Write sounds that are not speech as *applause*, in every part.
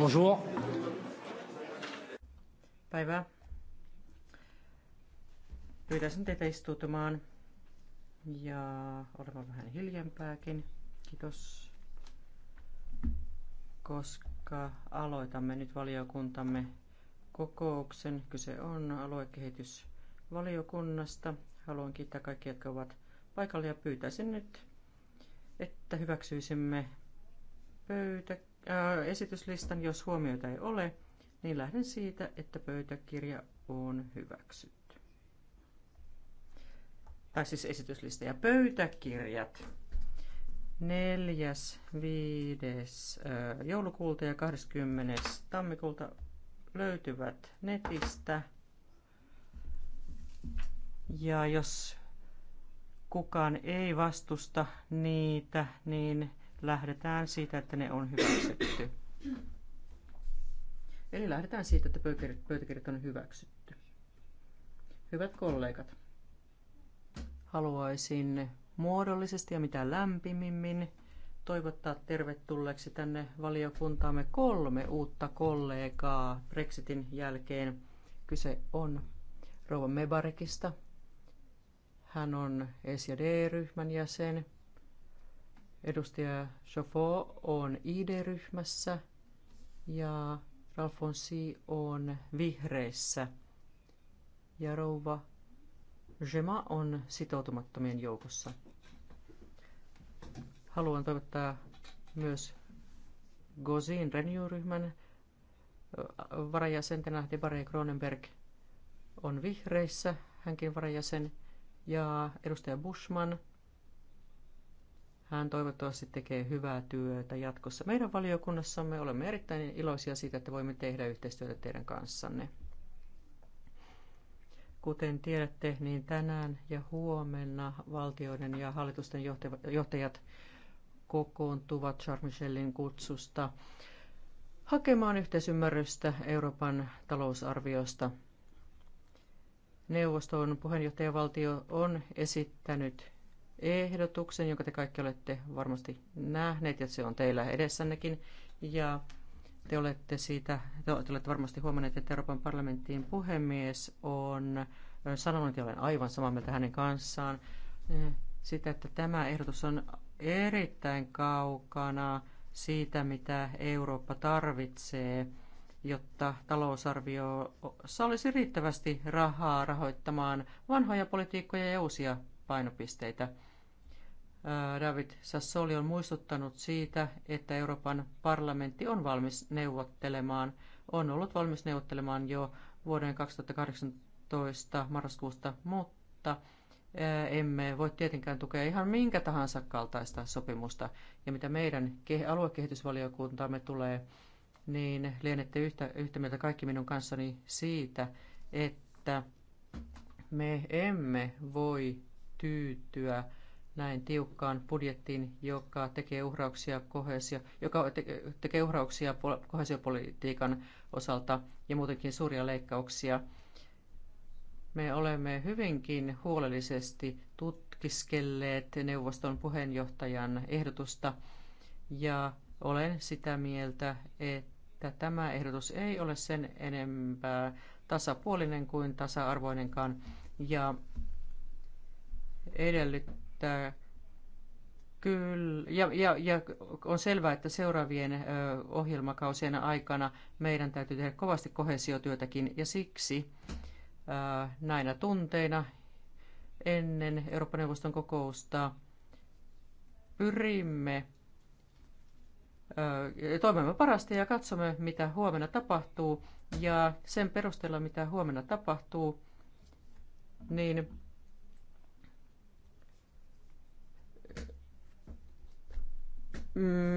Bonjour. Päivää. Pyytäisin teitä istuutumaan. Ja olemme vähän hiljempääkin. Kiitos. Koska aloitamme nyt valiokuntamme kokouksen. Kyse on aluekehitysvaliokunnasta. Haluan kiittää kaikkia, jotka ovat paikalla ja pyytäisin nyt, että hyväksyisimme pöytäkirjan Äh, esityslistan, jos huomioita ei ole, niin lähden siitä, että pöytäkirja on hyväksytty. Tai siis esityslista ja pöytäkirjat. 4. 5. Äh, joulukuulta ja 20. tammikuulta löytyvät netistä. Ja jos kukaan ei vastusta niitä, niin lähdetään siitä, että ne on hyväksytty. Eli lähdetään siitä, että pöytäkirjat on hyväksytty. Hyvät kollegat, haluaisin muodollisesti ja mitä lämpimimmin toivottaa tervetulleeksi tänne valiokuntaamme kolme uutta kollegaa Brexitin jälkeen. Kyse on Rouva Mebarekista. Hän on S- ryhmän jäsen. Edustaja Chauffot on ID-ryhmässä ja Ralfonsi on vihreissä. Ja rouva Jema on sitoutumattomien joukossa. Haluan toivottaa myös Gozin Renew-ryhmän varajäsentenä Debare Kronenberg on vihreissä, hänkin varajäsen, ja edustaja Bushman – hän toivottavasti tekee hyvää työtä jatkossa. Meidän valiokunnassamme olemme erittäin iloisia siitä, että voimme tehdä yhteistyötä teidän kanssanne. Kuten tiedätte, niin tänään ja huomenna valtioiden ja hallitusten johtajat kokoontuvat Charles Michelin kutsusta hakemaan yhteisymmärrystä Euroopan talousarviosta. Neuvoston puheenjohtajavaltio on esittänyt ehdotuksen, jonka te kaikki olette varmasti nähneet, ja se on teillä edessännekin. Ja te olette, siitä, te olette varmasti huomanneet, että Euroopan parlamenttiin puhemies on sanonut, ja olen aivan samaa mieltä hänen kanssaan, sitä, että tämä ehdotus on erittäin kaukana siitä, mitä Eurooppa tarvitsee, jotta talousarvio olisi riittävästi rahaa rahoittamaan vanhoja politiikkoja ja uusia painopisteitä. David Sassoli on muistuttanut siitä, että Euroopan parlamentti on valmis neuvottelemaan, on ollut valmis neuvottelemaan jo vuoden 2018 marraskuusta, mutta emme voi tietenkään tukea ihan minkä tahansa kaltaista sopimusta. Ja mitä meidän aluekehitysvaliokuntaamme tulee, niin lienette yhtä, yhtä mieltä kaikki minun kanssani siitä, että me emme voi tyytyä näin tiukkaan budjettiin, joka tekee uhrauksia, kohesio, joka tekee uhrauksia kohesiopolitiikan osalta ja muutenkin suuria leikkauksia. Me olemme hyvinkin huolellisesti tutkiskelleet neuvoston puheenjohtajan ehdotusta ja olen sitä mieltä, että tämä ehdotus ei ole sen enempää tasapuolinen kuin tasa-arvoinenkaan ja edellyttää että Kyllä, ja, ja, ja on selvää, että seuraavien ohjelmakausien aikana meidän täytyy tehdä kovasti kohesiotyötäkin, ja siksi näinä tunteina ennen Euroopan neuvoston kokousta pyrimme toimimme parasta ja katsomme, mitä huomenna tapahtuu, ja sen perusteella, mitä huomenna tapahtuu, niin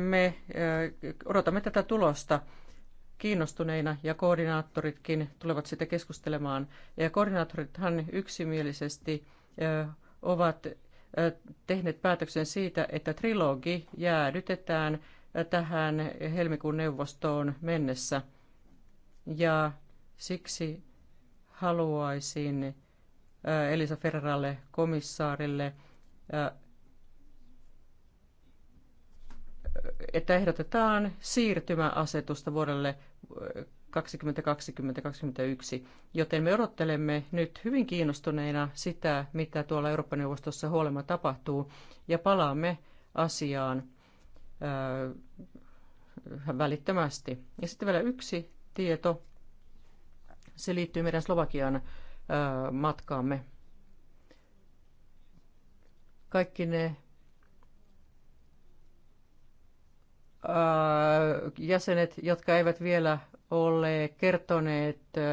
me äh, odotamme tätä tulosta kiinnostuneina ja koordinaattoritkin tulevat sitä keskustelemaan. Ja koordinaattorithan yksimielisesti äh, ovat äh, tehneet päätöksen siitä, että trilogi jäädytetään tähän helmikuun neuvostoon mennessä. Ja siksi haluaisin Elisa Ferralle, komissaarille, että ehdotetaan siirtymäasetusta vuodelle 2020-2021, joten me odottelemme nyt hyvin kiinnostuneina sitä, mitä tuolla Euroopan neuvostossa huolema tapahtuu, ja palaamme asiaan ää, välittömästi. Ja sitten vielä yksi tieto, se liittyy meidän Slovakian ää, matkaamme. Kaikki ne Äh, jäsenet, jotka eivät vielä ole kertoneet äh,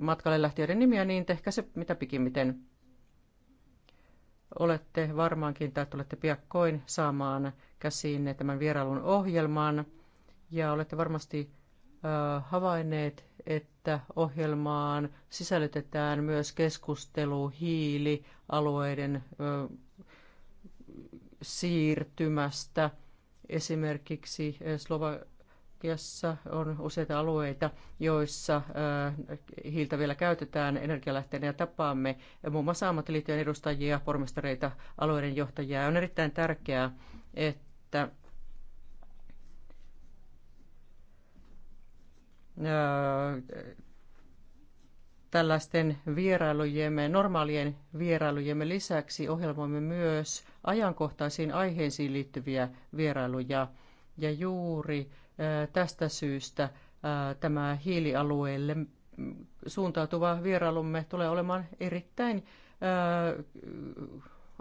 matkalle lähtiöiden nimiä, niin tehkää se mitä pikimmiten. Olette varmaankin tai tulette piakkoin saamaan käsiin tämän vierailun ohjelman. Ja olette varmasti äh, havainneet, että ohjelmaan sisällytetään myös keskustelu hiilialueiden siirtymästä – Esimerkiksi Slovakiassa on useita alueita, joissa hiiltä vielä käytetään energialähteenä ja tapaamme muun muassa ammattiliittojen edustajia, pormestareita, alueiden johtajia. On erittäin tärkeää, että tällaisten vierailujemme, normaalien vierailujemme lisäksi ohjelmoimme myös ajankohtaisiin aiheisiin liittyviä vierailuja. Ja juuri äh, tästä syystä äh, tämä hiilialueelle suuntautuva vierailumme tulee olemaan erittäin äh,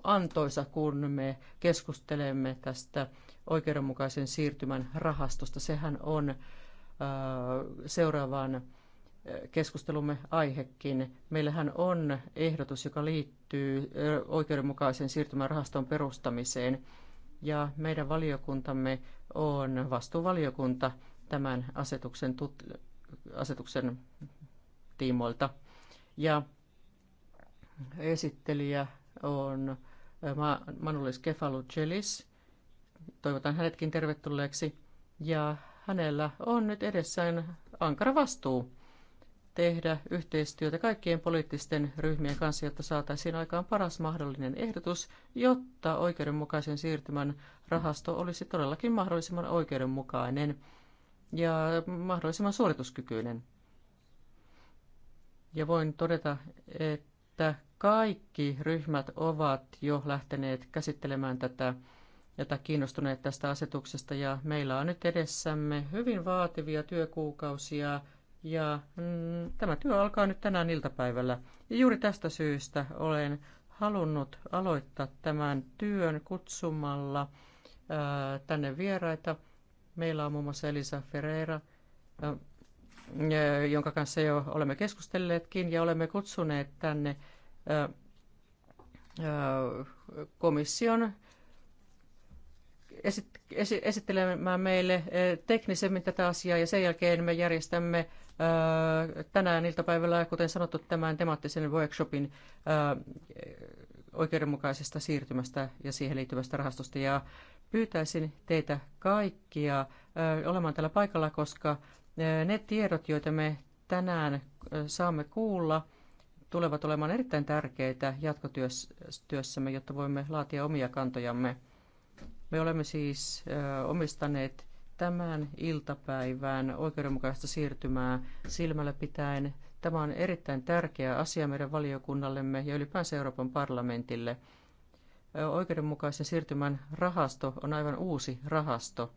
antoisa, kun me keskustelemme tästä oikeudenmukaisen siirtymän rahastosta. Sehän on seuraavan keskustelumme aihekin. Meillähän on ehdotus, joka liittyy oikeudenmukaisen siirtymärahaston perustamiseen, ja meidän valiokuntamme on vastuuvaliokunta tämän asetuksen, tut- asetuksen tiimoilta. Ja esittelijä on Manulis Kefalucelis. Toivotan hänetkin tervetulleeksi. Ja hänellä on nyt edessään ankara vastuu tehdä yhteistyötä kaikkien poliittisten ryhmien kanssa, jotta saataisiin aikaan paras mahdollinen ehdotus, jotta oikeudenmukaisen siirtymän rahasto olisi todellakin mahdollisimman oikeudenmukainen ja mahdollisimman suorituskykyinen. Ja voin todeta, että kaikki ryhmät ovat jo lähteneet käsittelemään tätä jota kiinnostuneet tästä asetuksesta ja meillä on nyt edessämme hyvin vaativia työkuukausia ja mm, tämä työ alkaa nyt tänään iltapäivällä. Ja juuri tästä syystä olen halunnut aloittaa tämän työn kutsumalla ää, tänne vieraita. Meillä on muun muassa Elisa Ferreira, ää, jonka kanssa jo olemme keskustelleetkin, ja olemme kutsuneet tänne ää, komission esittelemään meille teknisemmin tätä asiaa ja sen jälkeen me järjestämme tänään iltapäivällä, kuten sanottu, tämän temaattisen workshopin oikeudenmukaisesta siirtymästä ja siihen liittyvästä rahastosta. Ja pyytäisin teitä kaikkia olemaan täällä paikalla, koska ne tiedot, joita me tänään saamme kuulla, tulevat olemaan erittäin tärkeitä jatkotyössämme, jotta voimme laatia omia kantojamme. Me olemme siis omistaneet tämän iltapäivän oikeudenmukaista siirtymää silmällä pitäen. Tämä on erittäin tärkeä asia meidän valiokunnallemme ja ylipäänsä Euroopan parlamentille. Oikeudenmukaisen siirtymän rahasto on aivan uusi rahasto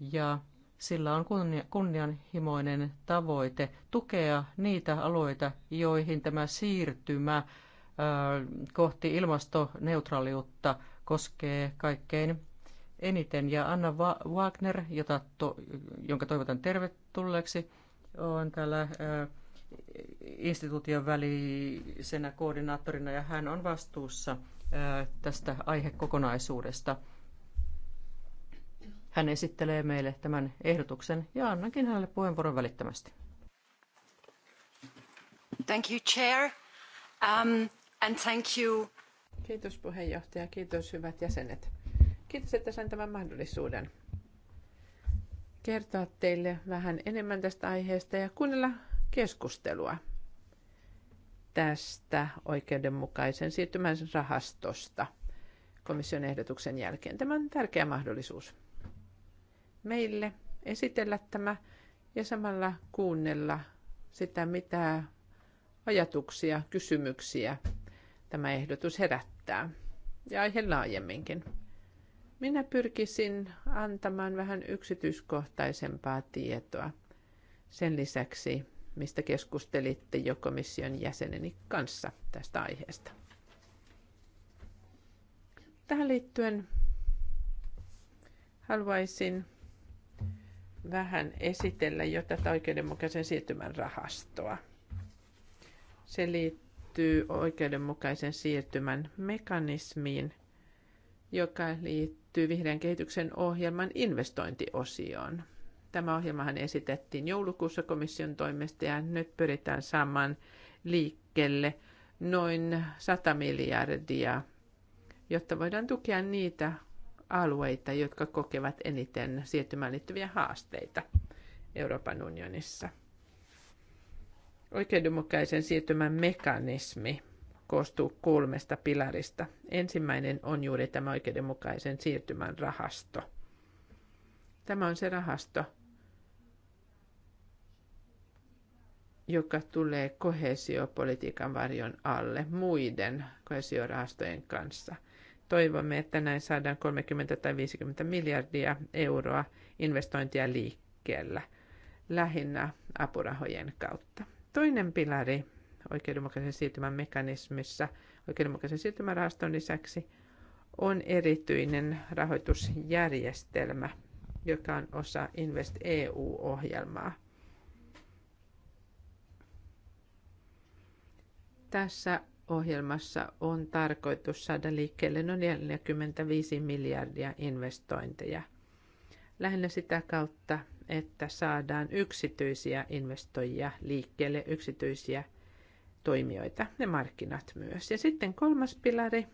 ja sillä on kunnianhimoinen tavoite tukea niitä alueita, joihin tämä siirtymä kohti ilmastoneutraaliutta koskee kaikkein eniten. Ja Anna Wagner, jota to, jonka toivotan tervetulleeksi, on täällä instituution välisenä koordinaattorina ja hän on vastuussa tästä aihekokonaisuudesta. Hän esittelee meille tämän ehdotuksen ja annankin hänelle puheenvuoron välittömästi. Thank you, Chair. Um, and thank you. Kiitos puheenjohtaja, kiitos hyvät jäsenet. Kiitos, että sain tämän mahdollisuuden kertoa teille vähän enemmän tästä aiheesta ja kuunnella keskustelua tästä oikeudenmukaisen siirtymän rahastosta komission ehdotuksen jälkeen. Tämä on tärkeä mahdollisuus meille esitellä tämä ja samalla kuunnella sitä, mitä ajatuksia, kysymyksiä tämä ehdotus herättää ja aihe laajemminkin. Minä pyrkisin antamaan vähän yksityiskohtaisempaa tietoa sen lisäksi, mistä keskustelitte jo komission jäseneni kanssa tästä aiheesta. Tähän liittyen haluaisin vähän esitellä jo tätä oikeudenmukaisen siirtymän rahastoa. Se liittyy oikeudenmukaisen siirtymän mekanismiin, joka liittyy vihreän kehityksen ohjelman investointiosioon. Tämä ohjelmahan esitettiin joulukuussa komission toimesta ja nyt pyritään saamaan liikkeelle noin 100 miljardia, jotta voidaan tukea niitä alueita, jotka kokevat eniten siirtymään liittyviä haasteita Euroopan unionissa. Oikeudenmukaisen siirtymän mekanismi koostuu kolmesta pilarista. Ensimmäinen on juuri tämä oikeudenmukaisen siirtymän rahasto. Tämä on se rahasto, joka tulee kohesiopolitiikan varjon alle muiden kohesiorahastojen kanssa. Toivomme, että näin saadaan 30 tai 50 miljardia euroa investointia liikkeellä, lähinnä apurahojen kautta. Toinen pilari oikeudenmukaisen siirtymän mekanismissa oikeudenmukaisen siirtymän rahaston lisäksi on erityinen rahoitusjärjestelmä, joka on osa Invest EU-ohjelmaa. Tässä ohjelmassa on tarkoitus saada liikkeelle noin 45 miljardia investointeja. Lähinnä sitä kautta, että saadaan yksityisiä investoijia liikkeelle, yksityisiä toimijoita ne markkinat myös. Ja sitten kolmas pilari,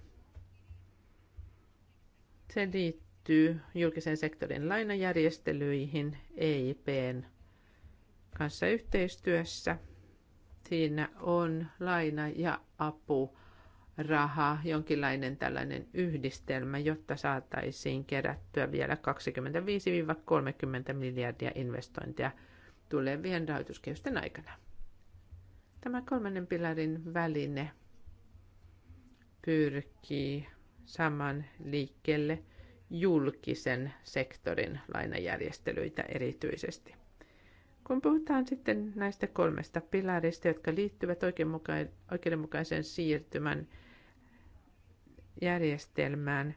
se liittyy julkisen sektorin lainajärjestelyihin EIPn kanssa yhteistyössä. Siinä on laina ja apu raha, jonkinlainen tällainen yhdistelmä, jotta saataisiin kerättyä vielä 25-30 miljardia investointia tulevien rahoituskehysten aikana. Tämä kolmannen pilarin väline pyrkii saman liikkeelle julkisen sektorin lainajärjestelyitä erityisesti. Kun puhutaan sitten näistä kolmesta pilarista, jotka liittyvät oikeudenmukaisen siirtymän järjestelmään,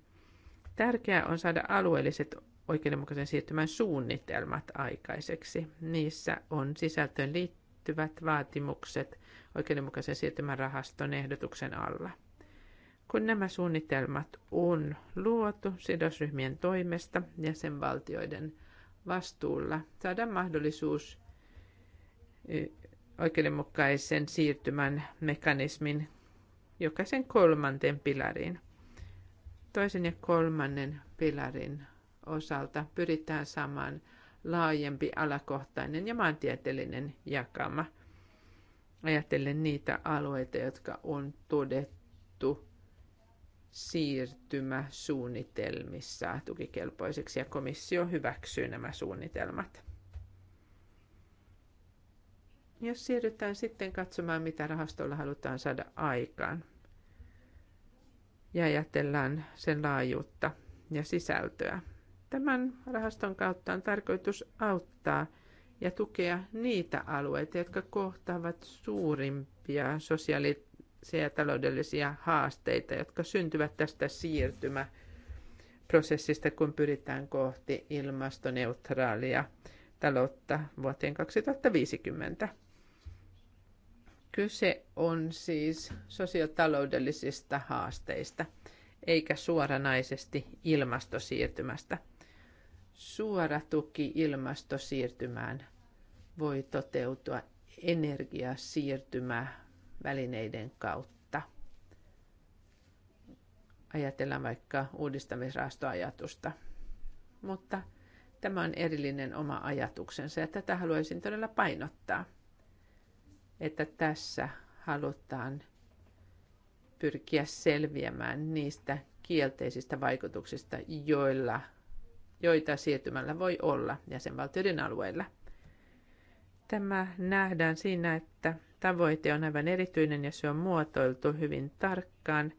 tärkeää on saada alueelliset oikeudenmukaisen siirtymän suunnitelmat aikaiseksi. Niissä on sisältöön liittyen liittyvät vaatimukset oikeudenmukaisen siirtymän rahaston ehdotuksen alla. Kun nämä suunnitelmat on luotu sidosryhmien toimesta jäsenvaltioiden vastuulla, saadaan mahdollisuus oikeudenmukaisen siirtymän mekanismin jokaisen kolmanteen pilariin. Toisen ja kolmannen pilarin osalta pyritään saamaan laajempi alakohtainen ja maantieteellinen jakama. Ajatellen niitä alueita, jotka on todettu siirtymäsuunnitelmissa tukikelpoisiksi ja komissio hyväksyy nämä suunnitelmat. Jos siirrytään sitten katsomaan, mitä rahastolla halutaan saada aikaan ja ajatellaan sen laajuutta ja sisältöä, Tämän rahaston kautta on tarkoitus auttaa ja tukea niitä alueita, jotka kohtaavat suurimpia sosiaalisia ja taloudellisia haasteita, jotka syntyvät tästä siirtymäprosessista, kun pyritään kohti ilmastoneutraalia taloutta vuoteen 2050. Kyse on siis sosiotaloudellisista haasteista, eikä suoranaisesti ilmastosiirtymästä – suora tuki ilmastosiirtymään voi toteutua energiasiirtymä välineiden kautta. Ajatellaan vaikka uudistamisrahastoajatusta. Mutta tämä on erillinen oma ajatuksensa ja tätä haluaisin todella painottaa, että tässä halutaan pyrkiä selviämään niistä kielteisistä vaikutuksista, joilla joita siirtymällä voi olla jäsenvaltioiden alueilla. Tämä nähdään siinä, että tavoite on aivan erityinen ja se on muotoiltu hyvin tarkkaan.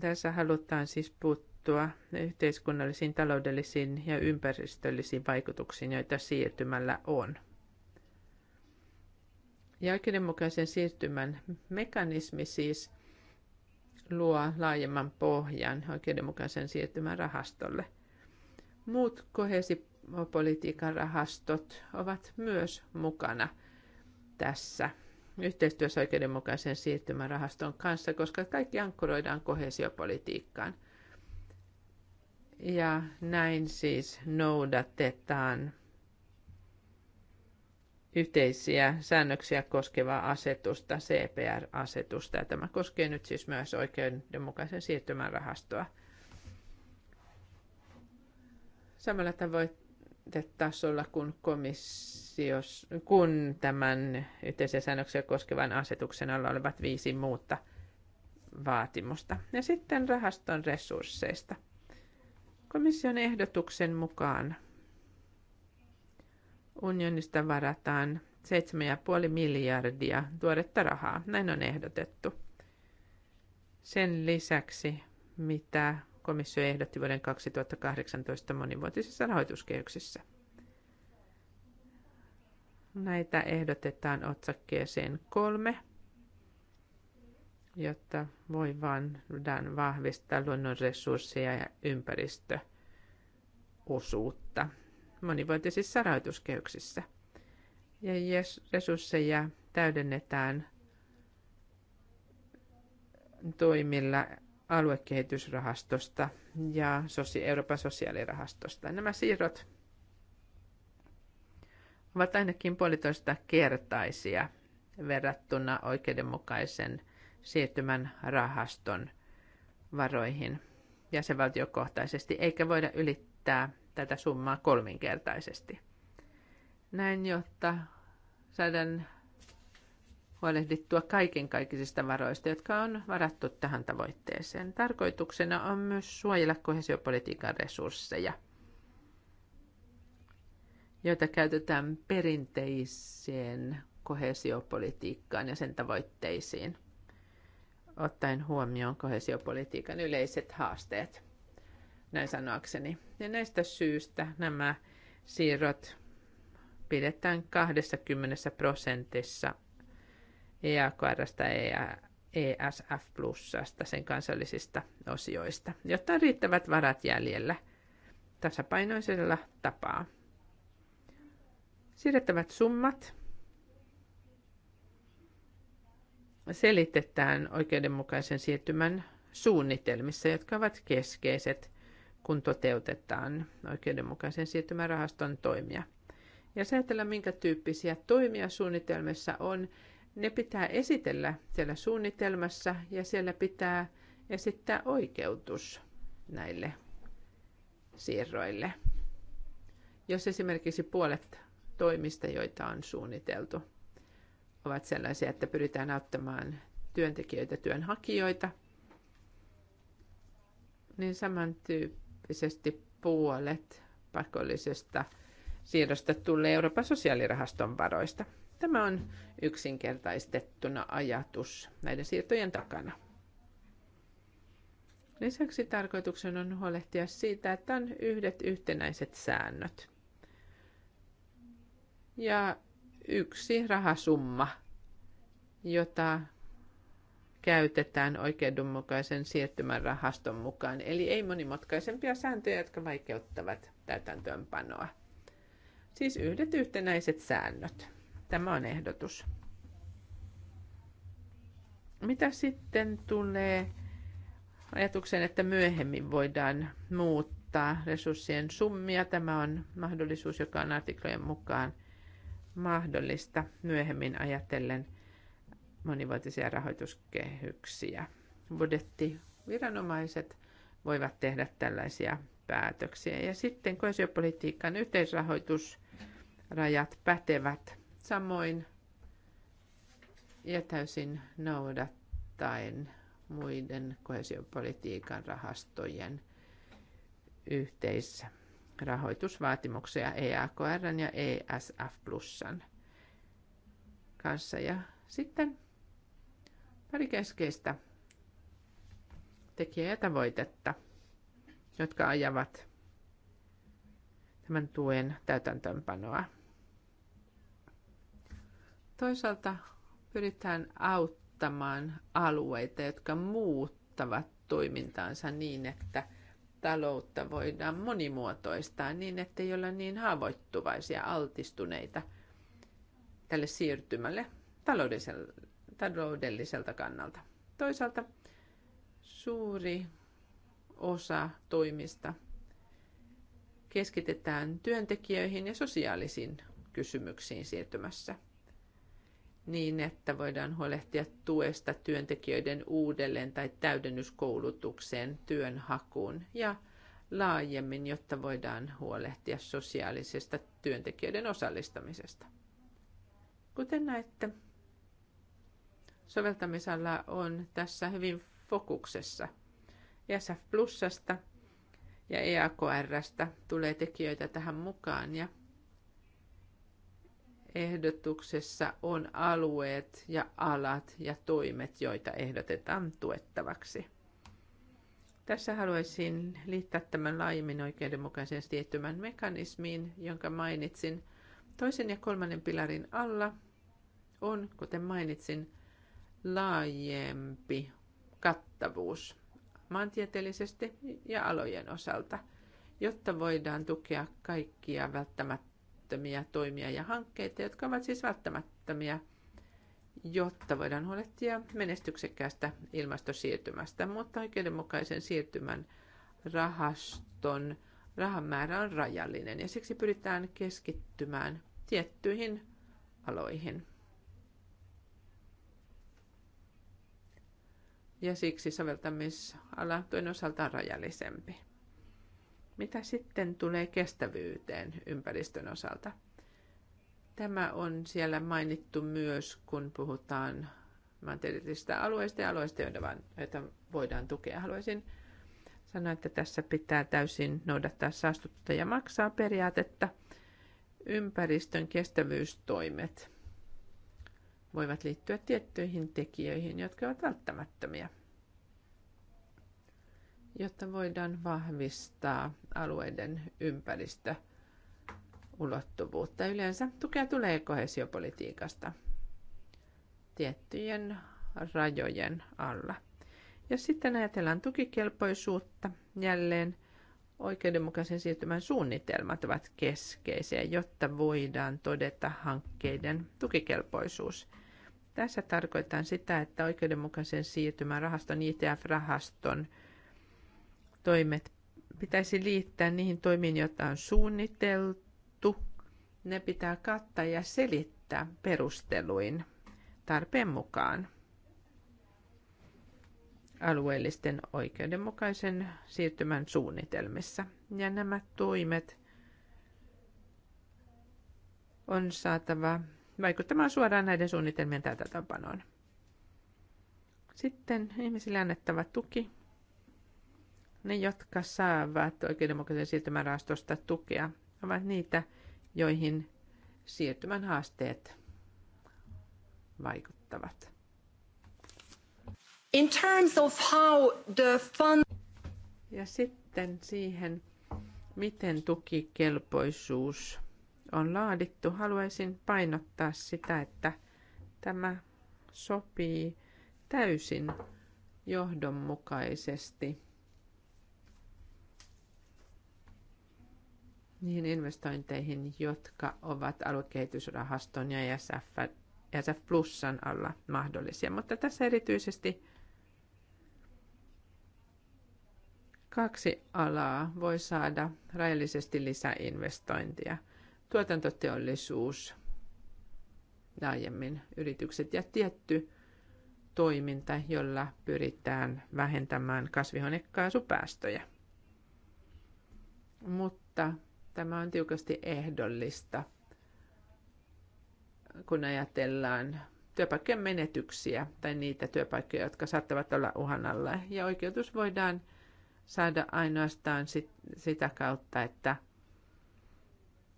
Tässä halutaan siis puuttua yhteiskunnallisiin, taloudellisiin ja ympäristöllisiin vaikutuksiin, joita siirtymällä on. Ja oikeudenmukaisen siirtymän mekanismi siis luo laajemman pohjan oikeudenmukaisen siirtymän rahastolle. Muut kohesipolitiikan rahastot ovat myös mukana tässä yhteistyössä oikeudenmukaisen siirtymän rahaston kanssa, koska kaikki ankkuroidaan kohesiopolitiikkaan. Ja näin siis noudatetaan yhteisiä säännöksiä koskevaa asetusta, CPR-asetusta. Ja tämä koskee nyt siis myös oikeudenmukaisen siirtymän rahastoa. Samalla tavoitetasolla kuin komissios, kun tämän yhteisiä säännöksiä koskevan asetuksen alla olevat viisi muuta vaatimusta. Ja sitten rahaston resursseista. Komission ehdotuksen mukaan unionista varataan 7,5 miljardia tuoretta rahaa. Näin on ehdotettu. Sen lisäksi, mitä komissio ehdotti vuoden 2018 monivuotisessa rahoituskehyksessä, Näitä ehdotetaan otsakkeeseen kolme, jotta voi vaan vahvistaa luonnonresursseja ja ympäristöosuutta monivuotisissa rahoituskehyksissä. Ja resursseja täydennetään toimilla aluekehitysrahastosta ja Euroopan sosiaalirahastosta. Nämä siirrot ovat ainakin puolitoista kertaisia verrattuna oikeudenmukaisen siirtymän rahaston varoihin jäsenvaltiokohtaisesti, eikä voida ylittää tätä summaa kolminkertaisesti. Näin, jotta saadaan huolehdittua kaikenkaikisista varoista, jotka on varattu tähän tavoitteeseen. Tarkoituksena on myös suojella kohesiopolitiikan resursseja, joita käytetään perinteiseen kohesiopolitiikkaan ja sen tavoitteisiin, ottaen huomioon kohesiopolitiikan yleiset haasteet näin sanoakseni. Ja näistä syistä nämä siirrot pidetään 20 prosentissa EAKRstä ja ESF plussasta sen kansallisista osioista, jotta on riittävät varat jäljellä tasapainoisella tapaa. Siirrettävät summat selitetään oikeudenmukaisen siirtymän suunnitelmissa, jotka ovat keskeiset kun toteutetaan oikeudenmukaisen siirtymärahaston toimia. Ja jos ajatellaan, minkä tyyppisiä toimia suunnitelmissa on, ne pitää esitellä siellä suunnitelmassa ja siellä pitää esittää oikeutus näille siirroille. Jos esimerkiksi puolet toimista, joita on suunniteltu, ovat sellaisia, että pyritään auttamaan työntekijöitä, työnhakijoita, niin samantyyppisiä tyyppisesti puolet pakollisesta siirrosta tulee Euroopan sosiaalirahaston varoista. Tämä on yksinkertaistettuna ajatus näiden siirtojen takana. Lisäksi tarkoituksen on huolehtia siitä, että on yhdet yhtenäiset säännöt. Ja yksi rahasumma, jota käytetään oikeudenmukaisen siirtymän rahaston mukaan. Eli ei monimutkaisempia sääntöjä, jotka vaikeuttavat täytäntöönpanoa. Siis yhdet yhtenäiset säännöt. Tämä on ehdotus. Mitä sitten tulee ajatuksen, että myöhemmin voidaan muuttaa resurssien summia? Tämä on mahdollisuus, joka on artiklojen mukaan mahdollista myöhemmin ajatellen monivuotisia rahoituskehyksiä. Budjettiviranomaiset voivat tehdä tällaisia päätöksiä. Ja sitten koesiopolitiikan yhteisrahoitusrajat pätevät samoin ja täysin noudattaen muiden koesiopolitiikan rahastojen yhteisrahoitusvaatimuksia EAKR ja ESF Plusan kanssa. Ja sitten Pari tekijää ja tavoitetta, jotka ajavat tämän tuen täytäntöönpanoa. Toisaalta pyritään auttamaan alueita, jotka muuttavat toimintaansa niin, että taloutta voidaan monimuotoistaa niin, ettei olla niin haavoittuvaisia, altistuneita tälle siirtymälle taloudellisella taloudelliselta kannalta. Toisaalta suuri osa toimista keskitetään työntekijöihin ja sosiaalisiin kysymyksiin siirtymässä niin, että voidaan huolehtia tuesta työntekijöiden uudelleen tai täydennyskoulutukseen, työnhakuun ja laajemmin, jotta voidaan huolehtia sosiaalisesta työntekijöiden osallistamisesta. Kuten näette, soveltamisala on tässä hyvin fokuksessa. ESF Plusasta ja EAKRstä tulee tekijöitä tähän mukaan ja ehdotuksessa on alueet ja alat ja toimet, joita ehdotetaan tuettavaksi. Tässä haluaisin liittää tämän laajemmin oikeudenmukaisen siirtymän mekanismiin, jonka mainitsin. Toisen ja kolmannen pilarin alla on, kuten mainitsin, laajempi kattavuus maantieteellisesti ja alojen osalta, jotta voidaan tukea kaikkia välttämättömiä toimia ja hankkeita, jotka ovat siis välttämättömiä, jotta voidaan huolehtia menestyksekkäästä ilmastosiirtymästä, mutta oikeudenmukaisen siirtymän rahaston rahan määrä on rajallinen ja siksi pyritään keskittymään tiettyihin aloihin. ja siksi soveltamisala tuen osalta on rajallisempi. Mitä sitten tulee kestävyyteen ympäristön osalta? Tämä on siellä mainittu myös, kun puhutaan maantieteellisistä alueista ja alueista, joita voidaan tukea. Haluaisin sanoa, että tässä pitää täysin noudattaa saastuttaja maksaa periaatetta. Ympäristön kestävyystoimet voivat liittyä tiettyihin tekijöihin, jotka ovat välttämättömiä, jotta voidaan vahvistaa alueiden ympäristö ulottuvuutta. Yleensä tukea tulee kohesiopolitiikasta tiettyjen rajojen alla. Ja sitten ajatellaan tukikelpoisuutta jälleen. Oikeudenmukaisen siirtymän suunnitelmat ovat keskeisiä, jotta voidaan todeta hankkeiden tukikelpoisuus. Tässä tarkoitan sitä, että oikeudenmukaisen siirtymän rahaston, ITF-rahaston toimet pitäisi liittää niihin toimiin, joita on suunniteltu. Ne pitää kattaa ja selittää perusteluin tarpeen mukaan alueellisten oikeudenmukaisen siirtymän suunnitelmissa. Ja nämä toimet on saatava vaikuttamaan suoraan näiden suunnitelmien täytäntöönpanoon. Sitten ihmisille annettava tuki. Ne, jotka saavat oikeudenmukaisen siirtymän rahastosta tukea, ovat niitä, joihin siirtymän haasteet vaikuttavat. In terms of how the fund... Ja sitten siihen, miten tukikelpoisuus on laadittu, haluaisin painottaa sitä, että tämä sopii täysin johdonmukaisesti niihin investointeihin, jotka ovat aluekehitysrahaston ja e SF, e SF Plusan alla mahdollisia. Mutta tässä erityisesti kaksi alaa voi saada rajallisesti lisäinvestointia – tuotantoteollisuus, laajemmin yritykset ja tietty toiminta, jolla pyritään vähentämään kasvihuonekaasupäästöjä. Mutta tämä on tiukasti ehdollista, kun ajatellaan työpaikkojen menetyksiä tai niitä työpaikkoja, jotka saattavat olla uhan alla. Ja oikeutus voidaan saada ainoastaan sit, sitä kautta, että –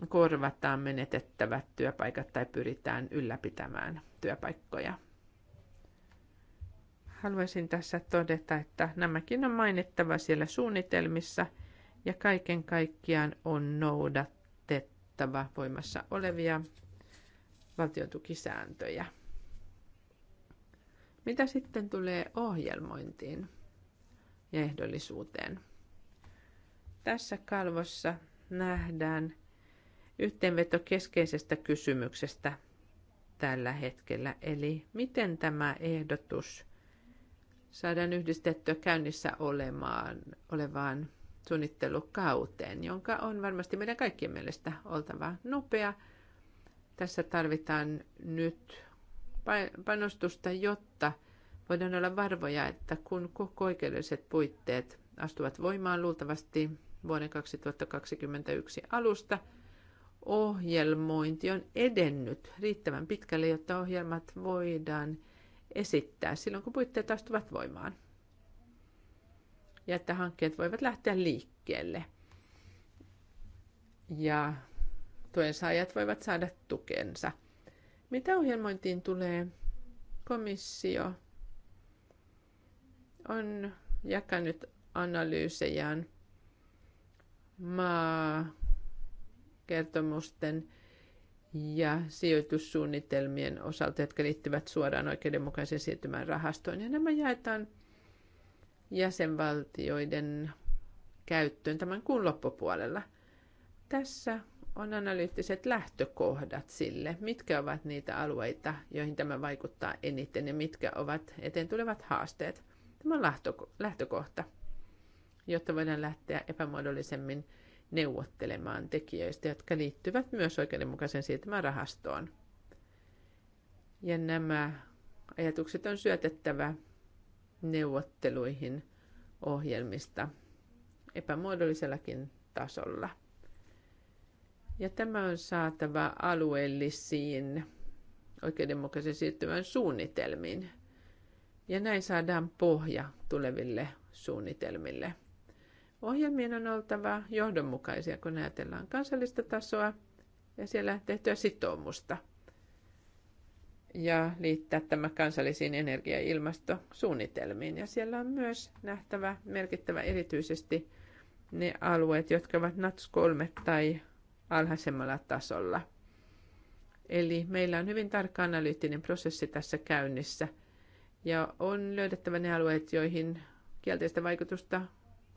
korvataan menetettävät työpaikat tai pyritään ylläpitämään työpaikkoja. Haluaisin tässä todeta, että nämäkin on mainittava siellä suunnitelmissa ja kaiken kaikkiaan on noudatettava voimassa olevia valtiotukisääntöjä. Mitä sitten tulee ohjelmointiin ja ehdollisuuteen? Tässä kalvossa nähdään yhteenveto keskeisestä kysymyksestä tällä hetkellä. Eli miten tämä ehdotus saadaan yhdistettyä käynnissä olemaan, olevaan suunnittelukauteen, jonka on varmasti meidän kaikkien mielestä oltava nopea. Tässä tarvitaan nyt panostusta, jotta voidaan olla varvoja, että kun koko oikeudelliset puitteet astuvat voimaan luultavasti vuoden 2021 alusta – ohjelmointi on edennyt riittävän pitkälle, jotta ohjelmat voidaan esittää silloin, kun puitteet astuvat voimaan. Ja että hankkeet voivat lähteä liikkeelle. Ja tuen saajat voivat saada tukensa. Mitä ohjelmointiin tulee? Komissio on jakanut analyysejään maa kertomusten ja sijoitussuunnitelmien osalta, jotka liittyvät suoraan oikeudenmukaisen siirtymän rahastoon. Ja nämä jaetaan jäsenvaltioiden käyttöön tämän kuun loppupuolella. Tässä on analyyttiset lähtökohdat sille, mitkä ovat niitä alueita, joihin tämä vaikuttaa eniten ja mitkä ovat eteen tulevat haasteet. Tämä on lähtökohta, jotta voidaan lähteä epämuodollisemmin neuvottelemaan tekijöistä, jotka liittyvät myös oikeudenmukaisen siirtymän rahastoon. Ja nämä ajatukset on syötettävä neuvotteluihin ohjelmista epämuodollisellakin tasolla. Ja tämä on saatava alueellisiin oikeudenmukaisen siirtymän suunnitelmiin. Ja näin saadaan pohja tuleville suunnitelmille – Ohjelmien on oltava johdonmukaisia, kun ajatellaan kansallista tasoa ja siellä tehtyä sitoumusta. Ja liittää tämä kansallisiin energia- ja ilmastosuunnitelmiin. Ja siellä on myös nähtävä merkittävä erityisesti ne alueet, jotka ovat NATS 3 tai alhaisemmalla tasolla. Eli meillä on hyvin tarkka analyyttinen prosessi tässä käynnissä. Ja on löydettävä ne alueet, joihin kielteistä vaikutusta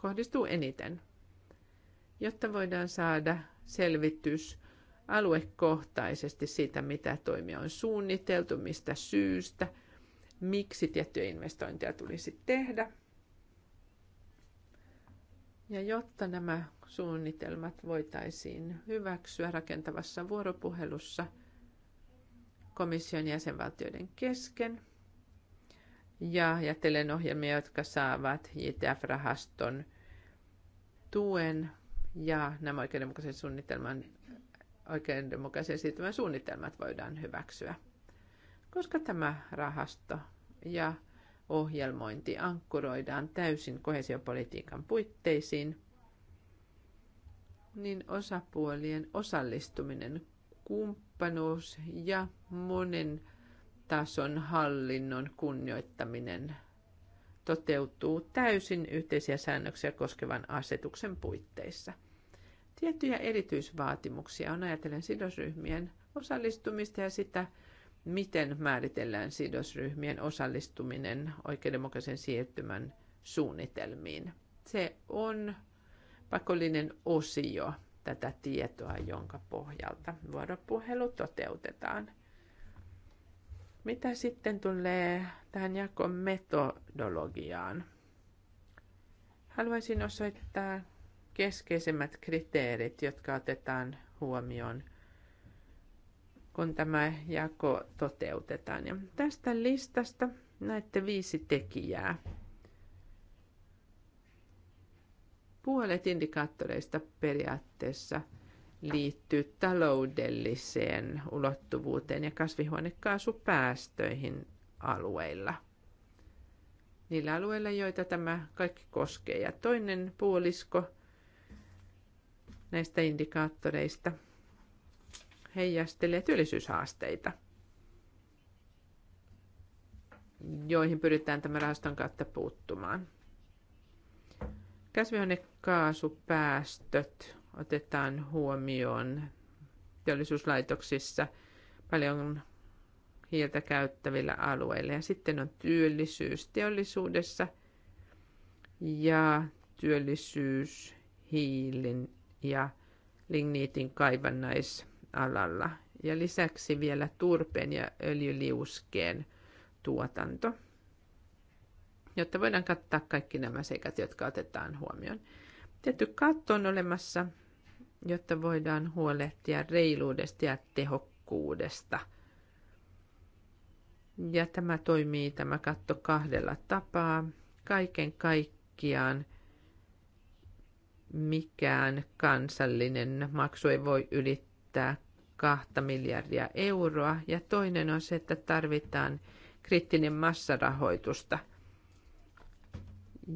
kohdistuu eniten, jotta voidaan saada selvitys aluekohtaisesti siitä, mitä toimia on suunniteltu, mistä syystä, miksi tiettyjä investointeja tulisi tehdä. Ja jotta nämä suunnitelmat voitaisiin hyväksyä rakentavassa vuoropuhelussa komission jäsenvaltioiden kesken – ja ajattelen ohjelmia, jotka saavat JTF-rahaston tuen ja nämä oikeudenmukaisen suunnitelman oikeudenmukaisen siirtymän suunnitelmat voidaan hyväksyä. Koska tämä rahasto ja ohjelmointi ankkuroidaan täysin kohesiopolitiikan puitteisiin, niin osapuolien osallistuminen, kumppanuus ja monen tason hallinnon kunnioittaminen toteutuu täysin yhteisiä säännöksiä koskevan asetuksen puitteissa. Tiettyjä erityisvaatimuksia on ajatellen sidosryhmien osallistumista ja sitä, miten määritellään sidosryhmien osallistuminen oikeudenmukaisen siirtymän suunnitelmiin. Se on pakollinen osio tätä tietoa, jonka pohjalta vuoropuhelu toteutetaan. Mitä sitten tulee tähän jakon metodologiaan? Haluaisin osoittaa keskeisimmät kriteerit, jotka otetaan huomioon, kun tämä jako toteutetaan. Ja tästä listasta näette viisi tekijää. Puolet indikaattoreista periaatteessa – liittyy taloudelliseen ulottuvuuteen ja kasvihuonekaasupäästöihin alueilla. Niillä alueilla, joita tämä kaikki koskee. Ja toinen puolisko näistä indikaattoreista heijastelee työllisyyshaasteita, joihin pyritään tämän rahaston kautta puuttumaan. Kasvihuonekaasupäästöt otetaan huomioon teollisuuslaitoksissa paljon hiiltä käyttävillä alueilla. Ja sitten on työllisyys teollisuudessa ja työllisyys hiilin ja ligniitin kaivannaisalalla. Ja lisäksi vielä turpeen ja öljyliuskeen tuotanto, jotta voidaan kattaa kaikki nämä seikat, jotka otetaan huomioon. Tietty katto on olemassa, jotta voidaan huolehtia reiluudesta ja tehokkuudesta. Ja tämä toimii tämä katto kahdella tapaa. Kaiken kaikkiaan mikään kansallinen maksu ei voi ylittää kahta miljardia euroa. Ja toinen on se, että tarvitaan kriittinen massarahoitusta.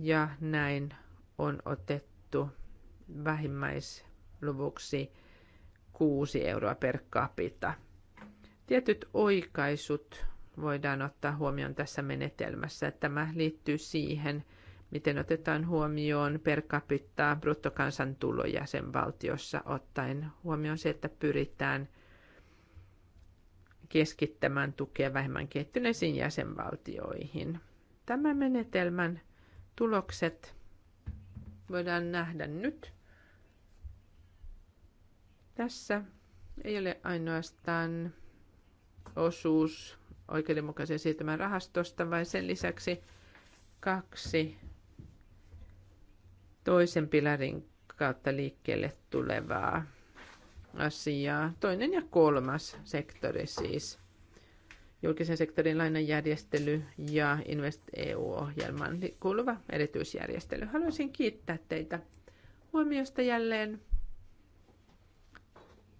Ja näin on otettu ehdotettu vähimmäisluvuksi 6 euroa per capita. Tietyt oikaisut voidaan ottaa huomioon tässä menetelmässä. Tämä liittyy siihen, miten otetaan huomioon per capita bruttokansantulo jäsenvaltiossa, ottaen huomioon se, että pyritään keskittämään tukea vähemmän kehittyneisiin jäsenvaltioihin. Tämän menetelmän tulokset voidaan nähdä nyt. Tässä ei ole ainoastaan osuus oikeudenmukaisen siirtymän rahastosta, vaan sen lisäksi kaksi toisen pilarin kautta liikkeelle tulevaa asiaa. Toinen ja kolmas sektori siis julkisen sektorin lainanjärjestely ja Invest EU-ohjelman kuuluva erityisjärjestely. Haluaisin kiittää teitä huomiosta jälleen.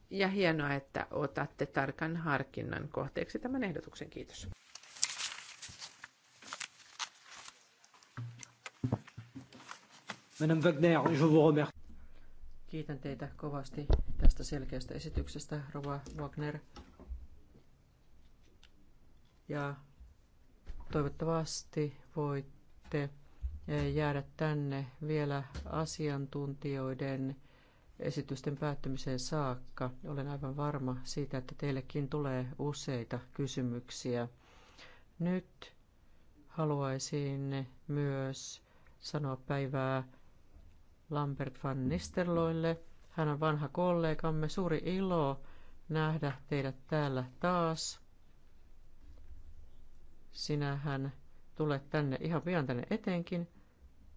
Ja hienoa, että otatte tarkan harkinnan kohteeksi tämän ehdotuksen. Kiitos. Wagner, je vous remercie. Kiitän teitä kovasti tästä selkeästä esityksestä, Rova Wagner ja toivottavasti voitte eh, jäädä tänne vielä asiantuntijoiden esitysten päättymiseen saakka. Olen aivan varma siitä, että teillekin tulee useita kysymyksiä. Nyt haluaisin myös sanoa päivää Lambert van Nisterloille. Hän on vanha kollegamme. Suuri ilo nähdä teidät täällä taas sinähän tulet tänne ihan pian tänne etenkin,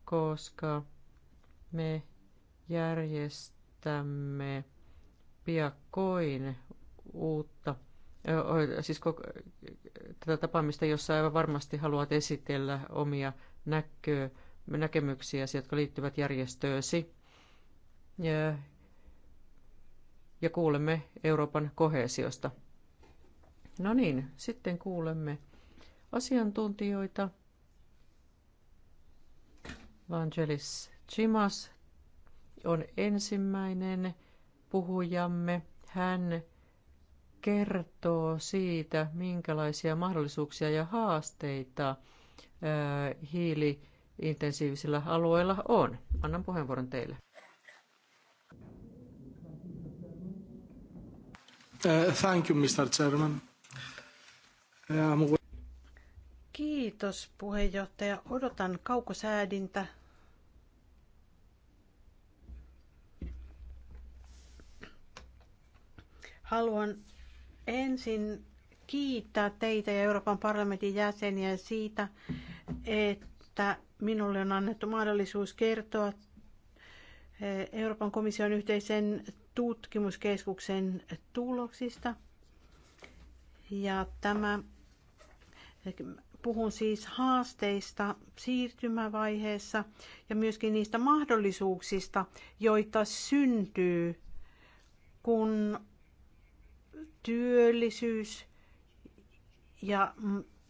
koska me järjestämme piakkoin uutta, siis koko, tätä tapaamista, jossa aivan varmasti haluat esitellä omia näkö, näkemyksiäsi, jotka liittyvät järjestöösi. Ja, ja kuulemme Euroopan kohesiosta. No niin, sitten kuulemme asiantuntijoita. Vangelis Chimas on ensimmäinen puhujamme. Hän kertoo siitä, minkälaisia mahdollisuuksia ja haasteita hiiliintensiivisillä alueilla on. Annan puheenvuoron teille. Uh, thank you, Mr. Chairman. Uh, Kiitos puheenjohtaja. Odotan kaukosäädintä. Haluan ensin kiittää teitä ja Euroopan parlamentin jäseniä siitä, että minulle on annettu mahdollisuus kertoa eh, Euroopan komission yhteisen tutkimuskeskuksen tuloksista. Ja tämä eh, Puhun siis haasteista siirtymävaiheessa ja myöskin niistä mahdollisuuksista, joita syntyy, kun työllisyys ja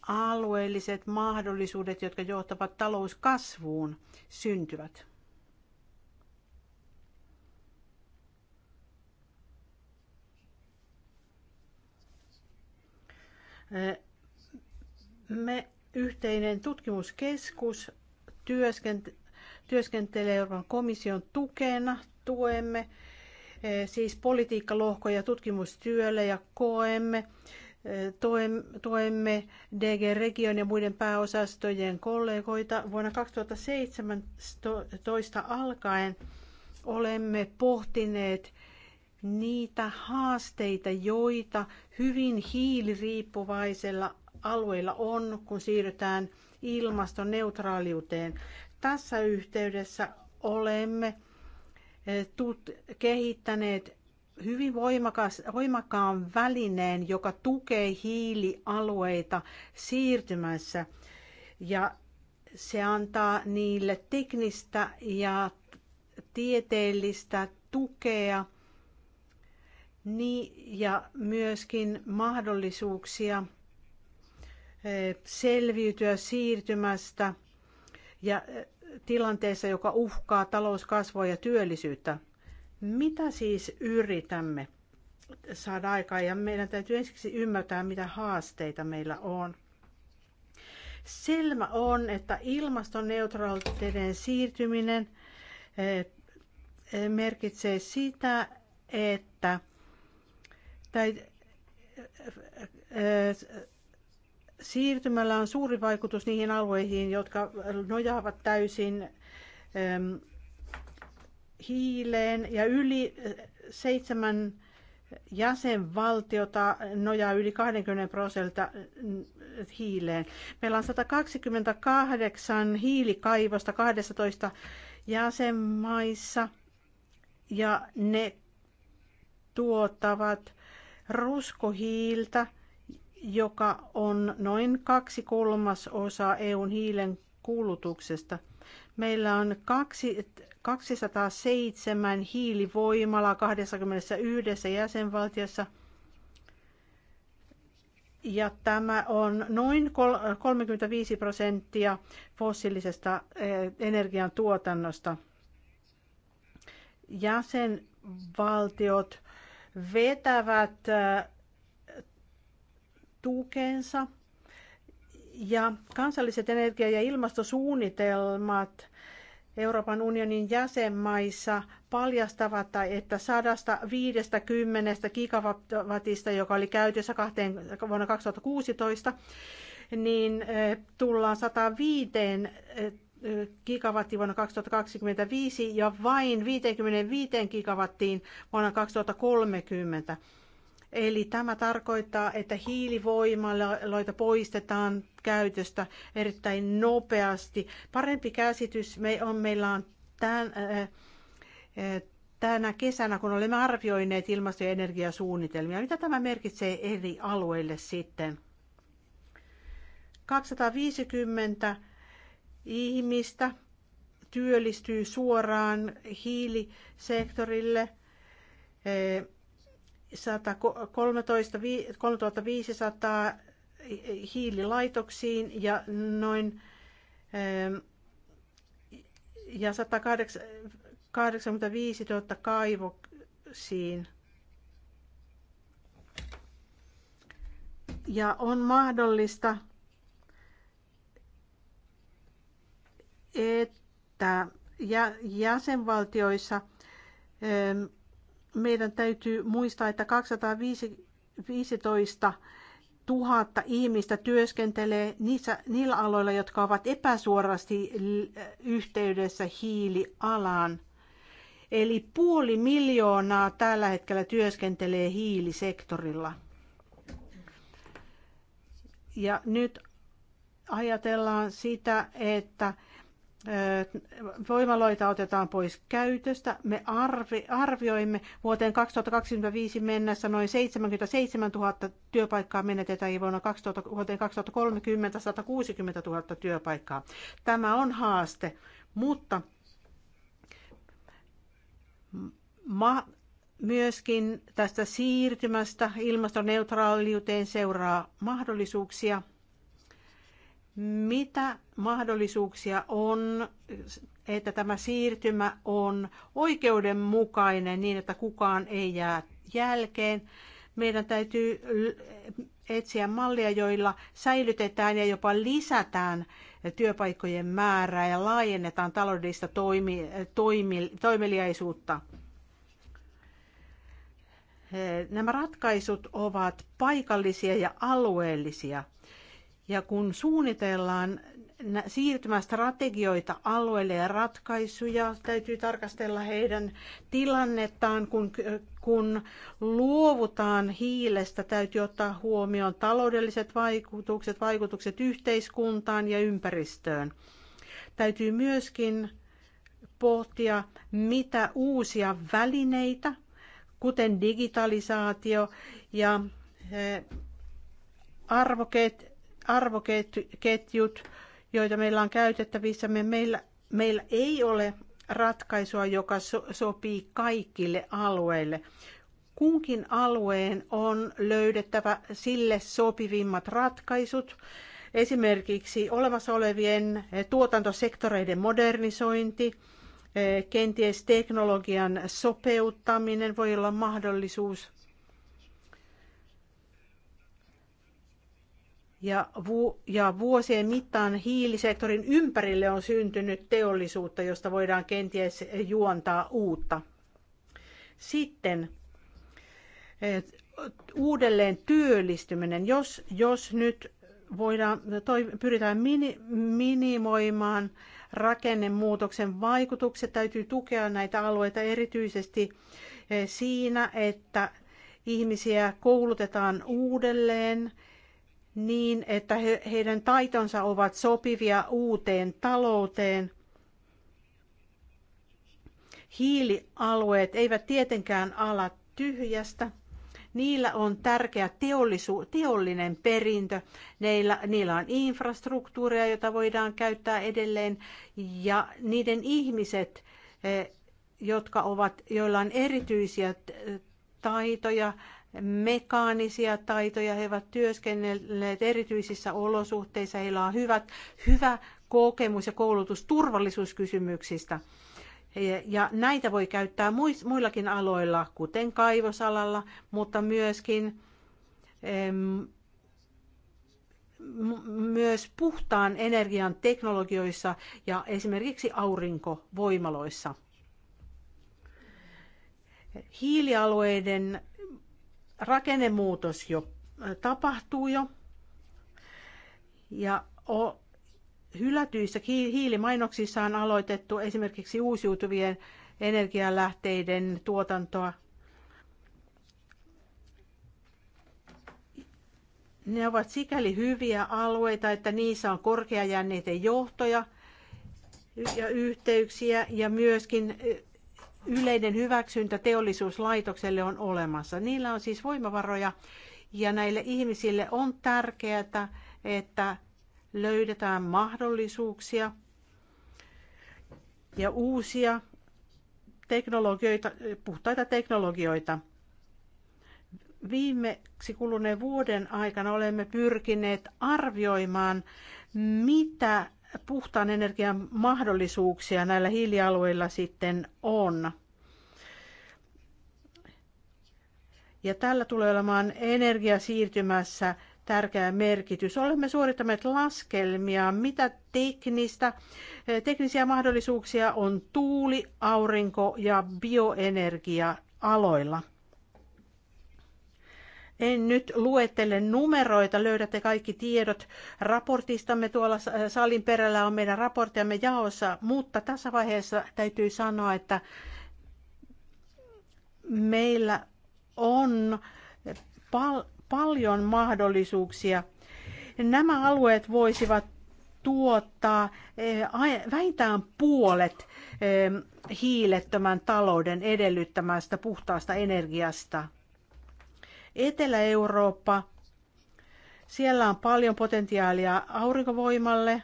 alueelliset mahdollisuudet, jotka johtavat talouskasvuun, syntyvät. Me yhteinen tutkimuskeskus työskentelee Euroopan komission tukena. Tuemme eh, siis politiikkalohkoja tutkimustyölle ja koemme eh, tuemme DG Region ja muiden pääosastojen kollegoita. Vuonna 2017 alkaen olemme pohtineet niitä haasteita, joita hyvin hiiliriippuvaisella alueilla on, kun siirrytään ilmastoneutraaliuteen. Tässä yhteydessä olemme eh, kehittäneet hyvin voimakas, voimakkaan välineen, joka tukee hiilialueita siirtymässä ja se antaa niille teknistä ja tieteellistä tukea niin, ja myöskin mahdollisuuksia – selviytyä siirtymästä ja tilanteessa, joka uhkaa talouskasvua ja työllisyyttä. Mitä siis yritämme saada aikaan? Ja meidän täytyy ensiksi ymmärtää, mitä haasteita meillä on. Selmä on, että ilmastoneutraaliteiden siirtyminen merkitsee sitä, että tai, Siirtymällä on suuri vaikutus niihin alueihin, jotka nojaavat täysin ähm, hiileen ja yli äh, seitsemän jäsenvaltiota nojaa yli 20 prosenttia äh, hiileen. Meillä on 128 hiilikaivosta 12 jäsenmaissa ja ne tuottavat ruskohiiltä joka on noin kaksi kolmasosaa EUn hiilen kulutuksesta. Meillä on kaksi, 207 hiilivoimalaa 21 jäsenvaltiossa. Ja tämä on noin 35 prosenttia fossiilisesta eh, energiantuotannosta. Jäsenvaltiot vetävät eh, tukeensa. Ja kansalliset energia- ja ilmastosuunnitelmat Euroopan unionin jäsenmaissa paljastavat, että 150 gigawattista, joka oli käytössä kahteen, vuonna 2016, niin eh, tullaan 105 eh, gigawattiin vuonna 2025 ja vain 55 gigawattiin vuonna 2030. Eli tämä tarkoittaa, että hiilivoimaloita poistetaan käytöstä erittäin nopeasti. Parempi käsitys me on, meillä on tämän, äh, äh, tänä kesänä, kun olemme arvioineet ilmasto- ja energiasuunnitelmia. Mitä tämä merkitsee eri alueille sitten? 250 ihmistä työllistyy suoraan hiilisektorille – 113 3500 hiililaitoksiin ja noin ähm, ja 185 000 kaivoksiin. Ja on mahdollista, että jäsenvaltioissa ähm, meidän täytyy muistaa, että 215 tuhatta ihmistä työskentelee niissä, niillä aloilla, jotka ovat epäsuorasti yhteydessä hiilialaan. Eli puoli miljoonaa tällä hetkellä työskentelee hiilisektorilla. Ja nyt ajatellaan sitä, että voimaloita otetaan pois käytöstä. Me arvi, arvioimme vuoteen 2025 mennessä noin 77 000 työpaikkaa menetetään ja vuonna 2000, vuoteen 2030 160 000 työpaikkaa. Tämä on haaste, mutta ma, myöskin tästä siirtymästä ilmastoneutraaliuteen seuraa mahdollisuuksia – mitä mahdollisuuksia on, että tämä siirtymä on oikeudenmukainen niin, että kukaan ei jää jälkeen? Meidän täytyy etsiä mallia, joilla säilytetään ja jopa lisätään työpaikkojen määrää ja laajennetaan taloudellista toimi, toimi, toimeliaisuutta. Nämä ratkaisut ovat paikallisia ja alueellisia. Ja kun suunnitellaan siirtymästrategioita alueille ja ratkaisuja, täytyy tarkastella heidän tilannettaan, kun, kun luovutaan hiilestä, täytyy ottaa huomioon taloudelliset vaikutukset, vaikutukset yhteiskuntaan ja ympäristöön. Täytyy myöskin pohtia, mitä uusia välineitä, kuten digitalisaatio ja eh, arvoket, arvoketjut, joita meillä on käytettävissä, me meillä, meillä ei ole ratkaisua, joka so, sopii kaikille alueille. Kunkin alueen on löydettävä sille sopivimmat ratkaisut, esimerkiksi olemassa olevien tuotantosektoreiden modernisointi, eh, kenties teknologian sopeuttaminen voi olla mahdollisuus Ja, vu- ja vuosien mittaan hiilisektorin ympärille on syntynyt teollisuutta, josta voidaan kenties juontaa uutta. Sitten eh, uudelleen työllistyminen, jos, jos nyt voidaan, toi, pyritään mini, minimoimaan rakennemuutoksen vaikutukset, täytyy tukea näitä alueita erityisesti eh, siinä, että ihmisiä koulutetaan uudelleen niin, että he, heidän taitonsa ovat sopivia uuteen talouteen. Hiilialueet eivät tietenkään ala tyhjästä. Niillä on tärkeä teollisu, teollinen perintö. Neillä, niillä on infrastruktuuria, jota voidaan käyttää edelleen. Ja niiden ihmiset, eh, jotka ovat, joilla on erityisiä taitoja, mekaanisia taitoja, he ovat työskennelleet erityisissä olosuhteissa, heillä on hyvät, hyvä kokemus ja koulutus turvallisuuskysymyksistä. Ja näitä voi käyttää muillakin aloilla, kuten kaivosalalla, mutta myöskin myös puhtaan energian teknologioissa ja esimerkiksi aurinkovoimaloissa. Hiilialueiden rakennemuutos jo tapahtuu jo. Ja o, hylätyissä hiilimainoksissa on aloitettu esimerkiksi uusiutuvien energialähteiden tuotantoa. Ne ovat sikäli hyviä alueita, että niissä on korkeajänneiden johtoja ja yhteyksiä ja myöskin yleinen hyväksyntä teollisuuslaitokselle on olemassa. Niillä on siis voimavaroja ja näille ihmisille on tärkeää, että löydetään mahdollisuuksia ja uusia teknologioita, puhtaita teknologioita. Viimeksi kuluneen vuoden aikana olemme pyrkineet arvioimaan, mitä puhtaan energian mahdollisuuksia näillä hiilialueilla sitten on. Ja tällä tulee olemaan energiasiirtymässä tärkeä merkitys. Olemme suorittaneet laskelmia, mitä teknistä, eh, teknisiä mahdollisuuksia on tuuli, aurinko ja bioenergia aloilla. En nyt luettele numeroita, löydätte kaikki tiedot raportistamme tuolla salin perällä on meidän raporttiamme jaossa, mutta tässä vaiheessa täytyy sanoa, että meillä on pal- paljon mahdollisuuksia. Nämä alueet voisivat tuottaa eh, vähintään puolet eh, hiilettömän talouden edellyttämästä puhtaasta energiasta. Etelä-Eurooppa, siellä on paljon potentiaalia aurinkovoimalle.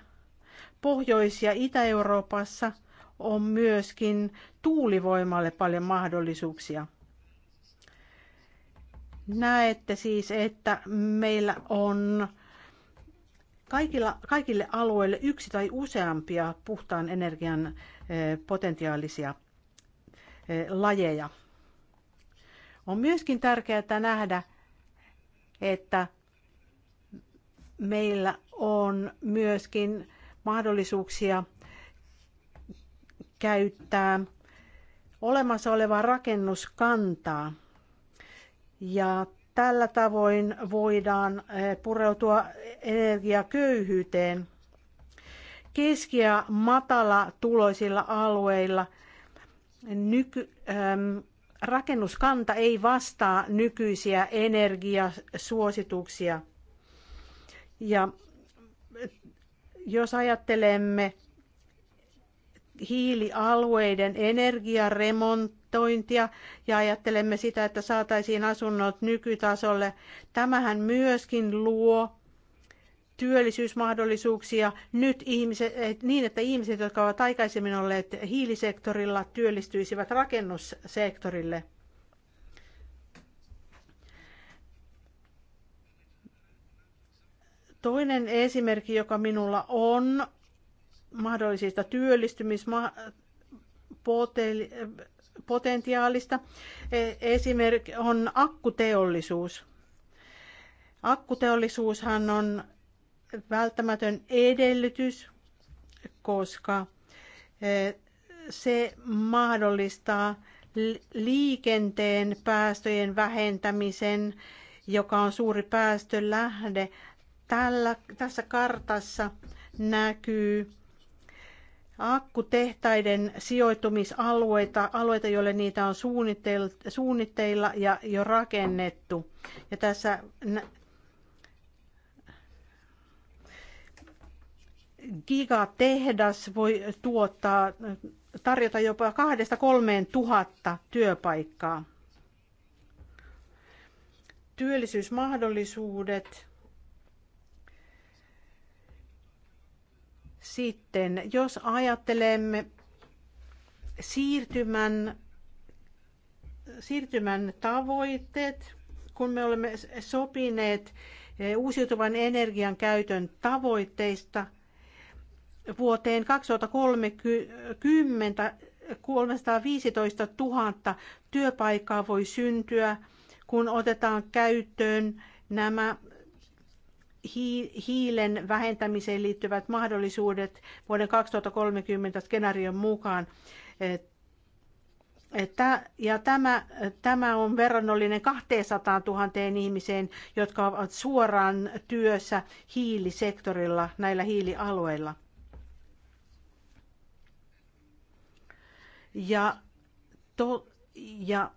Pohjois- ja Itä-Euroopassa on myöskin tuulivoimalle paljon mahdollisuuksia. Näette siis, että meillä on kaikilla, kaikille alueille yksi tai useampia puhtaan energian eh, potentiaalisia eh, lajeja. On myöskin tärkeää nähdä, että meillä on myöskin mahdollisuuksia käyttää olemassa olevaa rakennuskantaa. Ja tällä tavoin voidaan eh, pureutua energiaköyhyyteen. Keski- ja matala tuloisilla alueilla nyky, ähm, rakennuskanta ei vastaa nykyisiä energiasuosituksia. Ja jos ajattelemme hiilialueiden energiaremontointia ja ajattelemme sitä, että saataisiin asunnot nykytasolle, tämähän myöskin luo työllisyysmahdollisuuksia nyt ihmiset, niin, että ihmiset, jotka ovat aikaisemmin olleet hiilisektorilla, työllistyisivät rakennussektorille. Toinen esimerkki, joka minulla on mahdollisista työllistymispotentiaalista, esimerkki on akkuteollisuus. Akkuteollisuushan on välttämätön edellytys, koska eh, se mahdollistaa liikenteen päästöjen vähentämisen, joka on suuri päästölähde. Tällä, tässä kartassa näkyy akkutehtaiden sijoitumisalueita, alueita, joille niitä on suunnitteilla ja jo rakennettu. Ja tässä gigatehdas voi tuottaa, tarjota jopa kahdesta kolmeen tuhatta työpaikkaa. Työllisyysmahdollisuudet. Sitten, jos ajattelemme siirtymän, siirtymän tavoitteet, kun me olemme sopineet eh, uusiutuvan energian käytön tavoitteista – vuoteen 2030 315 000 työpaikkaa voi syntyä, kun otetaan käyttöön nämä hiilen vähentämiseen liittyvät mahdollisuudet vuoden 2030 skenaarion mukaan. Että, ja tämä, tämä on verrannollinen 200 000 ihmiseen, jotka ovat suoraan työssä hiilisektorilla näillä hiilialueilla. Ja, to, ja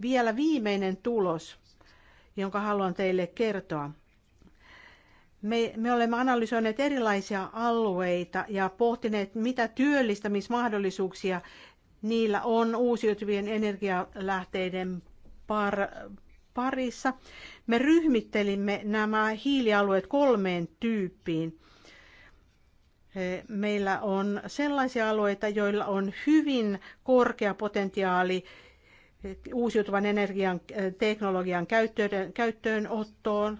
vielä viimeinen tulos, jonka haluan teille kertoa. Me, me olemme analysoineet erilaisia alueita ja pohtineet, mitä työllistämismahdollisuuksia niillä on uusiutuvien energialähteiden par, parissa. Me ryhmittelimme nämä hiilialueet kolmeen tyyppiin – meillä on sellaisia alueita, joilla on hyvin korkea potentiaali uusiutuvan energian eh, teknologian käyttöön, käyttöönottoon.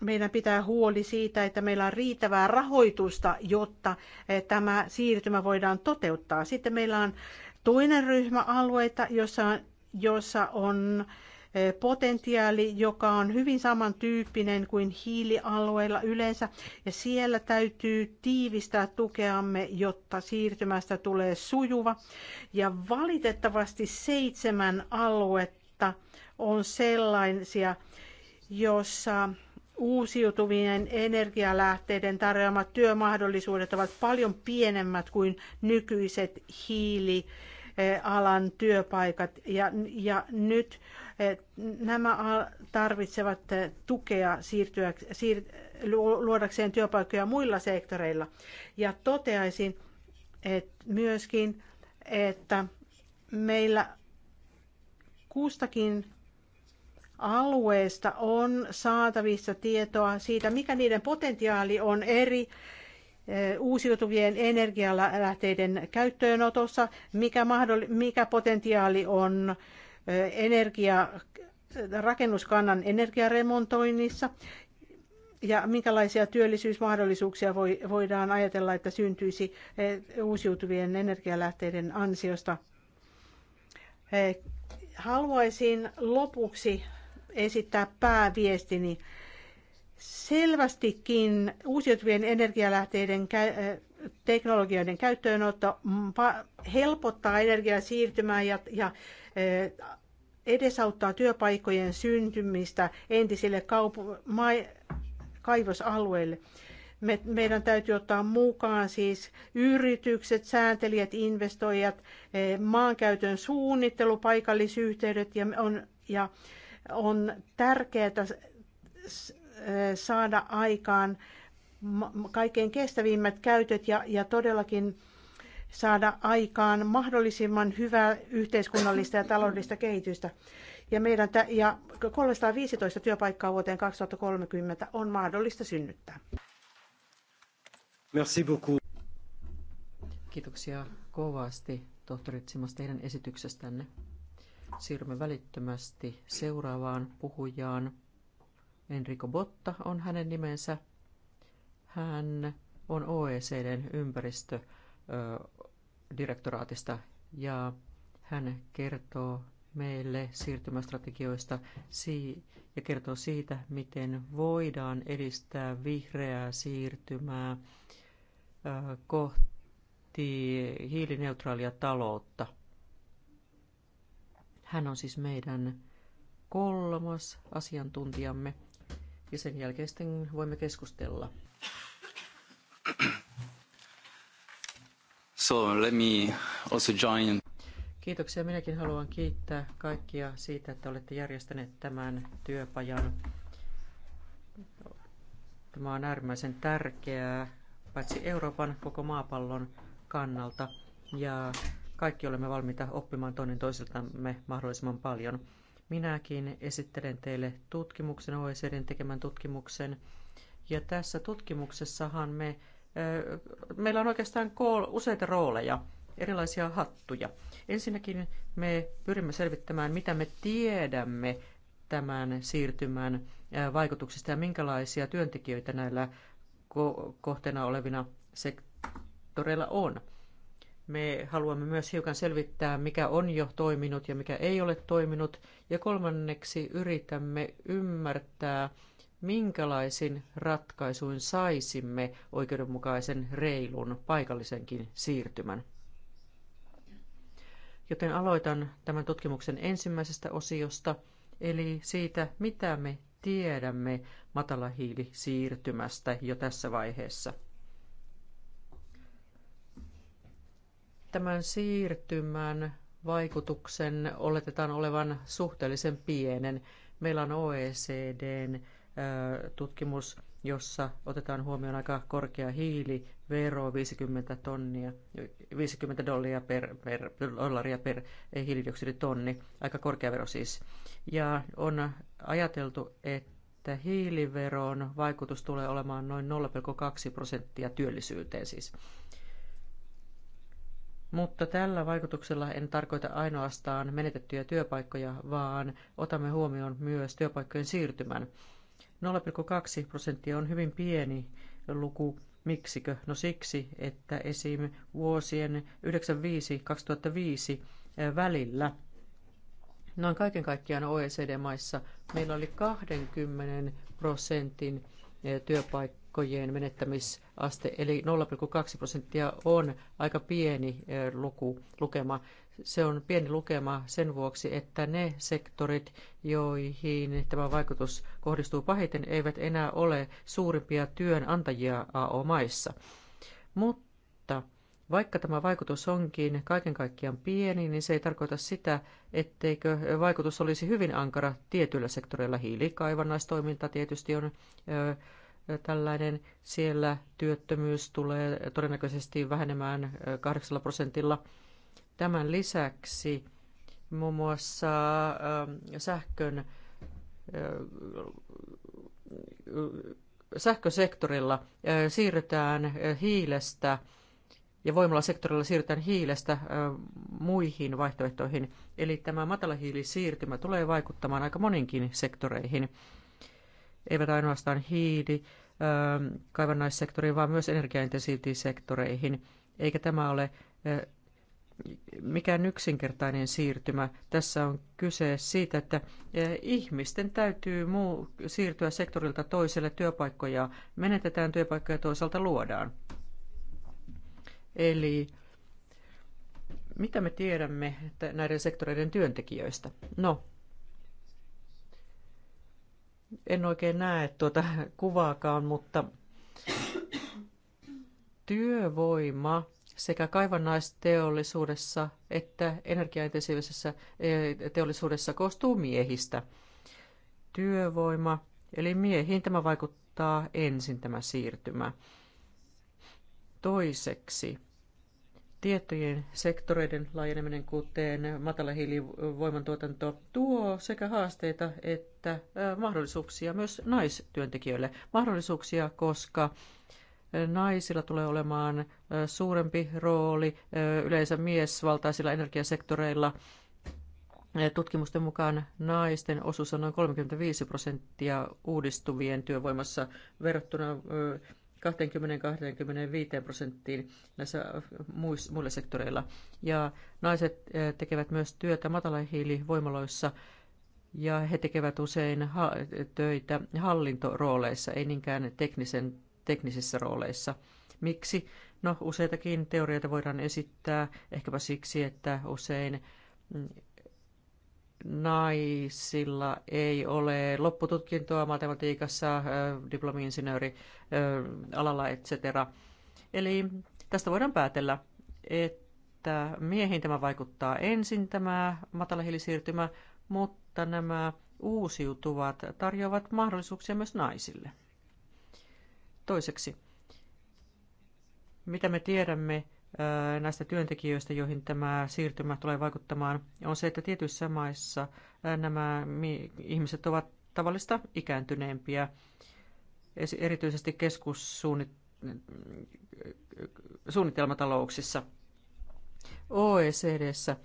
Meidän pitää huoli siitä, että meillä on riittävää rahoitusta, jotta eh, tämä siirtymä voidaan toteuttaa. Sitten meillä on toinen ryhmä alueita, jossa, jossa on potentiaali, joka on hyvin samantyyppinen kuin hiilialueilla yleensä, ja siellä täytyy tiivistää tukeamme, jotta siirtymästä tulee sujuva. Ja valitettavasti seitsemän aluetta on sellaisia, jossa uusiutuvien energialähteiden tarjoamat työmahdollisuudet ovat paljon pienemmät kuin nykyiset hiili- alan työpaikat. Ja, ja nyt eh, nämä tarvitsevat eh, tukea siirtyä, siir, luodakseen työpaikkoja muilla sektoreilla. Ja toteaisin et myöskin, että meillä kustakin alueesta on saatavissa tietoa siitä, mikä niiden potentiaali on eri Eh, uusiutuvien energialähteiden käyttöönotossa, mikä, mahdoll- mikä potentiaali on eh, energia, rakennuskannan energiaremontoinnissa ja minkälaisia työllisyysmahdollisuuksia voi, voidaan ajatella, että syntyisi eh, uusiutuvien energialähteiden ansiosta. Haluaisin lopuksi esittää pääviestini Selvästikin uusiutuvien energialähteiden teknologioiden käyttöönotto helpottaa siirtymää ja, ja edesauttaa työpaikkojen syntymistä entisille ma- kaivosalueille. Me, meidän täytyy ottaa mukaan siis yritykset, sääntelijät, investoijat, maankäytön suunnittelu, paikallisyhteydet ja on, ja on tärkeää saada aikaan kaikkein kestävimmät käytöt ja, ja todellakin saada aikaan mahdollisimman hyvää yhteiskunnallista ja taloudellista kehitystä. Ja, meidän tä- ja 315 työpaikkaa vuoteen 2030 on mahdollista synnyttää. Merci beaucoup. Kiitoksia kovasti, tohtori Tsimas, teidän esityksestänne. Siirrymme välittömästi seuraavaan puhujaan. Enrico Botta on hänen nimensä. Hän on OECDn ympäristödirektoraatista ja hän kertoo meille siirtymästrategioista ja kertoo siitä, miten voidaan edistää vihreää siirtymää kohti hiilineutraalia taloutta. Hän on siis meidän kolmas asiantuntijamme – ja sen jälkeen sitten voimme keskustella. So let me also join. Kiitoksia. Minäkin haluan kiittää kaikkia siitä, että olette järjestäneet tämän työpajan. Tämä on äärimmäisen tärkeää paitsi Euroopan koko maapallon kannalta ja kaikki olemme valmiita oppimaan toinen toisiltamme mahdollisimman paljon. Minäkin esittelen teille tutkimuksen, OECDn tekemän tutkimuksen. Ja tässä tutkimuksessahan me, meillä on oikeastaan useita rooleja, erilaisia hattuja. Ensinnäkin me pyrimme selvittämään, mitä me tiedämme tämän siirtymän vaikutuksista ja minkälaisia työntekijöitä näillä kohteena olevina sektoreilla on. Me haluamme myös hiukan selvittää, mikä on jo toiminut ja mikä ei ole toiminut. Ja kolmanneksi yritämme ymmärtää, minkälaisin ratkaisuin saisimme oikeudenmukaisen, reilun, paikallisenkin siirtymän. Joten aloitan tämän tutkimuksen ensimmäisestä osiosta, eli siitä, mitä me tiedämme matalahiilisiirtymästä jo tässä vaiheessa – tämän siirtymän vaikutuksen oletetaan olevan suhteellisen pienen. Meillä on OECDn tutkimus, jossa otetaan huomioon aika korkea hiilivero, 50, tonnia, 50 dollaria per, per, dollaria per hiilidioksiditonni, aika korkea vero siis. Ja on ajateltu, että hiiliveron vaikutus tulee olemaan noin 0,2 prosenttia työllisyyteen siis. Mutta tällä vaikutuksella en tarkoita ainoastaan menetettyjä työpaikkoja, vaan otamme huomioon myös työpaikkojen siirtymän. 0,2 prosenttia on hyvin pieni luku. Miksikö? No siksi, että esim. vuosien 1995-2005 välillä noin kaiken kaikkiaan OECD-maissa meillä oli 20 prosentin eh, työpaikka paikkojen menettämisaste, eli 0,2 prosenttia on aika pieni eh, luku, lukema. Se on pieni lukema sen vuoksi, että ne sektorit, joihin tämä vaikutus kohdistuu pahiten, eivät enää ole suurimpia työnantajia AO-maissa. Mutta vaikka tämä vaikutus onkin kaiken kaikkiaan pieni, niin se ei tarkoita sitä, etteikö vaikutus olisi hyvin ankara tietyillä sektoreilla. Hiilikaivannaistoiminta tietysti on eh, tällainen. Siellä työttömyys tulee todennäköisesti vähenemään 8 prosentilla. Tämän lisäksi muun muassa sähkön sähkösektorilla siirrytään hiilestä ja voimalasektorilla siirrytään hiilestä muihin vaihtoehtoihin. Eli tämä matalahiilisiirtymä tulee vaikuttamaan aika moninkin sektoreihin eivät ainoastaan hiili kaivannaissektoriin, vaan myös energiaintensiivisiin sektoreihin. Eikä tämä ole mikään yksinkertainen siirtymä. Tässä on kyse siitä, että ihmisten täytyy muu, siirtyä sektorilta toiselle työpaikkoja. Menetetään työpaikkoja toisaalta luodaan. Eli mitä me tiedämme näiden sektoreiden työntekijöistä? No, en oikein näe tuota kuvaakaan, mutta työvoima sekä kaivannaisteollisuudessa että energiaintensiivisessä e, teollisuudessa koostuu miehistä. Työvoima, eli miehiin tämä vaikuttaa ensin tämä siirtymä. Toiseksi Tiettyjen sektoreiden laajeneminen, kuten hiilivoimantuotanto, tuo sekä haasteita että mahdollisuuksia myös naistyöntekijöille. Mahdollisuuksia, koska naisilla tulee olemaan suurempi rooli yleensä miesvaltaisilla energiasektoreilla. Tutkimusten mukaan naisten osuus on noin 35 prosenttia uudistuvien työvoimassa verrattuna 20-25 prosenttiin näissä muilla sektoreilla. Ja naiset eh, tekevät myös työtä matalahiilivoimaloissa ja he tekevät usein töitä hallintorooleissa, ei niinkään teknisen, teknisissä rooleissa. Miksi? No useitakin teorioita voidaan esittää, ehkäpä siksi, että usein mm, naisilla ei ole loppututkintoa matematiikassa, diplomi-insinööri alalla, etc. Eli tästä voidaan päätellä, että miehiin tämä vaikuttaa ensin tämä hiilisiirtymä, mutta nämä uusiutuvat tarjoavat mahdollisuuksia myös naisille. Toiseksi, mitä me tiedämme näistä työntekijöistä, joihin tämä siirtymä tulee vaikuttamaan, on se, että tietyissä maissa nämä ihmiset ovat tavallista ikääntyneempiä, erityisesti keskussuunnitelmatalouksissa. OECDssä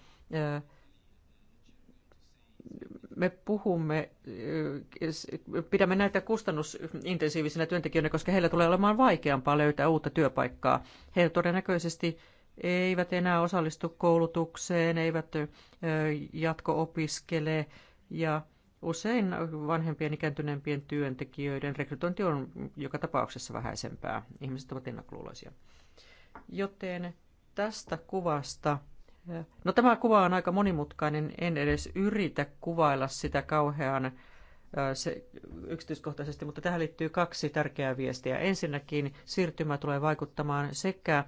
me puhumme, pidämme näitä kustannusintensiivisinä työntekijöinä, koska heillä tulee olemaan vaikeampaa löytää uutta työpaikkaa. He todennäköisesti eivät enää osallistu koulutukseen, eivät jatko-opiskele ja usein vanhempien ikääntyneempien työntekijöiden rekrytointi on joka tapauksessa vähäisempää. Ihmiset ovat ennakkoluuloisia. Joten tästä kuvasta No tämä kuva on aika monimutkainen, en edes yritä kuvailla sitä kauhean se, yksityiskohtaisesti, mutta tähän liittyy kaksi tärkeää viestiä. Ensinnäkin siirtymä tulee vaikuttamaan sekä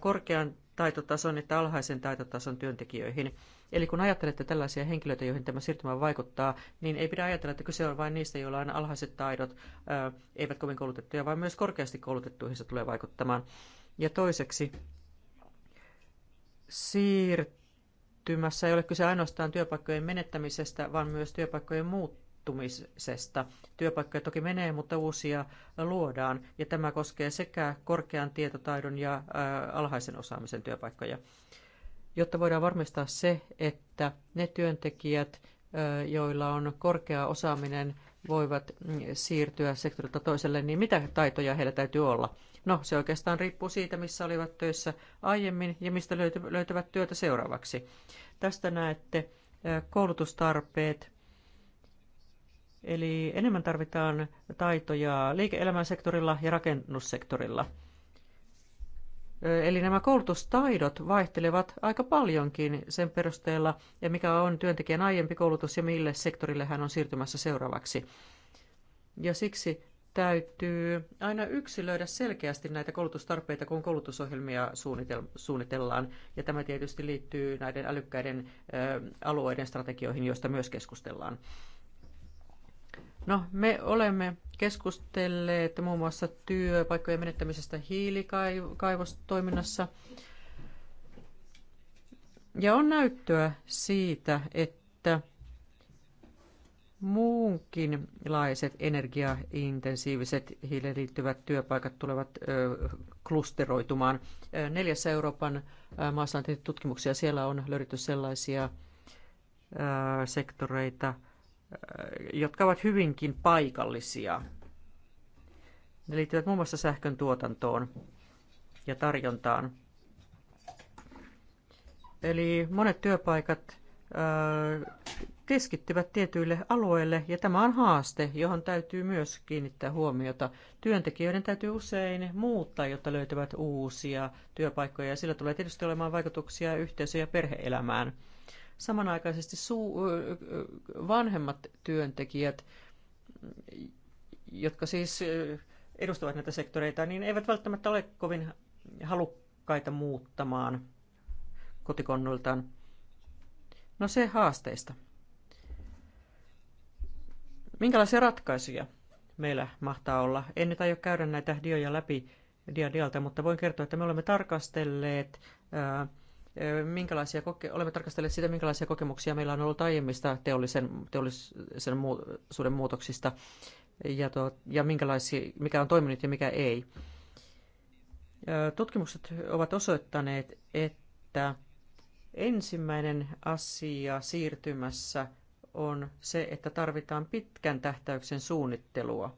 korkean taitotason että alhaisen taitotason työntekijöihin. Eli kun ajattelette tällaisia henkilöitä, joihin tämä siirtymä vaikuttaa, niin ei pidä ajatella, että kyse on vain niistä, joilla on alhaiset taidot, eivät kovin koulutettuja, vaan myös korkeasti koulutettuihin se tulee vaikuttamaan. Ja toiseksi siirtymässä ei ole kyse ainoastaan työpaikkojen menettämisestä, vaan myös työpaikkojen muuttumisesta. Työpaikkoja toki menee, mutta uusia luodaan, ja tämä koskee sekä korkean tietotaidon ja alhaisen osaamisen työpaikkoja. Jotta voidaan varmistaa se, että ne työntekijät, joilla on korkea osaaminen, voivat mm, siirtyä sektorilta toiselle, niin mitä taitoja heillä täytyy olla? No, se oikeastaan riippuu siitä, missä olivat töissä aiemmin ja mistä löytävät työtä seuraavaksi. Tästä näette koulutustarpeet. Eli enemmän tarvitaan taitoja liike-elämän sektorilla ja rakennussektorilla. Eli nämä koulutustaidot vaihtelevat aika paljonkin sen perusteella, ja mikä on työntekijän aiempi koulutus ja mille sektorille hän on siirtymässä seuraavaksi. Ja siksi täytyy aina yksilöidä selkeästi näitä koulutustarpeita, kun koulutusohjelmia suunnitellaan. Ja tämä tietysti liittyy näiden älykkäiden alueiden strategioihin, joista myös keskustellaan. No, me olemme keskustelleet muun muassa työpaikkojen menettämisestä hiilikaivostoiminnassa. Ja on näyttöä siitä, että muunkinlaiset energiaintensiiviset hiileen liittyvät työpaikat tulevat ö, klusteroitumaan. Neljässä Euroopan maassa on tehty tutkimuksia. Siellä on löydetty sellaisia ö, sektoreita, jotka ovat hyvinkin paikallisia. Ne liittyvät muun muassa sähkön tuotantoon ja tarjontaan. Eli monet työpaikat keskittyvät tietyille alueille, ja tämä on haaste, johon täytyy myös kiinnittää huomiota. Työntekijöiden täytyy usein muuttaa, jotta löytävät uusia työpaikkoja, ja sillä tulee tietysti olemaan vaikutuksia yhteisö- ja perheelämään. Samanaikaisesti vanhemmat työntekijät, jotka siis edustavat näitä sektoreita, niin eivät välttämättä ole kovin halukkaita muuttamaan kotikonnuiltaan. No se haasteista. Minkälaisia ratkaisuja meillä mahtaa olla? En nyt aio käydä näitä dioja läpi dia dialta, mutta voin kertoa, että me olemme tarkastelleet ää, minkälaisia koke- olemme tarkastelleet sitä, minkälaisia kokemuksia meillä on ollut aiemmista teollisen, teollisen muutoksista muutoksista ja, to, ja minkälaisia, mikä on toiminut ja mikä ei. Tutkimukset ovat osoittaneet, että ensimmäinen asia siirtymässä – on se, että tarvitaan pitkän tähtäyksen suunnittelua.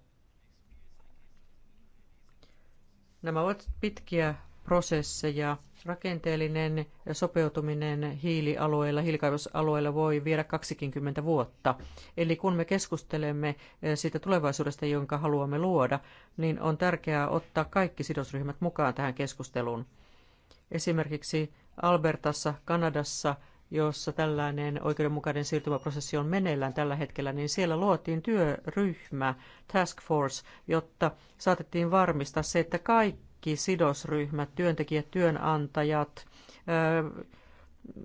Nämä ovat pitkiä prosesseja. Rakenteellinen sopeutuminen hiilialueilla, hiilikaivosalueilla voi viedä 20 vuotta. Eli kun me keskustelemme eh, siitä tulevaisuudesta, jonka haluamme luoda, niin on tärkeää ottaa kaikki sidosryhmät mukaan tähän keskusteluun. Esimerkiksi Albertassa, Kanadassa – jossa tällainen oikeudenmukainen siirtymäprosessi on meneillään tällä hetkellä, niin siellä luotiin työryhmä, task force, jotta saatettiin varmistaa se, että kaikki sidosryhmät, työntekijät, työnantajat,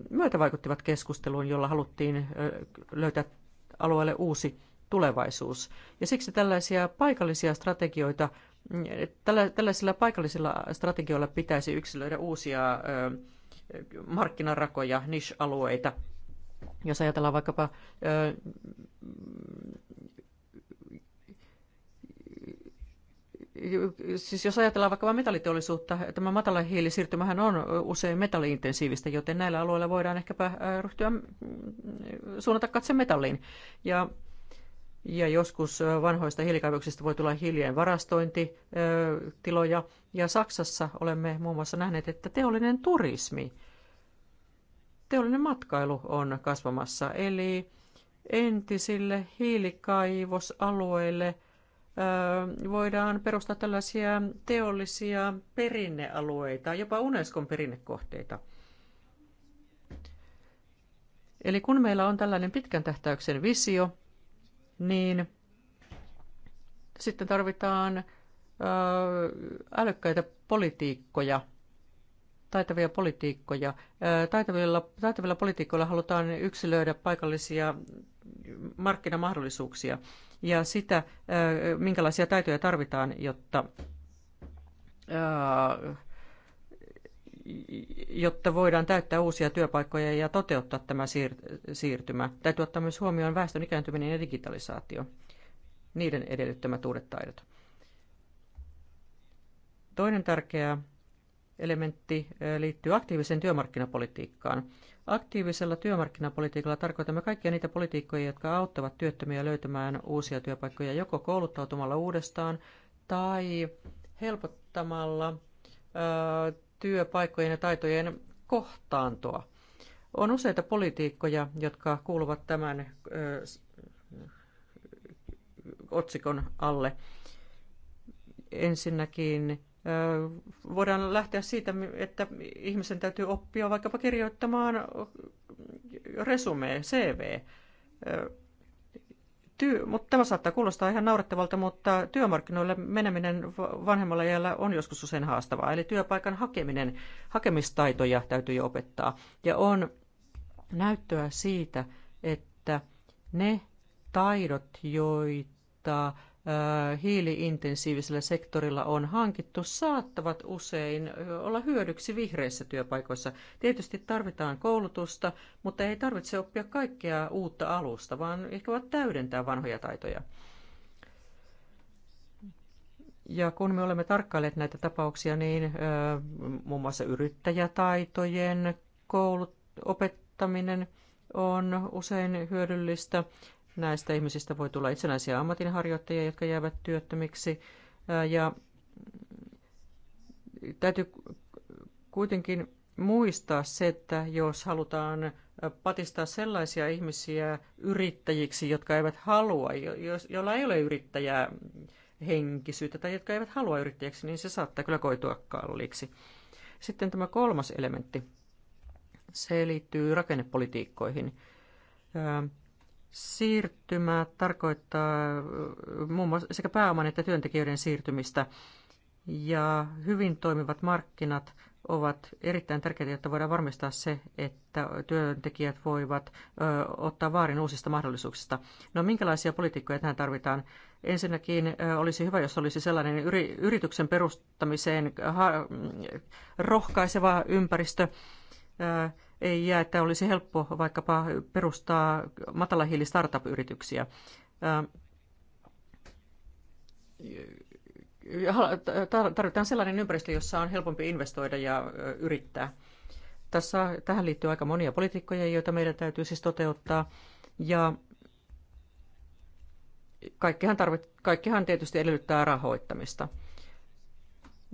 myötävaikuttivat keskusteluun, jolla haluttiin löytää alueelle uusi tulevaisuus. Ja siksi tällaisia paikallisia strategioita, mm, tällaisilla paikallisilla strategioilla pitäisi yksilöidä uusia markkinarakoja, niche-alueita. Jos ajatellaan vaikkapa siis jos ajatellaan vaikka metalliteollisuutta, tämä matala hiilisiirtymähän on usein metalliintensiivistä, joten näillä alueilla voidaan ehkäpä ryhtyä mm, suunnata katse metalliin. Ja ja joskus vanhoista hiilikaivoksista voi tulla hiilien varastointitiloja. Ja Saksassa olemme muun muassa nähneet, että teollinen turismi, teollinen matkailu on kasvamassa. Eli entisille hiilikaivosalueille voidaan perustaa tällaisia teollisia perinnealueita, jopa Unescon perinnekohteita. Eli kun meillä on tällainen pitkän tähtäyksen visio, niin sitten tarvitaan älykkäitä politiikkoja, taitavia politiikkoja. Taitavilla, taitavilla politiikoilla halutaan yksilöidä paikallisia markkinamahdollisuuksia ja sitä, minkälaisia taitoja tarvitaan, jotta jotta voidaan täyttää uusia työpaikkoja ja toteuttaa tämä siir- siirtymä. Täytyy ottaa myös huomioon väestön ikääntyminen ja digitalisaatio, niiden edellyttämät uudet taidot. Toinen tärkeä elementti liittyy aktiiviseen työmarkkinapolitiikkaan. Aktiivisella työmarkkinapolitiikalla tarkoitamme kaikkia niitä politiikkoja, jotka auttavat työttömiä löytämään uusia työpaikkoja joko kouluttautumalla uudestaan tai helpottamalla työpaikkojen ja taitojen kohtaantoa. On useita poliitikkoja, jotka kuuluvat tämän ö, otsikon alle. Ensinnäkin voidaan lähteä siitä, että ihmisen täytyy oppia vaikkapa kirjoittamaan resume, CV ty- mutta tämä saattaa kuulostaa ihan naurettavalta, mutta työmarkkinoille meneminen vanhemmalla iällä on joskus usein haastavaa. Eli työpaikan hakeminen, hakemistaitoja täytyy opettaa. Ja on näyttöä siitä, että ne taidot, joita hiiliintensiivisellä sektorilla on hankittu, saattavat usein olla hyödyksi vihreissä työpaikoissa. Tietysti tarvitaan koulutusta, mutta ei tarvitse oppia kaikkea uutta alusta, vaan ehkä vaan täydentää vanhoja taitoja. Ja kun me olemme tarkkailleet näitä tapauksia, niin muun mm. muassa yrittäjätaitojen koulut, opettaminen on usein hyödyllistä. Näistä ihmisistä voi tulla itsenäisiä ammatinharjoittajia, jotka jäävät työttömiksi. Ja täytyy kuitenkin muistaa se, että jos halutaan patistaa sellaisia ihmisiä yrittäjiksi, jotka eivät halua, joilla ei ole yrittäjää henkisyyttä tai jotka eivät halua yrittäjäksi, niin se saattaa kyllä koitua kalliiksi. Sitten tämä kolmas elementti, se liittyy rakennepolitiikkoihin. Siirtymä tarkoittaa muun muassa sekä pääoman että työntekijöiden siirtymistä. Ja hyvin toimivat markkinat ovat erittäin tärkeitä, jotta voidaan varmistaa se, että työntekijät voivat ottaa vaarin uusista mahdollisuuksista. No minkälaisia politiikkoja tähän tarvitaan? Ensinnäkin olisi hyvä, jos olisi sellainen yrityksen perustamiseen rohkaiseva ympäristö, jää, että olisi helppo vaikkapa perustaa matalahiilistartup-yrityksiä. Tarvitaan sellainen ympäristö, jossa on helpompi investoida ja yrittää. Tässä, tähän liittyy aika monia politiikkoja, joita meidän täytyy siis toteuttaa. Ja kaikkihan, tarvit, kaikkihan tietysti edellyttää rahoittamista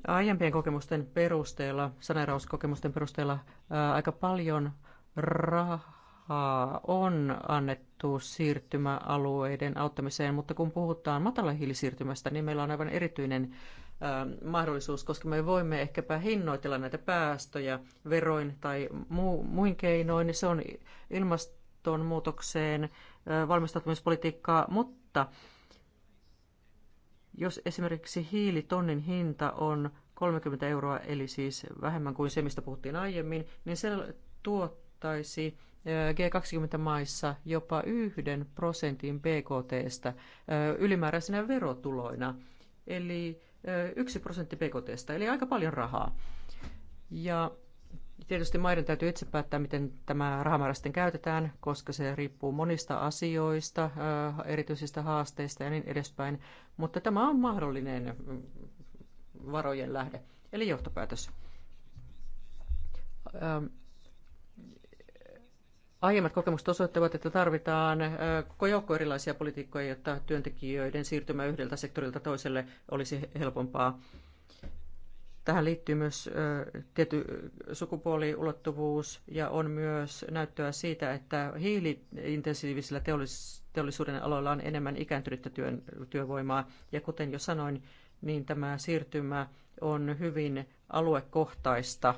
aiempien kokemusten perusteella, saneerauskokemusten perusteella, ää, aika paljon rahaa on annettu siirtymäalueiden auttamiseen, mutta kun puhutaan matalahiilisiirtymästä, niin meillä on aivan erityinen ää, mahdollisuus, koska me voimme ehkäpä hinnoitella näitä päästöjä veroin tai mu- muin keinoin, niin se on ilmastonmuutokseen valmistautumispolitiikkaa, mutta jos esimerkiksi hiilitonnin hinta on 30 euroa, eli siis vähemmän kuin se, mistä puhuttiin aiemmin, niin se tuottaisi eh, G20-maissa jopa yhden prosentin BKTstä eh, ylimääräisenä verotuloina, eli eh, yksi prosentti BKTstä, eli aika paljon rahaa. Ja Tietysti maiden täytyy itse päättää, miten tämä rahamäärä sitten käytetään, koska se riippuu monista asioista, äh, erityisistä haasteista ja niin edespäin. Mutta tämä on mahdollinen mm, varojen lähde, eli johtopäätös. Ähm, aiemmat kokemukset osoittavat, että tarvitaan äh, koko joukko erilaisia politiikkoja, jotta työntekijöiden siirtymä yhdeltä sektorilta toiselle olisi helpompaa. Tähän liittyy myös tietty sukupuoliulottuvuus ja on myös näyttöä siitä, että hiiliintensiivisillä teollisuuden aloilla on enemmän ikääntynyttä työn, työvoimaa. Ja kuten jo sanoin, niin tämä siirtymä on hyvin aluekohtaista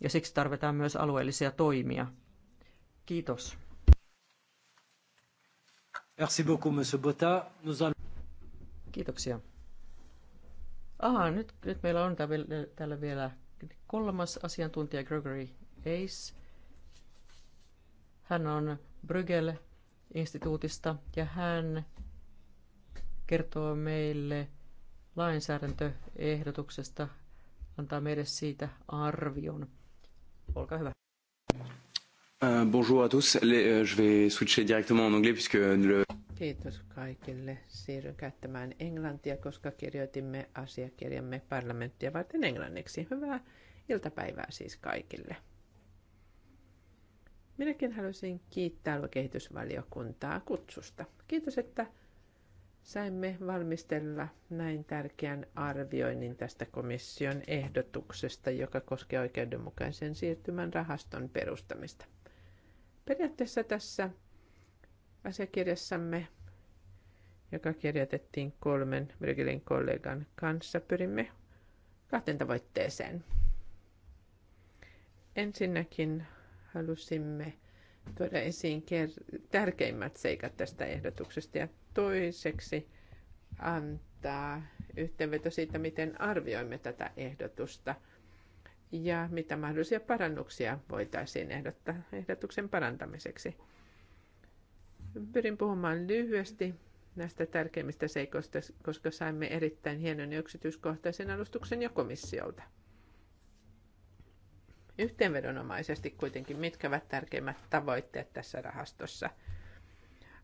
ja siksi tarvitaan myös alueellisia toimia. Kiitos. Merci beaucoup, Monsieur Botta. Nous allons... Kiitoksia. Aha, nyt, nyt meillä on täällä vielä kolmas asiantuntija, Gregory Ace. Hän on Bruegel-instituutista ja hän kertoo meille lainsäädäntöehdotuksesta, antaa meille siitä arvion. Olkaa hyvä. Uh, bonjour à tous. Les, uh, je vais switcher directement en anglais puisque le... Kiitos kaikille. Siirryn käyttämään englantia, koska kirjoitimme asiakirjamme parlamenttia varten englanniksi. Hyvää iltapäivää siis kaikille. Minäkin haluaisin kiittää aluekehitysvaliokuntaa kutsusta. Kiitos, että saimme valmistella näin tärkeän arvioinnin tästä komission ehdotuksesta, joka koskee oikeudenmukaisen siirtymän rahaston perustamista. Periaatteessa tässä asiakirjassamme, joka kirjoitettiin kolmen Bryggelin kollegan kanssa, pyrimme kahteen tavoitteeseen. Ensinnäkin halusimme tuoda esiin tärkeimmät seikat tästä ehdotuksesta ja toiseksi antaa yhteenveto siitä, miten arvioimme tätä ehdotusta ja mitä mahdollisia parannuksia voitaisiin ehdottaa ehdotuksen parantamiseksi. Pyrin puhumaan lyhyesti näistä tärkeimmistä seikoista, koska saimme erittäin hienon ja yksityiskohtaisen alustuksen jo komissiolta. Yhteenvedonomaisesti kuitenkin, mitkä ovat tärkeimmät tavoitteet tässä rahastossa?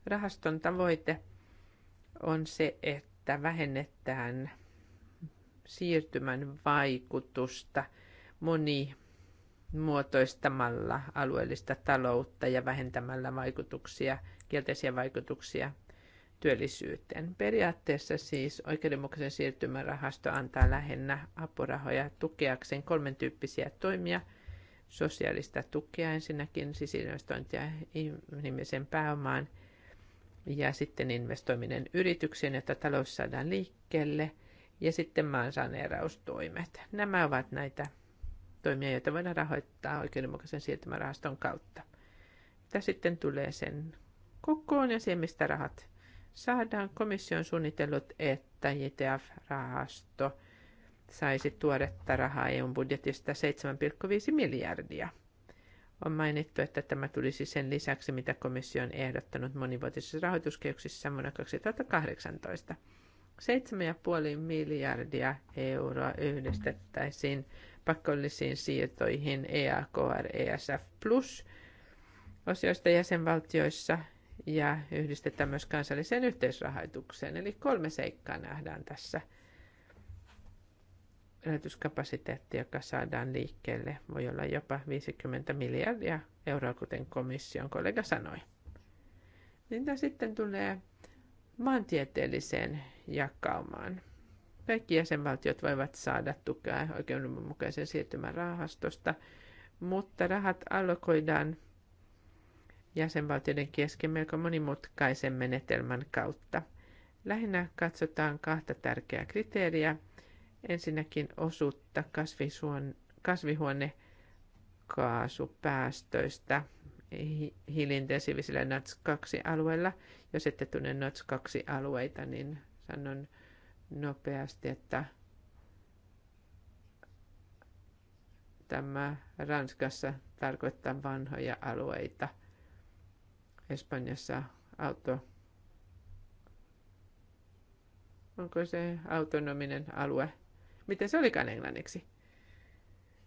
Rahaston tavoite on se, että vähennetään siirtymän vaikutusta moni muotoistamalla alueellista taloutta ja vähentämällä vaikutuksia kielteisiä vaikutuksia työllisyyteen. Periaatteessa siis oikeudenmukaisen siirtymän rahasto antaa lähinnä apurahoja tukeakseen kolmen tyyppisiä toimia. Sosiaalista tukea ensinnäkin, siis investointia ihmisen pääomaan ja sitten investoiminen yritykseen, jotta talous saadaan liikkeelle ja sitten maansaneeraustoimet. Nämä ovat näitä toimia, joita voidaan rahoittaa oikeudenmukaisen siirtymärahaston kautta. Mitä sitten tulee sen kokoon ja siihen, mistä rahat saadaan. Komission suunnitellut, että JTF-rahasto saisi tuoretta rahaa EUn budjetista 7,5 miljardia. On mainittu, että tämä tulisi sen lisäksi, mitä komissio on ehdottanut monivuotisissa rahoituskehyksissä vuonna 2018. 7,5 miljardia euroa yhdistettäisiin pakollisiin siirtoihin EAKR ESF Plus osioista jäsenvaltioissa ja yhdistetään myös kansalliseen yhteisrahoitukseen. Eli kolme seikkaa nähdään tässä. Rahoituskapasiteetti, joka saadaan liikkeelle, voi olla jopa 50 miljardia euroa, kuten komission kollega sanoi. Mitä sitten tulee maantieteelliseen jakaumaan? Kaikki jäsenvaltiot voivat saada tukea oikeudenmukaisen siirtymän rahastosta, mutta rahat allokoidaan jäsenvaltioiden kesken melko monimutkaisen menetelmän kautta. Lähinnä katsotaan kahta tärkeää kriteeriä. Ensinnäkin osuutta kasvihuonekaasupäästöistä hiilintensiivisillä NOTS 2-alueilla. Jos ette tunne NOTS 2-alueita, niin sanon nopeasti, että tämä Ranskassa tarkoittaa vanhoja alueita – Espanjassa auto. Onko se autonominen alue? Miten se olikaan englanniksi?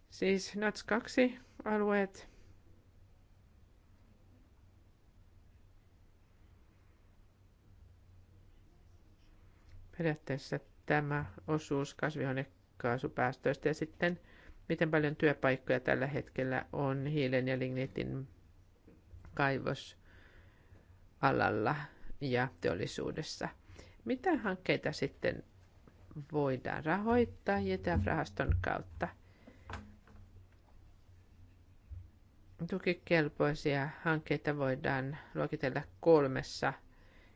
Siis NATS 2 alueet. Periaatteessa tämä osuus kasvihuonekaasupäästöistä ja sitten miten paljon työpaikkoja tällä hetkellä on hiilen ja lignitin kaivos alalla ja teollisuudessa. Mitä hankkeita sitten voidaan rahoittaa JTF-rahaston kautta? Tukikelpoisia hankkeita voidaan luokitella kolmessa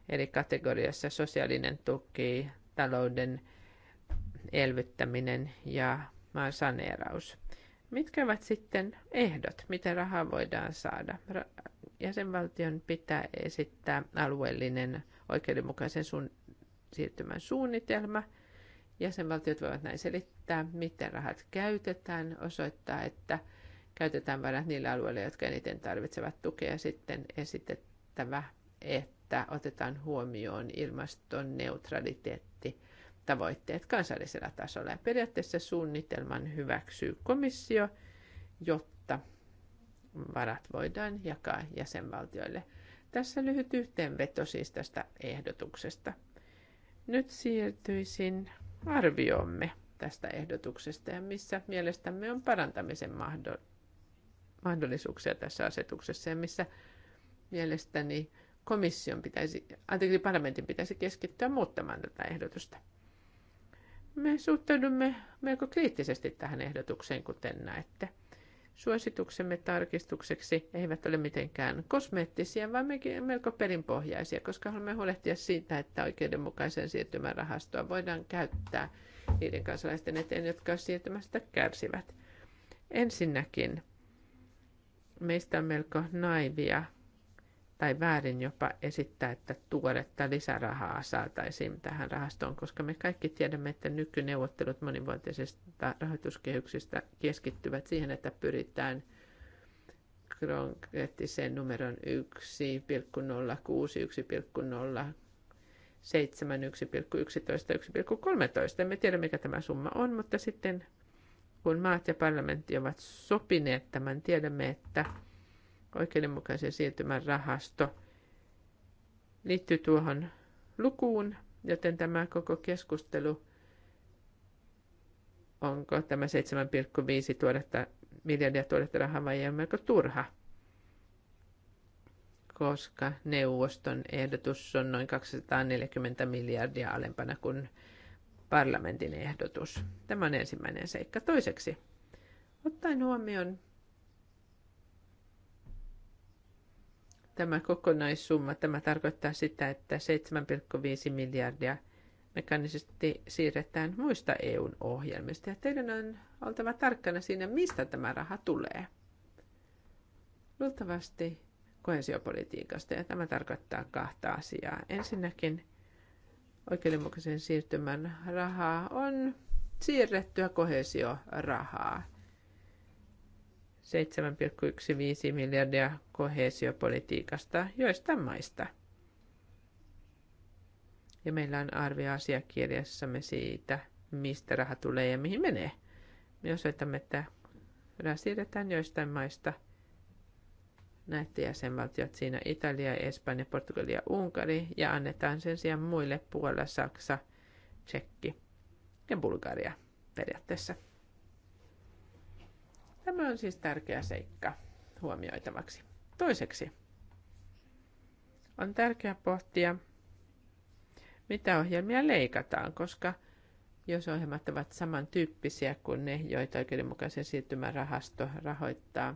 eri kategoriassa. Sosiaalinen tuki, talouden elvyttäminen ja maan saneeraus. Mitkä ovat sitten ehdot, miten rahaa voidaan saada? Jäsenvaltion pitää esittää alueellinen oikeudenmukaisen suun, siirtymän suunnitelma. Jäsenvaltiot voivat näin selittää, miten rahat käytetään, osoittaa, että käytetään varat niillä alueilla, jotka eniten tarvitsevat tukea. Sitten esitettävä, että otetaan huomioon ilmaston tavoitteet kansallisella tasolla. Ja periaatteessa suunnitelman hyväksyy komissio, jotta varat voidaan jakaa jäsenvaltioille. Tässä lyhyt yhteenveto siis tästä ehdotuksesta. Nyt siirtyisin arvioomme tästä ehdotuksesta ja missä mielestämme on parantamisen mahdollisuuksia tässä asetuksessa ja missä mielestäni komission pitäisi, anteeksi parlamentin pitäisi keskittyä muuttamaan tätä ehdotusta. Me suhtaudumme melko kriittisesti tähän ehdotukseen, kuten näette. Suosituksemme tarkistukseksi eivät ole mitenkään kosmeettisia, vaan melko perinpohjaisia, koska haluamme huolehtia siitä, että oikeudenmukaisen siirtymän rahastoa voidaan käyttää niiden kansalaisten eteen, jotka siirtymästä kärsivät. Ensinnäkin meistä on melko naivia tai väärin jopa esittää, että tuoretta lisärahaa saataisiin tähän rahastoon, koska me kaikki tiedämme, että nykyneuvottelut monivuotisista rahoituskehyksistä keskittyvät siihen, että pyritään konkreettiseen numeron 1, 0,6, 1,0, 7, 1,11, 1,13. Emme tiedä, mikä tämä summa on, mutta sitten kun maat ja parlamentti ovat sopineet tämän, tiedämme, että oikeudenmukaisen siirtymän rahasto liittyy tuohon lukuun, joten tämä koko keskustelu, onko tämä 7,5 tuoretta, miljardia tuodetta rahaa vai ei, on melko turha, koska neuvoston ehdotus on noin 240 miljardia alempana kuin parlamentin ehdotus. Tämä on ensimmäinen seikka. Toiseksi, ottaen huomioon tämä kokonaissumma, tämä tarkoittaa sitä, että 7,5 miljardia mekanisesti siirretään muista EUn ohjelmista. Ja teidän on oltava tarkkana siinä, mistä tämä raha tulee. Luultavasti kohesiopolitiikasta, ja tämä tarkoittaa kahta asiaa. Ensinnäkin oikeudenmukaisen siirtymän rahaa on siirrettyä kohesiorahaa 7,15 miljardia kohesiopolitiikasta, joista maista. Ja meillä on arvio asiakirjassamme siitä, mistä raha tulee ja mihin menee. Me osoitamme, että raha siirretään joistain maista. Näette jäsenvaltiot siinä Italia, Espanja, Portugalia, Unkari ja annetaan sen sijaan muille Puola, Saksa, Tsekki ja Bulgaria periaatteessa. Tämä on siis tärkeä seikka huomioitavaksi. Toiseksi on tärkeää pohtia, mitä ohjelmia leikataan, koska jos ohjelmat ovat samantyyppisiä kuin ne, joita oikeudenmukaisen siirtymän rahasto rahoittaa,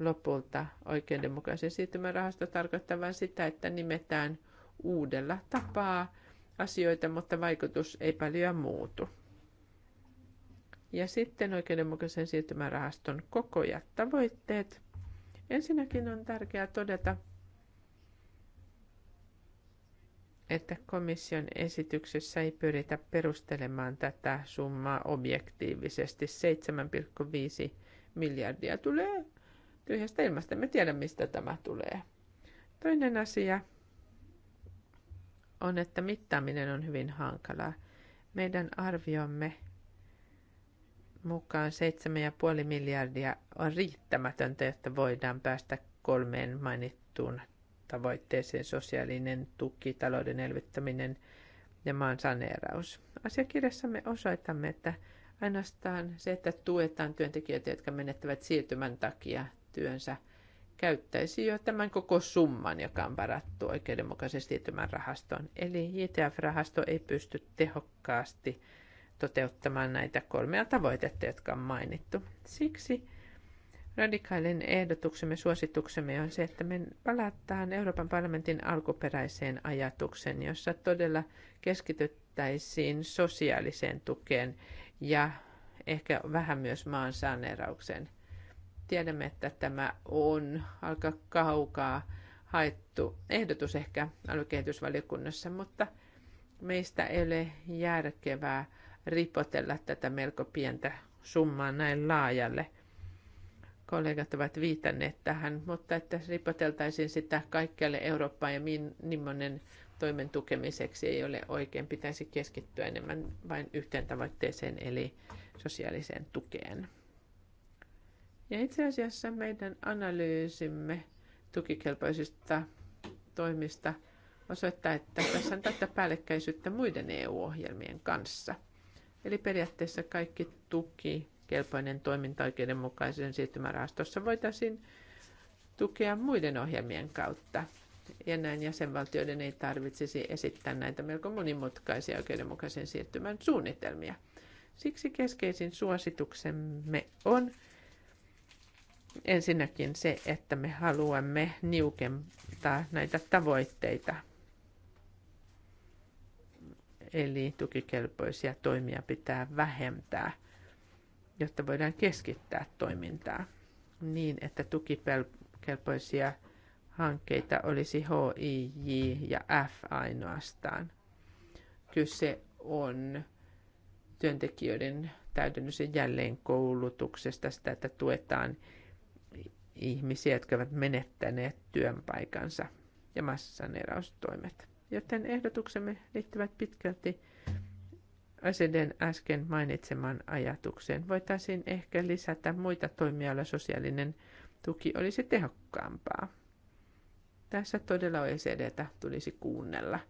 lopulta oikeudenmukaisen siirtymän rahasto tarkoittaa vain sitä, että nimetään uudella tapaa asioita, mutta vaikutus ei paljon muutu. Ja sitten oikeudenmukaisen siirtymärahaston koko ja tavoitteet. Ensinnäkin on tärkeää todeta, että komission esityksessä ei pyritä perustelemaan tätä summaa objektiivisesti. 7,5 miljardia tulee tyhjästä ilmasta. Me tiedämme, mistä tämä tulee. Toinen asia on, että mittaaminen on hyvin hankalaa. Meidän arviomme mukaan 7,5 miljardia on riittämätöntä, jotta voidaan päästä kolmeen mainittuun tavoitteeseen sosiaalinen tuki, talouden elvyttäminen ja maan saneeraus. Asiakirjassamme osoitamme, että ainoastaan se, että tuetaan työntekijöitä, jotka menettävät siirtymän takia työnsä, käyttäisi jo tämän koko summan, joka on varattu oikeudenmukaisesti siirtymän rahastoon. Eli itf rahasto ei pysty tehokkaasti toteuttamaan näitä kolmea tavoitetta, jotka on mainittu. Siksi radikaalin ehdotuksemme, suosituksemme on se, että me palataan Euroopan parlamentin alkuperäiseen ajatukseen, jossa todella keskityttäisiin sosiaaliseen tukeen ja ehkä vähän myös maan saaneeraukseen. Tiedämme, että tämä on aika kaukaa haettu ehdotus ehkä alukehitysvaliokunnassa, mutta meistä ei ole järkevää ripotella tätä melko pientä summaa näin laajalle. Kollegat ovat viitanneet tähän, mutta että ripoteltaisiin sitä kaikkialle Eurooppaan ja millainen toimen tukemiseksi ei ole oikein. Pitäisi keskittyä enemmän vain yhteen tavoitteeseen, eli sosiaaliseen tukeen. Ja itse asiassa meidän analyysimme tukikelpoisista toimista osoittaa, että tässä on tätä päällekkäisyyttä muiden EU-ohjelmien kanssa – Eli periaatteessa kaikki tuki, kelpoinen toiminta oikeudenmukaisen siirtymärahastossa voitaisiin tukea muiden ohjelmien kautta. Ja näin jäsenvaltioiden ei tarvitsisi esittää näitä melko monimutkaisia oikeudenmukaisen siirtymän suunnitelmia. Siksi keskeisin suosituksemme on ensinnäkin se, että me haluamme niukentaa näitä tavoitteita Eli tukikelpoisia toimia pitää vähentää, jotta voidaan keskittää toimintaa niin, että tukikelpoisia hankkeita olisi H, I, J ja F ainoastaan. Kyse on työntekijöiden täydennys- ja jälleenkoulutuksesta, sitä, että tuetaan ihmisiä, jotka ovat menettäneet työpaikansa ja massaneeraustoimet joten ehdotuksemme liittyvät pitkälti aseiden äsken mainitsemaan ajatukseen. Voitaisiin ehkä lisätä muita toimia, joilla sosiaalinen tuki olisi tehokkaampaa. Tässä todella OECDtä tulisi kuunnella,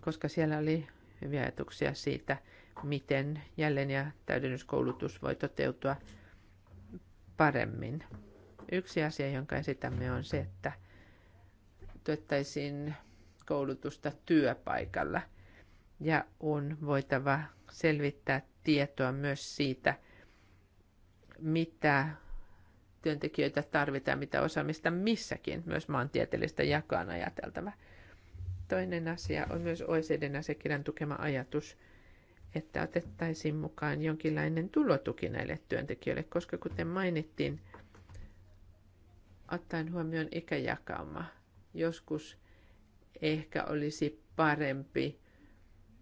koska siellä oli hyviä ajatuksia siitä, miten jälleen ja täydennyskoulutus voi toteutua paremmin. Yksi asia, jonka esitämme, on se, että – tuettaisiin koulutusta työpaikalla ja on voitava selvittää tietoa myös siitä, mitä työntekijöitä tarvitaan, mitä osaamista missäkin, myös maantieteellistä jakaan ajateltava. Toinen asia on myös OECDn asiakirjan tukema ajatus, että otettaisiin mukaan jonkinlainen tulotuki näille työntekijöille, koska kuten mainittiin, ottaen huomioon ikäjakauma – Joskus ehkä olisi parempi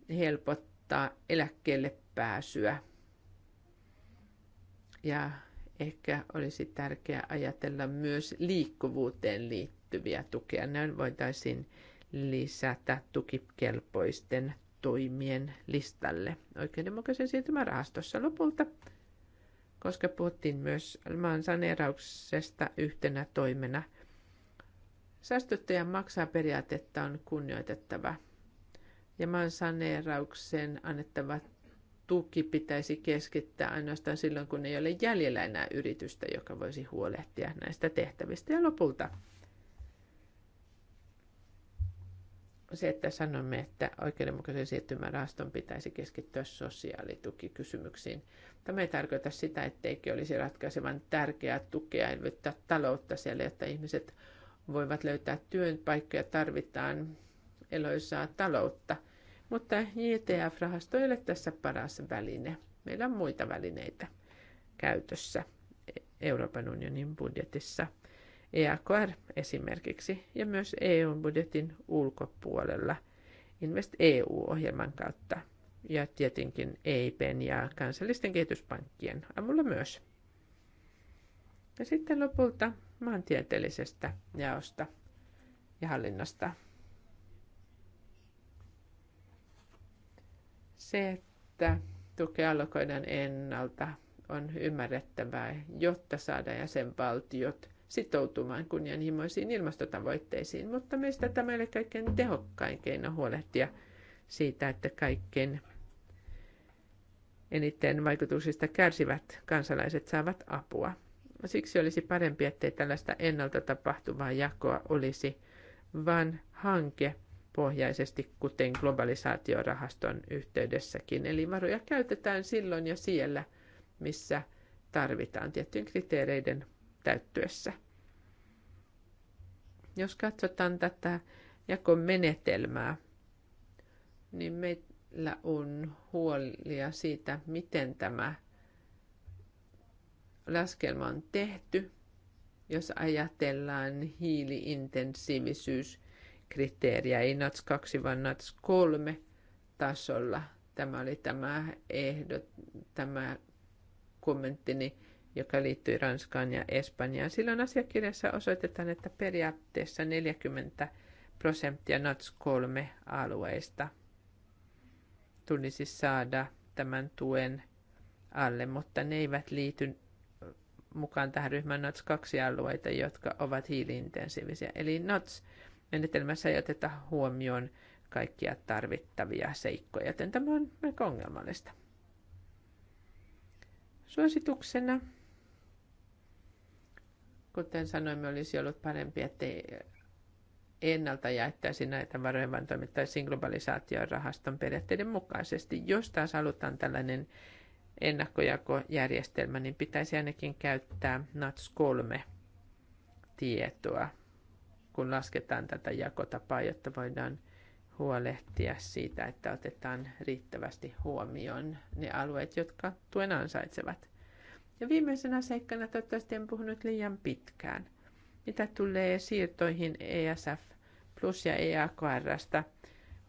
helpottaa eläkkeelle pääsyä. Ja ehkä olisi tärkeää ajatella myös liikkuvuuteen liittyviä tukea. Näin voitaisiin lisätä tukikelpoisten toimien listalle oikeudenmukaisen siirtymän rahastossa lopulta, koska puhuttiin myös maan saneerauksesta yhtenä toimena – Säästöttäjän maksaa periaatetta on kunnioitettava ja maan saneeraukseen annettava tuki pitäisi keskittää ainoastaan silloin, kun ei ole jäljellä enää yritystä, joka voisi huolehtia näistä tehtävistä. Ja lopulta se, että sanomme, että oikeudenmukaisen rahaston pitäisi keskittyä sosiaalitukikysymyksiin. Tämä ei tarkoita sitä, etteikö olisi ratkaisevan tärkeää tukea elvyttää taloutta siellä, jotta ihmiset voivat löytää työpaikkoja, tarvitaan eloisaa taloutta. Mutta JTF-rahasto ei ole tässä paras väline. Meillä on muita välineitä käytössä Euroopan unionin budjetissa. EAKR esimerkiksi ja myös EU-budjetin ulkopuolella Invest EU-ohjelman kautta ja tietenkin EIPen ja kansallisten kehityspankkien avulla myös. Ja sitten lopulta maantieteellisestä jaosta ja hallinnasta. Se, että tukea allokoidaan ennalta, on ymmärrettävää, jotta saadaan jäsenvaltiot sitoutumaan kunnianhimoisiin ilmastotavoitteisiin, mutta meistä tämä ei kaikkein tehokkain keino huolehtia siitä, että kaikkein eniten vaikutuksista kärsivät kansalaiset saavat apua. Siksi olisi parempi, ettei tällaista ennalta tapahtuvaa jakoa olisi, vaan hanke pohjaisesti, kuten globalisaatiorahaston yhteydessäkin. Eli varoja käytetään silloin ja siellä, missä tarvitaan tiettyjen kriteereiden täyttyessä. Jos katsotaan tätä jakomenetelmää, niin meillä on huolia siitä, miten tämä laskelma on tehty, jos ajatellaan hiiliintensiivisyyskriteeriä, ei NATS 2 vaan NATS 3 tasolla. Tämä oli tämä ehdot, tämä kommenttini, joka liittyi Ranskaan ja Espanjaan. Silloin asiakirjassa osoitetaan, että periaatteessa 40 prosenttia NATS 3 alueista tulisi saada tämän tuen alle, mutta ne eivät liity mukaan tähän ryhmään NOTS 2 alueita, jotka ovat hiiliintensiivisiä. Eli NOTS menetelmässä ei oteta huomioon kaikkia tarvittavia seikkoja, joten tämä on aika ongelmallista. Suosituksena, kuten sanoimme, olisi ollut parempi, että ennalta jaettaisiin näitä varoja, vaan toimittaisiin globalisaation rahaston periaatteiden mukaisesti. Jos taas halutaan tällainen ennakkojakojärjestelmä, niin pitäisi ainakin käyttää NATS 3 tietoa, kun lasketaan tätä jakotapaa, jotta voidaan huolehtia siitä, että otetaan riittävästi huomioon ne alueet, jotka tuen ansaitsevat. Ja viimeisenä seikkana, toivottavasti en puhunut liian pitkään, mitä tulee siirtoihin ESF Plus ja EAKRsta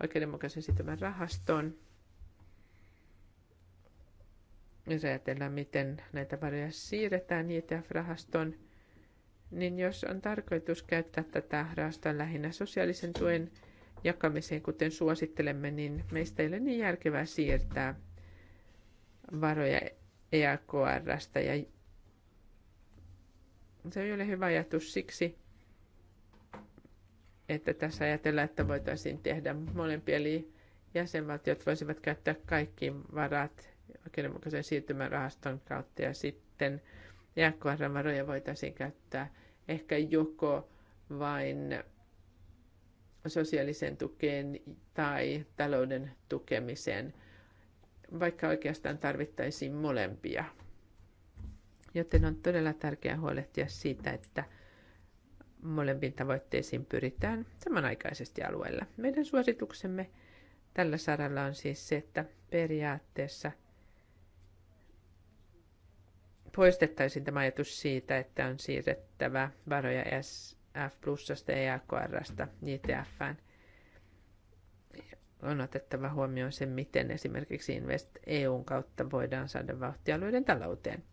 oikeudenmukaisen sitomen rahastoon, jos ajatellaan, miten näitä varoja siirretään ITF-rahastoon, niin jos on tarkoitus käyttää tätä rahastoa lähinnä sosiaalisen tuen jakamiseen, kuten suosittelemme, niin meistä ei ole niin järkevää siirtää varoja EAKRstä. Ja se ei ole hyvä ajatus siksi, että tässä ajatellaan, että voitaisiin tehdä molempia, eli jäsenvaltiot voisivat käyttää kaikki varat oikeudenmukaisen siirtymän rahaston kautta ja sitten jääkkoarran varoja voitaisiin käyttää ehkä joko vain sosiaaliseen tukeen tai talouden tukemiseen, vaikka oikeastaan tarvittaisiin molempia. Joten on todella tärkeää huolehtia siitä, että molempiin tavoitteisiin pyritään samanaikaisesti alueella. Meidän suosituksemme tällä saralla on siis se, että periaatteessa poistettaisiin tämä ajatus siitä, että on siirrettävä varoja SF plussasta ja e AKRstä JTFään. On otettava huomioon se, miten esimerkiksi Invest EUn kautta voidaan saada vauhtia alueiden talouteen.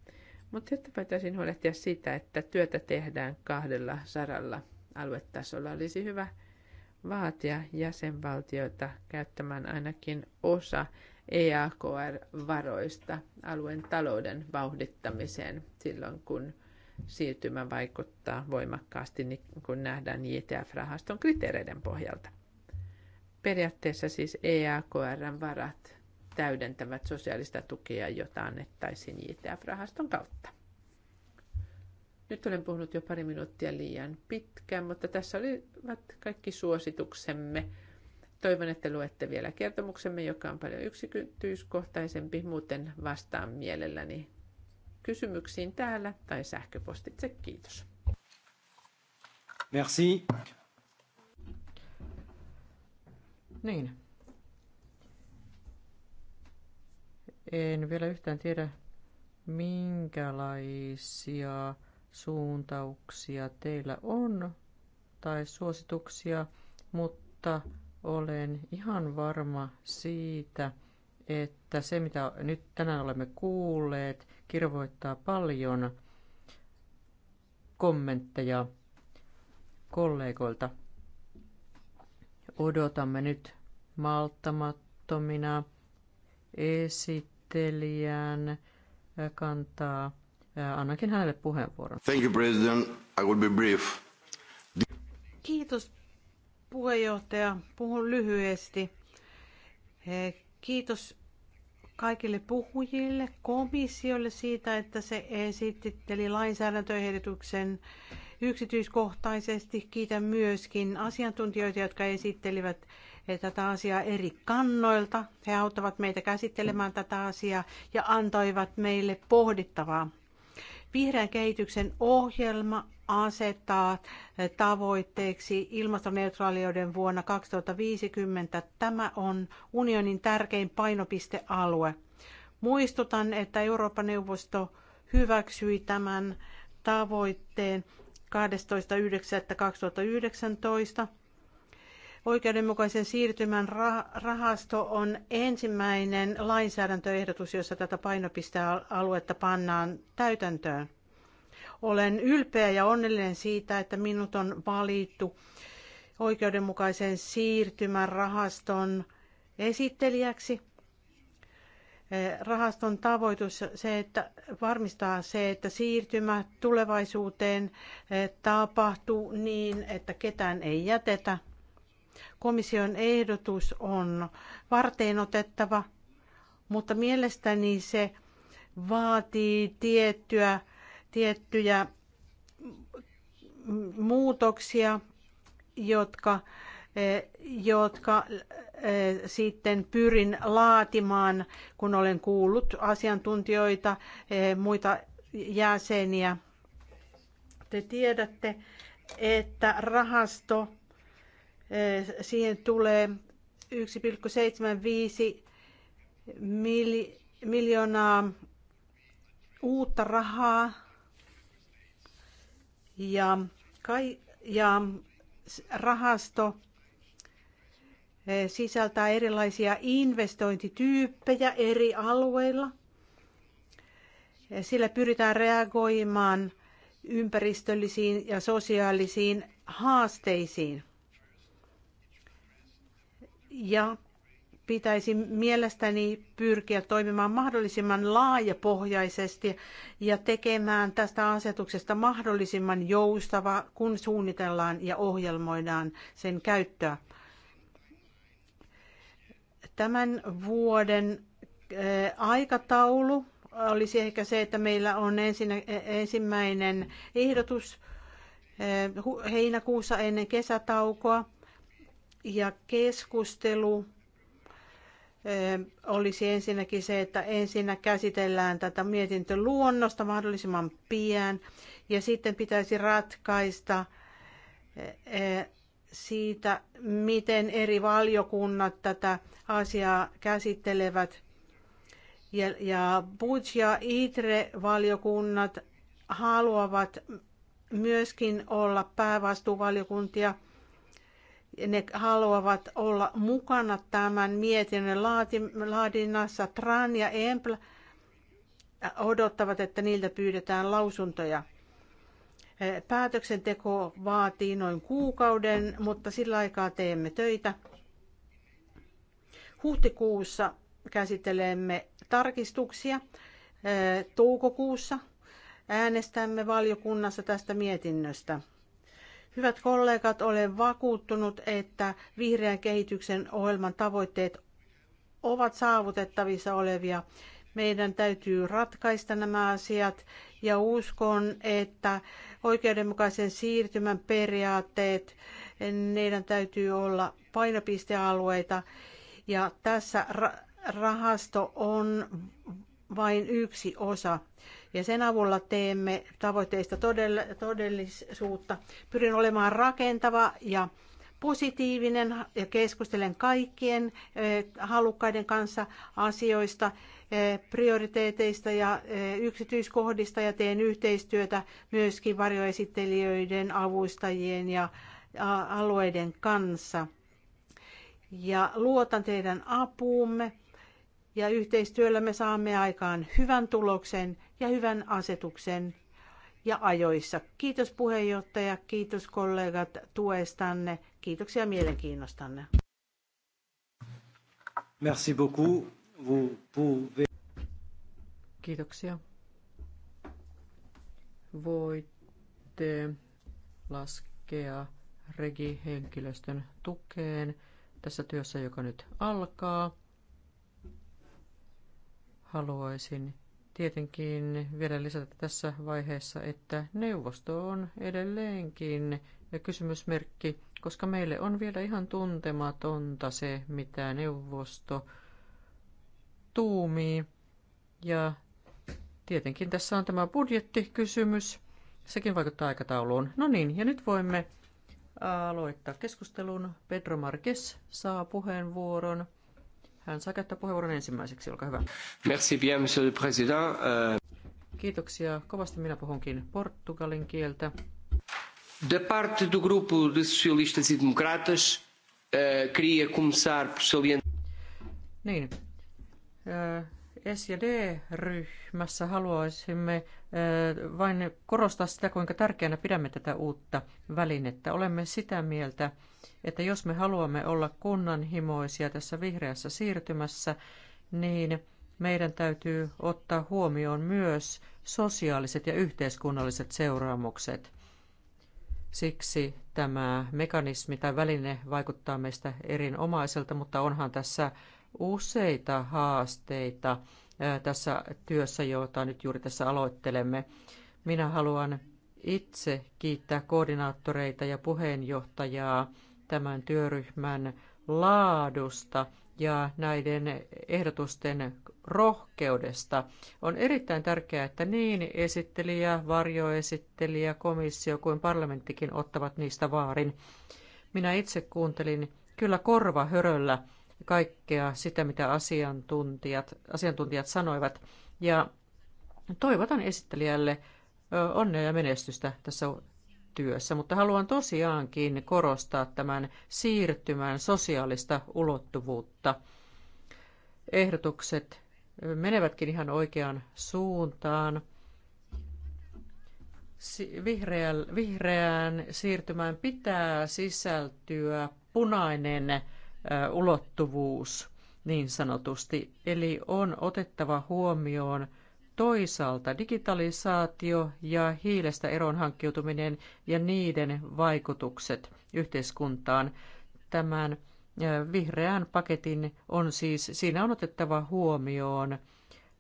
Mutta sitten voitaisiin huolehtia siitä, että työtä tehdään kahdella saralla aluetasolla, olisi hyvä vaatia jäsenvaltioita käyttämään ainakin osa EAKR-varoista alueen talouden vauhdittamiseen silloin, kun siirtymä vaikuttaa voimakkaasti, niin kun nähdään JTF-rahaston kriteereiden pohjalta. Periaatteessa siis EAKRn varat täydentävät sosiaalista tukea, jota annettaisiin JTF-rahaston kautta. Nyt olen puhunut jo pari minuuttia liian pitkään, mutta tässä olivat kaikki suosituksemme Toivon, että luette vielä kertomuksemme, joka on paljon yksityiskohtaisempi. Muuten vastaan mielelläni kysymyksiin täällä tai sähköpostitse. Kiitos. Merci. Niin. En vielä yhtään tiedä, minkälaisia suuntauksia teillä on tai suosituksia, mutta olen ihan varma siitä, että se, mitä nyt tänään olemme kuulleet, kirvoittaa paljon kommentteja kollegoilta. Odotamme nyt malttamattomina esittelijän kantaa. Annakin hänelle puheenvuoron. Thank you, President. I will be brief. Kiitos puheenjohtaja. Puhun lyhyesti. Kiitos kaikille puhujille, komissiolle siitä, että se esitteli lainsäädäntöehdotuksen yksityiskohtaisesti. Kiitän myöskin asiantuntijoita, jotka esittelivät eh, tätä asiaa eri kannoilta. He auttavat meitä käsittelemään tätä asiaa ja antoivat meille pohdittavaa. Vihreän kehityksen ohjelma asettaa tavoitteeksi ilmastoneutraaliuden vuonna 2050. Tämä on unionin tärkein painopistealue. Muistutan, että Euroopan neuvosto hyväksyi tämän tavoitteen 12.9.2019. Oikeudenmukaisen siirtymän rahasto on ensimmäinen lainsäädäntöehdotus, jossa tätä painopistealuetta pannaan täytäntöön. Olen ylpeä ja onnellinen siitä, että minut on valittu oikeudenmukaisen siirtymän rahaston esittelijäksi. Eh, rahaston tavoitus se, että varmistaa se, että siirtymä tulevaisuuteen eh, tapahtuu niin, että ketään ei jätetä. Komission ehdotus on varteenotettava, mutta mielestäni se vaatii tiettyä tiettyjä muutoksia, jotka, eh, jotka eh, sitten pyrin laatimaan, kun olen kuullut asiantuntijoita, eh, muita jäseniä. Te tiedätte, että rahasto, siihen tulee 1,75 miljoonaa uutta rahaa ja, kai, ja rahasto eh, sisältää erilaisia investointityyppejä eri alueilla. Sillä pyritään reagoimaan ympäristöllisiin ja sosiaalisiin haasteisiin. Ja pitäisi mielestäni pyrkiä toimimaan mahdollisimman laajapohjaisesti ja tekemään tästä asetuksesta mahdollisimman joustava, kun suunnitellaan ja ohjelmoidaan sen käyttöä. Tämän vuoden eh, aikataulu olisi ehkä se, että meillä on ensin, eh, ensimmäinen ehdotus eh, heinäkuussa ennen kesätaukoa ja keskustelu olisi ensinnäkin se, että ensinnä käsitellään tätä mietintöluonnosta mahdollisimman pian ja sitten pitäisi ratkaista siitä, miten eri valiokunnat tätä asiaa käsittelevät. Ja, ja Butch ja Itre-valiokunnat haluavat myöskin olla päävastuuvaliokuntia – ne haluavat olla mukana tämän mietinnön laadinnassa. Tran ja Empl odottavat, että niiltä pyydetään lausuntoja. Päätöksenteko vaatii noin kuukauden, mutta sillä aikaa teemme töitä. Huhtikuussa käsittelemme tarkistuksia. Toukokuussa äänestämme valiokunnassa tästä mietinnöstä. Hyvät kollegat, olen vakuuttunut, että vihreän kehityksen ohjelman tavoitteet ovat saavutettavissa olevia. Meidän täytyy ratkaista nämä asiat ja uskon, että oikeudenmukaisen siirtymän periaatteet, meidän täytyy olla painopistealueita ja tässä rahasto on vain yksi osa ja sen avulla teemme tavoitteista todellisuutta. Pyrin olemaan rakentava ja positiivinen ja keskustelen kaikkien halukkaiden kanssa asioista, prioriteeteista ja yksityiskohdista ja teen yhteistyötä myöskin varjoesittelijöiden, avustajien ja alueiden kanssa. Ja luotan teidän apuumme ja yhteistyöllä me saamme aikaan hyvän tuloksen ja hyvän asetuksen ja ajoissa. Kiitos puheenjohtaja, kiitos kollegat tuestanne, kiitoksia mielenkiinnostanne. Merci beaucoup. Vous pouvez... Kiitoksia. Voitte laskea regihenkilöstön tukeen tässä työssä, joka nyt alkaa. Haluaisin tietenkin vielä lisätä tässä vaiheessa, että neuvosto on edelleenkin kysymysmerkki, koska meille on vielä ihan tuntematonta se, mitä neuvosto tuumii. Ja tietenkin tässä on tämä budjettikysymys. Sekin vaikuttaa aikatauluun. No niin, ja nyt voimme aloittaa keskustelun. Pedro Marques saa puheenvuoron. Hän saa käyttää puheenvuoron ensimmäiseksi, olkaa hyvä. Merci bien, monsieur le président. Euh, Kiitoksia. Kovasti minä puhunkin portugalin kieltä. Da parte do grupo de socialistas e democratas, uh, queria começar por salientar... Niin. Uh, S- ja D-ryhmässä haluaisimme vain korostaa sitä, kuinka tärkeänä pidämme tätä uutta välinettä. Olemme sitä mieltä, että jos me haluamme olla kunnanhimoisia tässä vihreässä siirtymässä, niin meidän täytyy ottaa huomioon myös sosiaaliset ja yhteiskunnalliset seuraamukset. Siksi tämä mekanismi tai väline vaikuttaa meistä erinomaiselta, mutta onhan tässä useita haasteita tässä työssä, jota nyt juuri tässä aloittelemme. Minä haluan itse kiittää koordinaattoreita ja puheenjohtajaa tämän työryhmän laadusta ja näiden ehdotusten rohkeudesta. On erittäin tärkeää, että niin esittelijä, varjoesittelijä, komissio kuin parlamenttikin ottavat niistä vaarin. Minä itse kuuntelin kyllä korva höröllä kaikkea sitä, mitä asiantuntijat, asiantuntijat sanoivat. Ja toivotan esittelijälle onnea ja menestystä tässä työssä, mutta haluan tosiaankin korostaa tämän siirtymän sosiaalista ulottuvuutta. Ehdotukset menevätkin ihan oikeaan suuntaan. Vihreään, siirtymään pitää sisältyä punainen ulottuvuus niin sanotusti. Eli on otettava huomioon toisaalta digitalisaatio ja hiilestä eron hankkiutuminen ja niiden vaikutukset yhteiskuntaan. Tämän vihreän paketin on siis, siinä on otettava huomioon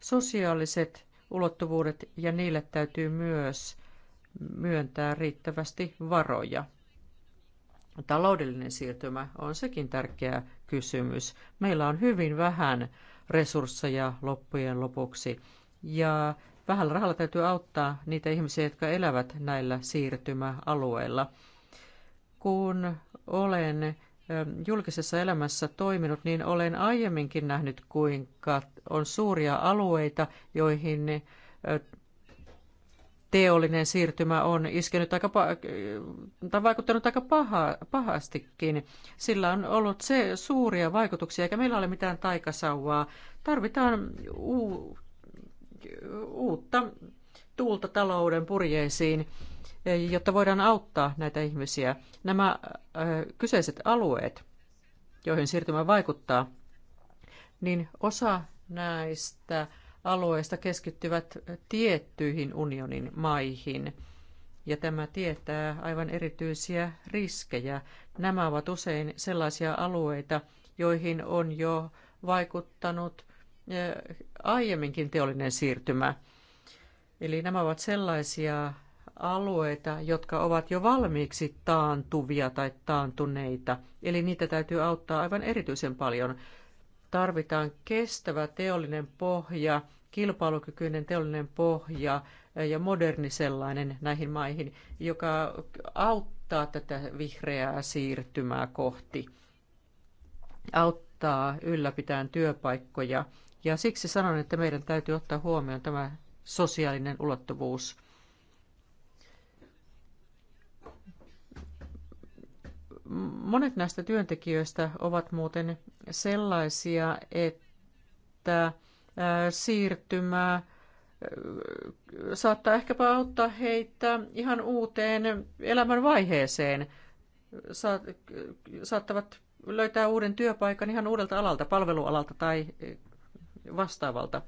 sosiaaliset ulottuvuudet ja niille täytyy myös myöntää riittävästi varoja. Taloudellinen siirtymä on sekin tärkeä kysymys. Meillä on hyvin vähän resursseja loppujen lopuksi ja vähällä rahalla täytyy auttaa niitä ihmisiä, jotka elävät näillä siirtymäalueilla. Kun olen ähm, julkisessa elämässä toiminut, niin olen aiemminkin nähnyt, kuinka on suuria alueita, joihin äh, teollinen siirtymä on iskenyt aika äh, tai vaikuttanut aika paha, pahastikin. Sillä on ollut se suuria vaikutuksia, eikä meillä ole mitään taikasauvaa. Tarvitaan u, uutta tuulta talouden purjeisiin, eh, jotta voidaan auttaa näitä ihmisiä. Nämä eh, kyseiset alueet, joihin siirtymä vaikuttaa, niin osa näistä alueesta keskittyvät tiettyihin unionin maihin. Ja tämä tietää aivan erityisiä riskejä. Nämä ovat usein sellaisia alueita, joihin on jo vaikuttanut eh, aiemminkin teollinen siirtymä. Eli nämä ovat sellaisia alueita, jotka ovat jo valmiiksi taantuvia tai taantuneita. Eli niitä täytyy auttaa aivan erityisen paljon. Tarvitaan kestävä teollinen pohja kilpailukykyinen teollinen pohja ja moderni sellainen näihin maihin, joka auttaa tätä vihreää siirtymää kohti, auttaa ylläpitään työpaikkoja. Ja siksi sanon, että meidän täytyy ottaa huomioon tämä sosiaalinen ulottuvuus. Monet näistä työntekijöistä ovat muuten sellaisia, että siirtymää saattaa ehkäpä auttaa heitä ihan uuteen elämänvaiheeseen. Saat, saattavat löytää uuden työpaikan ihan uudelta alalta, palvelualalta tai vastaavalta.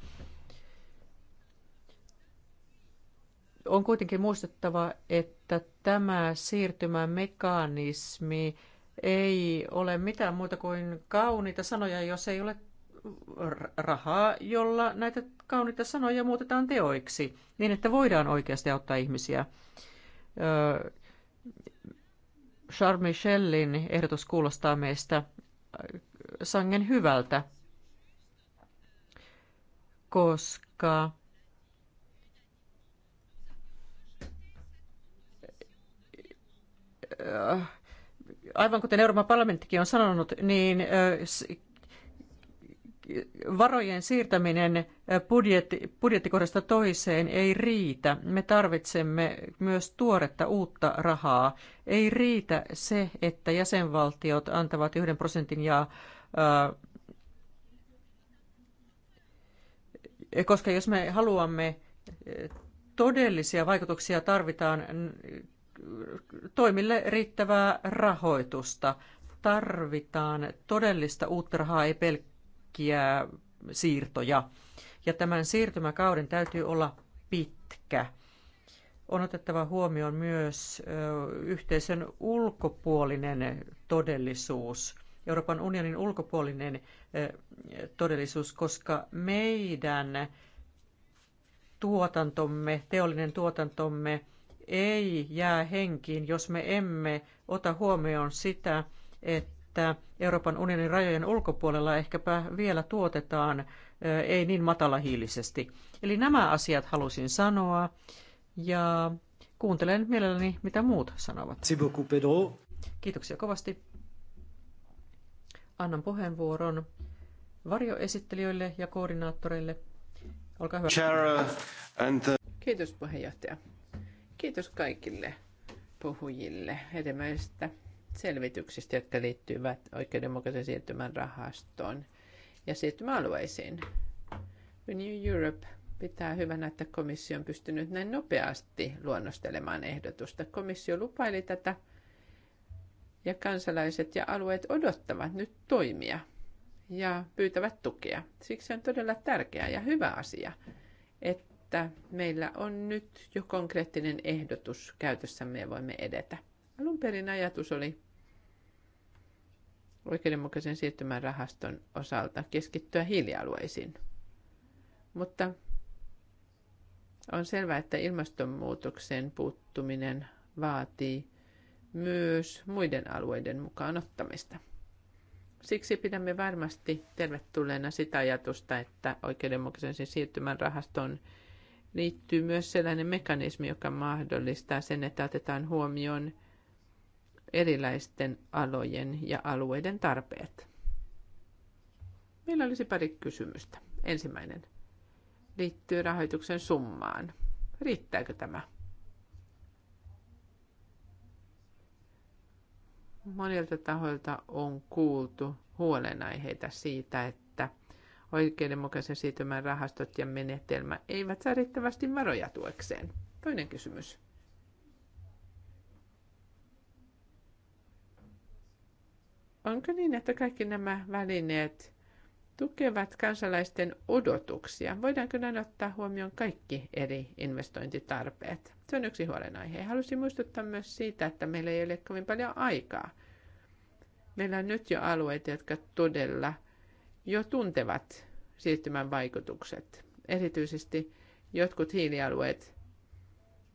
On kuitenkin muistettava, että tämä siirtymämekanismi ei ole mitään muuta kuin kauniita sanoja, jos ei ole rahaa, jolla näitä kauniita sanoja muutetaan teoiksi, niin että voidaan oikeasti auttaa ihmisiä. Charles Michelin ehdotus kuulostaa meistä sangen hyvältä, koska aivan kuten Euroopan parlamenttikin on sanonut, niin varojen siirtäminen budjetti, budjettikohdasta toiseen ei riitä. Me tarvitsemme myös tuoretta uutta rahaa. Ei riitä se, että jäsenvaltiot antavat yhden prosentin ja koska jos me haluamme todellisia vaikutuksia, tarvitaan toimille riittävää rahoitusta tarvitaan todellista uutta rahaa, ei pelkkää pitkiä siirtoja. Ja tämän siirtymäkauden täytyy olla pitkä. On otettava huomioon myös yhteisön ulkopuolinen todellisuus, Euroopan unionin ulkopuolinen todellisuus, koska meidän tuotantomme, teollinen tuotantomme ei jää henkiin, jos me emme ota huomioon sitä, että että Euroopan unionin rajojen ulkopuolella ehkäpä vielä tuotetaan eh, ei niin matalahiilisesti. Eli nämä asiat halusin sanoa ja kuuntelen mielelläni, mitä muut sanovat. Kiitoksia kovasti. Annan puheenvuoron varjoesittelijöille ja koordinaattoreille. Olkaa hyvä. Uh, Kiitos puheenjohtaja. Kiitos kaikille puhujille hedelmäistä selvityksistä, jotka liittyvät oikeudenmukaisen siirtymän rahastoon ja siirtymäalueisiin. Renew Europe pitää hyvänä, että komissio on pystynyt näin nopeasti luonnostelemaan ehdotusta. Komissio lupaili tätä ja kansalaiset ja alueet odottavat nyt toimia ja pyytävät tukea. Siksi on todella tärkeä ja hyvä asia, että meillä on nyt jo konkreettinen ehdotus käytössämme ja voimme edetä. Alun perin ajatus oli oikeudenmukaisen siirtymän rahaston osalta keskittyä hiilialueisiin. Mutta on selvää, että ilmastonmuutoksen puuttuminen vaatii myös muiden alueiden mukaan ottamista. Siksi pidämme varmasti tervetulleena sitä ajatusta, että oikeudenmukaisen siirtymän rahaston liittyy myös sellainen mekanismi, joka mahdollistaa sen, että otetaan huomioon erilaisten alojen ja alueiden tarpeet. Meillä olisi pari kysymystä. Ensimmäinen liittyy rahoituksen summaan. Riittääkö tämä? Monilta tahoilta on kuultu huolenaiheita siitä, että oikeudenmukaisen siirtymän rahastot ja menetelmä eivät saa riittävästi varoja tuekseen. Toinen kysymys Onko niin, että kaikki nämä välineet tukevat kansalaisten odotuksia? Voidaanko näin ottaa huomioon kaikki eri investointitarpeet? Se on yksi huolenaihe. Halusin muistuttaa myös siitä, että meillä ei ole kovin paljon aikaa. Meillä on nyt jo alueita, jotka todella jo tuntevat siirtymän vaikutukset. Erityisesti jotkut hiilialueet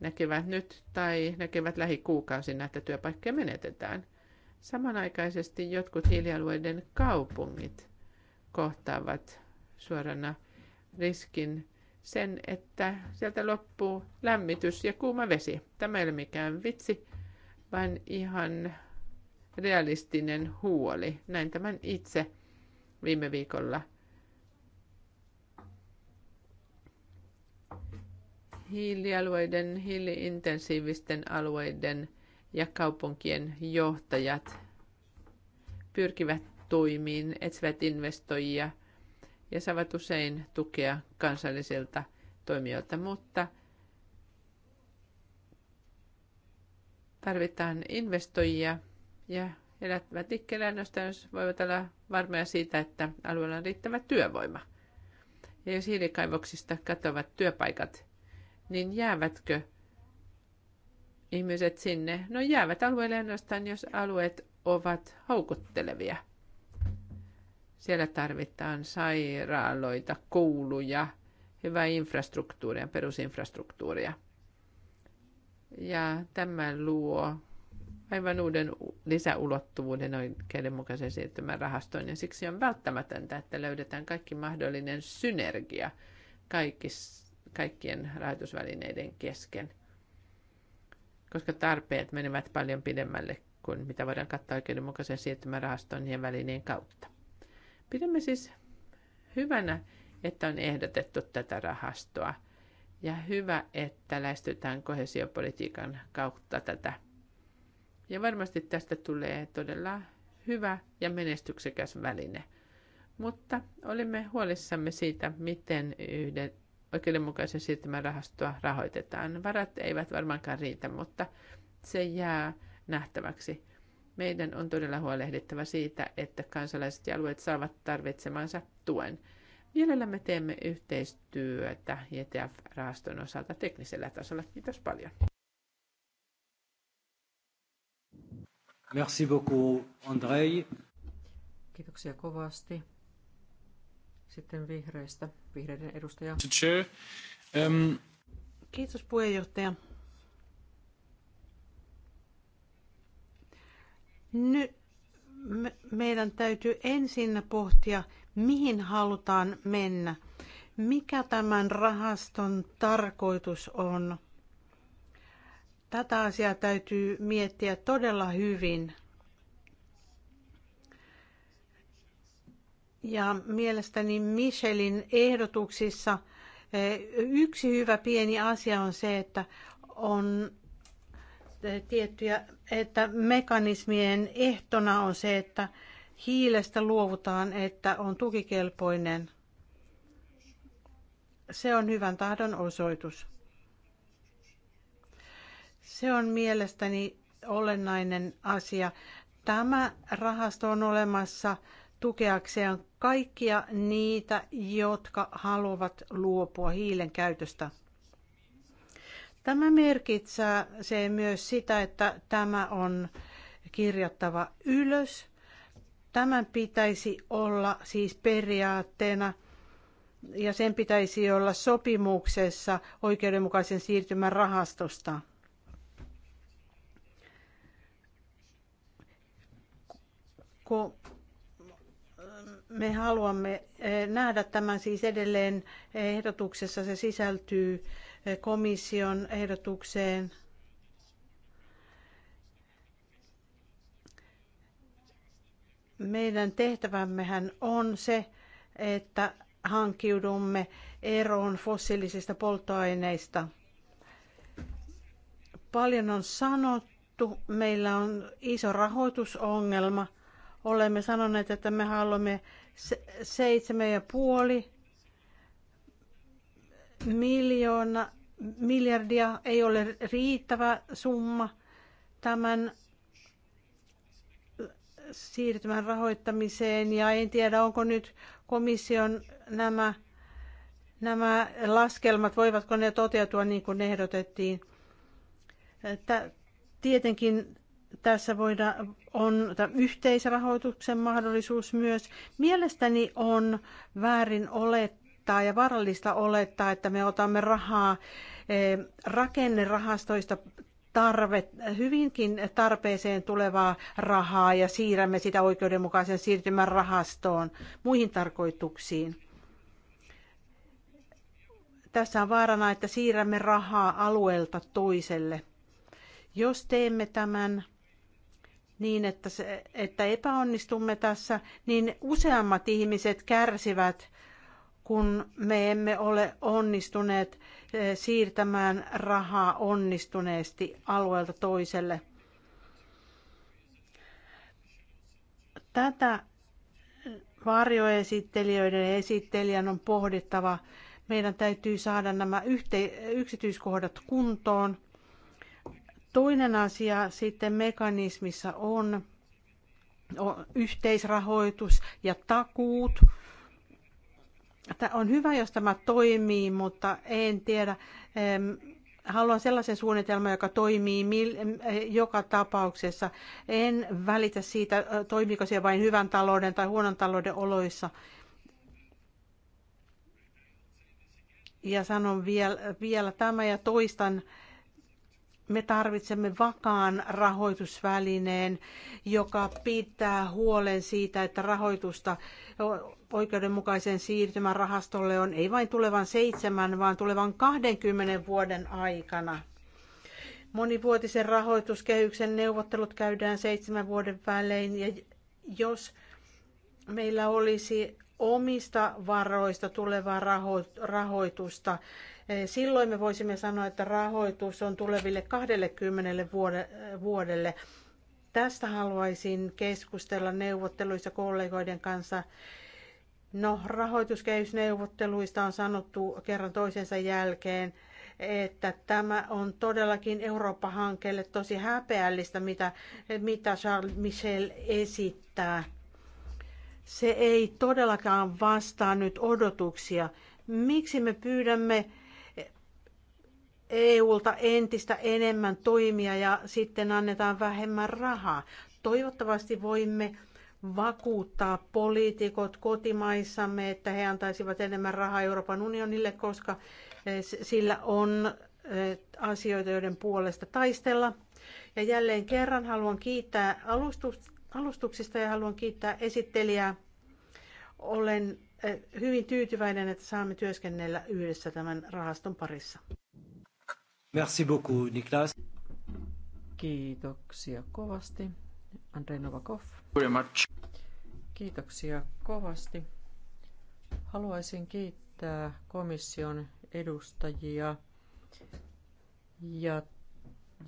näkevät nyt tai näkevät lähikuukausina, että työpaikkoja menetetään – Samanaikaisesti jotkut hiilialueiden kaupungit kohtaavat suorana riskin sen, että sieltä loppuu lämmitys ja kuuma vesi. Tämä ei ole mikään vitsi, vaan ihan realistinen huoli. Näin tämän itse viime viikolla. Hiilialueiden, hiiliintensiivisten alueiden ja kaupunkien johtajat pyrkivät toimiin, etsivät investoijia ja saavat usein tukea kansallisilta toimijoilta, mutta tarvitaan investoijia ja elättävät liikkeelle ainoastaan, jos voivat olla varmoja siitä, että alueella on riittävä työvoima. Ja jos hiilikaivoksista katoavat työpaikat, niin jäävätkö ihmiset sinne? No jäävät alueelle ainoastaan, jos alueet ovat houkuttelevia. Siellä tarvitaan sairaaloita, kouluja, hyvää infrastruktuuria, perusinfrastruktuuria. Ja tämä luo aivan uuden lisäulottuvuuden oikeudenmukaisen siirtymän rahastoon. Ja siksi on välttämätöntä, että löydetään kaikki mahdollinen synergia kaikis, kaikkien rahoitusvälineiden kesken – koska tarpeet menevät paljon pidemmälle kuin mitä voidaan kattaa oikeudenmukaisen siirtymärahaston ja välineen kautta. Pidämme siis hyvänä, että on ehdotettu tätä rahastoa ja hyvä, että lähestytään kohesiopolitiikan kautta tätä. Ja varmasti tästä tulee todella hyvä ja menestyksekäs väline. Mutta olimme huolissamme siitä, miten yhden oikeudenmukaisen siirtymän rahastoa rahoitetaan. Varat eivät varmaankaan riitä, mutta se jää nähtäväksi. Meidän on todella huolehdittava siitä, että kansalaiset ja alueet saavat tarvitsemansa tuen. Mielellämme teemme yhteistyötä ETF-rahaston osalta teknisellä tasolla. Kiitos paljon. Merci beaucoup, Andrei. Kiitoksia kovasti. Sitten vihreistä, vihreiden edustaja. Um, Kiitos puheenjohtaja. Nyt me, meidän täytyy ensin pohtia, mihin halutaan mennä. Mikä tämän rahaston tarkoitus on? Tätä asiaa täytyy miettiä todella hyvin. Ja mielestäni Michelin ehdotuksissa eh, yksi hyvä pieni asia on se, että on eh, tiettyjä, että mekanismien ehtona on se, että hiilestä luovutaan, että on tukikelpoinen. Se on hyvän tahdon osoitus. Se on mielestäni olennainen asia. Tämä rahasto on olemassa tukeakseen kaikkia niitä, jotka haluavat luopua hiilen käytöstä. Tämä merkitsee se myös sitä, että tämä on kirjattava ylös. Tämän pitäisi olla siis periaatteena ja sen pitäisi olla sopimuksessa oikeudenmukaisen siirtymän rahastosta. Kun me haluamme eh, nähdä tämän siis edelleen ehdotuksessa. Se sisältyy eh, komission ehdotukseen. Meidän tehtävämmehän on se, että hankkiudumme eroon fossiilisista polttoaineista. Paljon on sanottu, meillä on iso rahoitusongelma. Olemme sanoneet, että me haluamme seitsemän ja puoli miljoona, miljardia ei ole riittävä summa tämän siirtymän rahoittamiseen ja en tiedä, onko nyt komission nämä, nämä laskelmat, voivatko ne toteutua niin kuin ehdotettiin. Tietenkin tässä voida, on yhteisrahoituksen mahdollisuus myös. Mielestäni on väärin olettaa ja vaarallista olettaa, että me otamme rahaa eh, rakennerahastoista tarve, hyvinkin tarpeeseen tulevaa rahaa ja siirrämme sitä oikeudenmukaisen siirtymän rahastoon muihin tarkoituksiin. Tässä on vaarana, että siirrämme rahaa alueelta toiselle. Jos teemme tämän, niin, että, se, että epäonnistumme tässä, niin useammat ihmiset kärsivät, kun me emme ole onnistuneet eh, siirtämään rahaa onnistuneesti alueelta toiselle. Tätä varjoesittelijöiden ja esittelijän on pohdittava. Meidän täytyy saada nämä yhte- yksityiskohdat kuntoon Toinen asia sitten mekanismissa on, on yhteisrahoitus ja takuut. Tämä on hyvä, jos tämä toimii, mutta en tiedä. Haluan sellaisen suunnitelman, joka toimii joka tapauksessa. En välitä siitä, toimiiko se vain hyvän talouden tai huonon talouden oloissa. Ja sanon vielä, vielä tämä ja toistan me tarvitsemme vakaan rahoitusvälineen, joka pitää huolen siitä, että rahoitusta oikeudenmukaisen siirtymän rahastolle on ei vain tulevan seitsemän, vaan tulevan 20 vuoden aikana. Monivuotisen rahoituskehyksen neuvottelut käydään seitsemän vuoden välein ja jos meillä olisi omista varoista tulevaa rahoitusta, Silloin me voisimme sanoa, että rahoitus on tuleville 20 vuodelle. Tästä haluaisin keskustella neuvotteluissa kollegoiden kanssa. No, rahoituskehysneuvotteluista on sanottu kerran toisensa jälkeen, että tämä on todellakin Eurooppa-hankkeelle tosi häpeällistä, mitä, mitä Charles Michel esittää. Se ei todellakaan vastaa nyt odotuksia. Miksi me pyydämme EUlta entistä enemmän toimia ja sitten annetaan vähemmän rahaa. Toivottavasti voimme vakuuttaa poliitikot kotimaissamme, että he antaisivat enemmän rahaa Euroopan unionille, koska e, sillä on e, asioita, joiden puolesta taistella. Ja jälleen kerran haluan kiittää alustuksista ja haluan kiittää esittelijää. Olen e, hyvin tyytyväinen, että saamme työskennellä yhdessä tämän rahaston parissa. Merci beaucoup, Niklas. Kiitoksia kovasti. Andrei Novakov. Very much. Kiitoksia kovasti. Haluaisin kiittää komission edustajia ja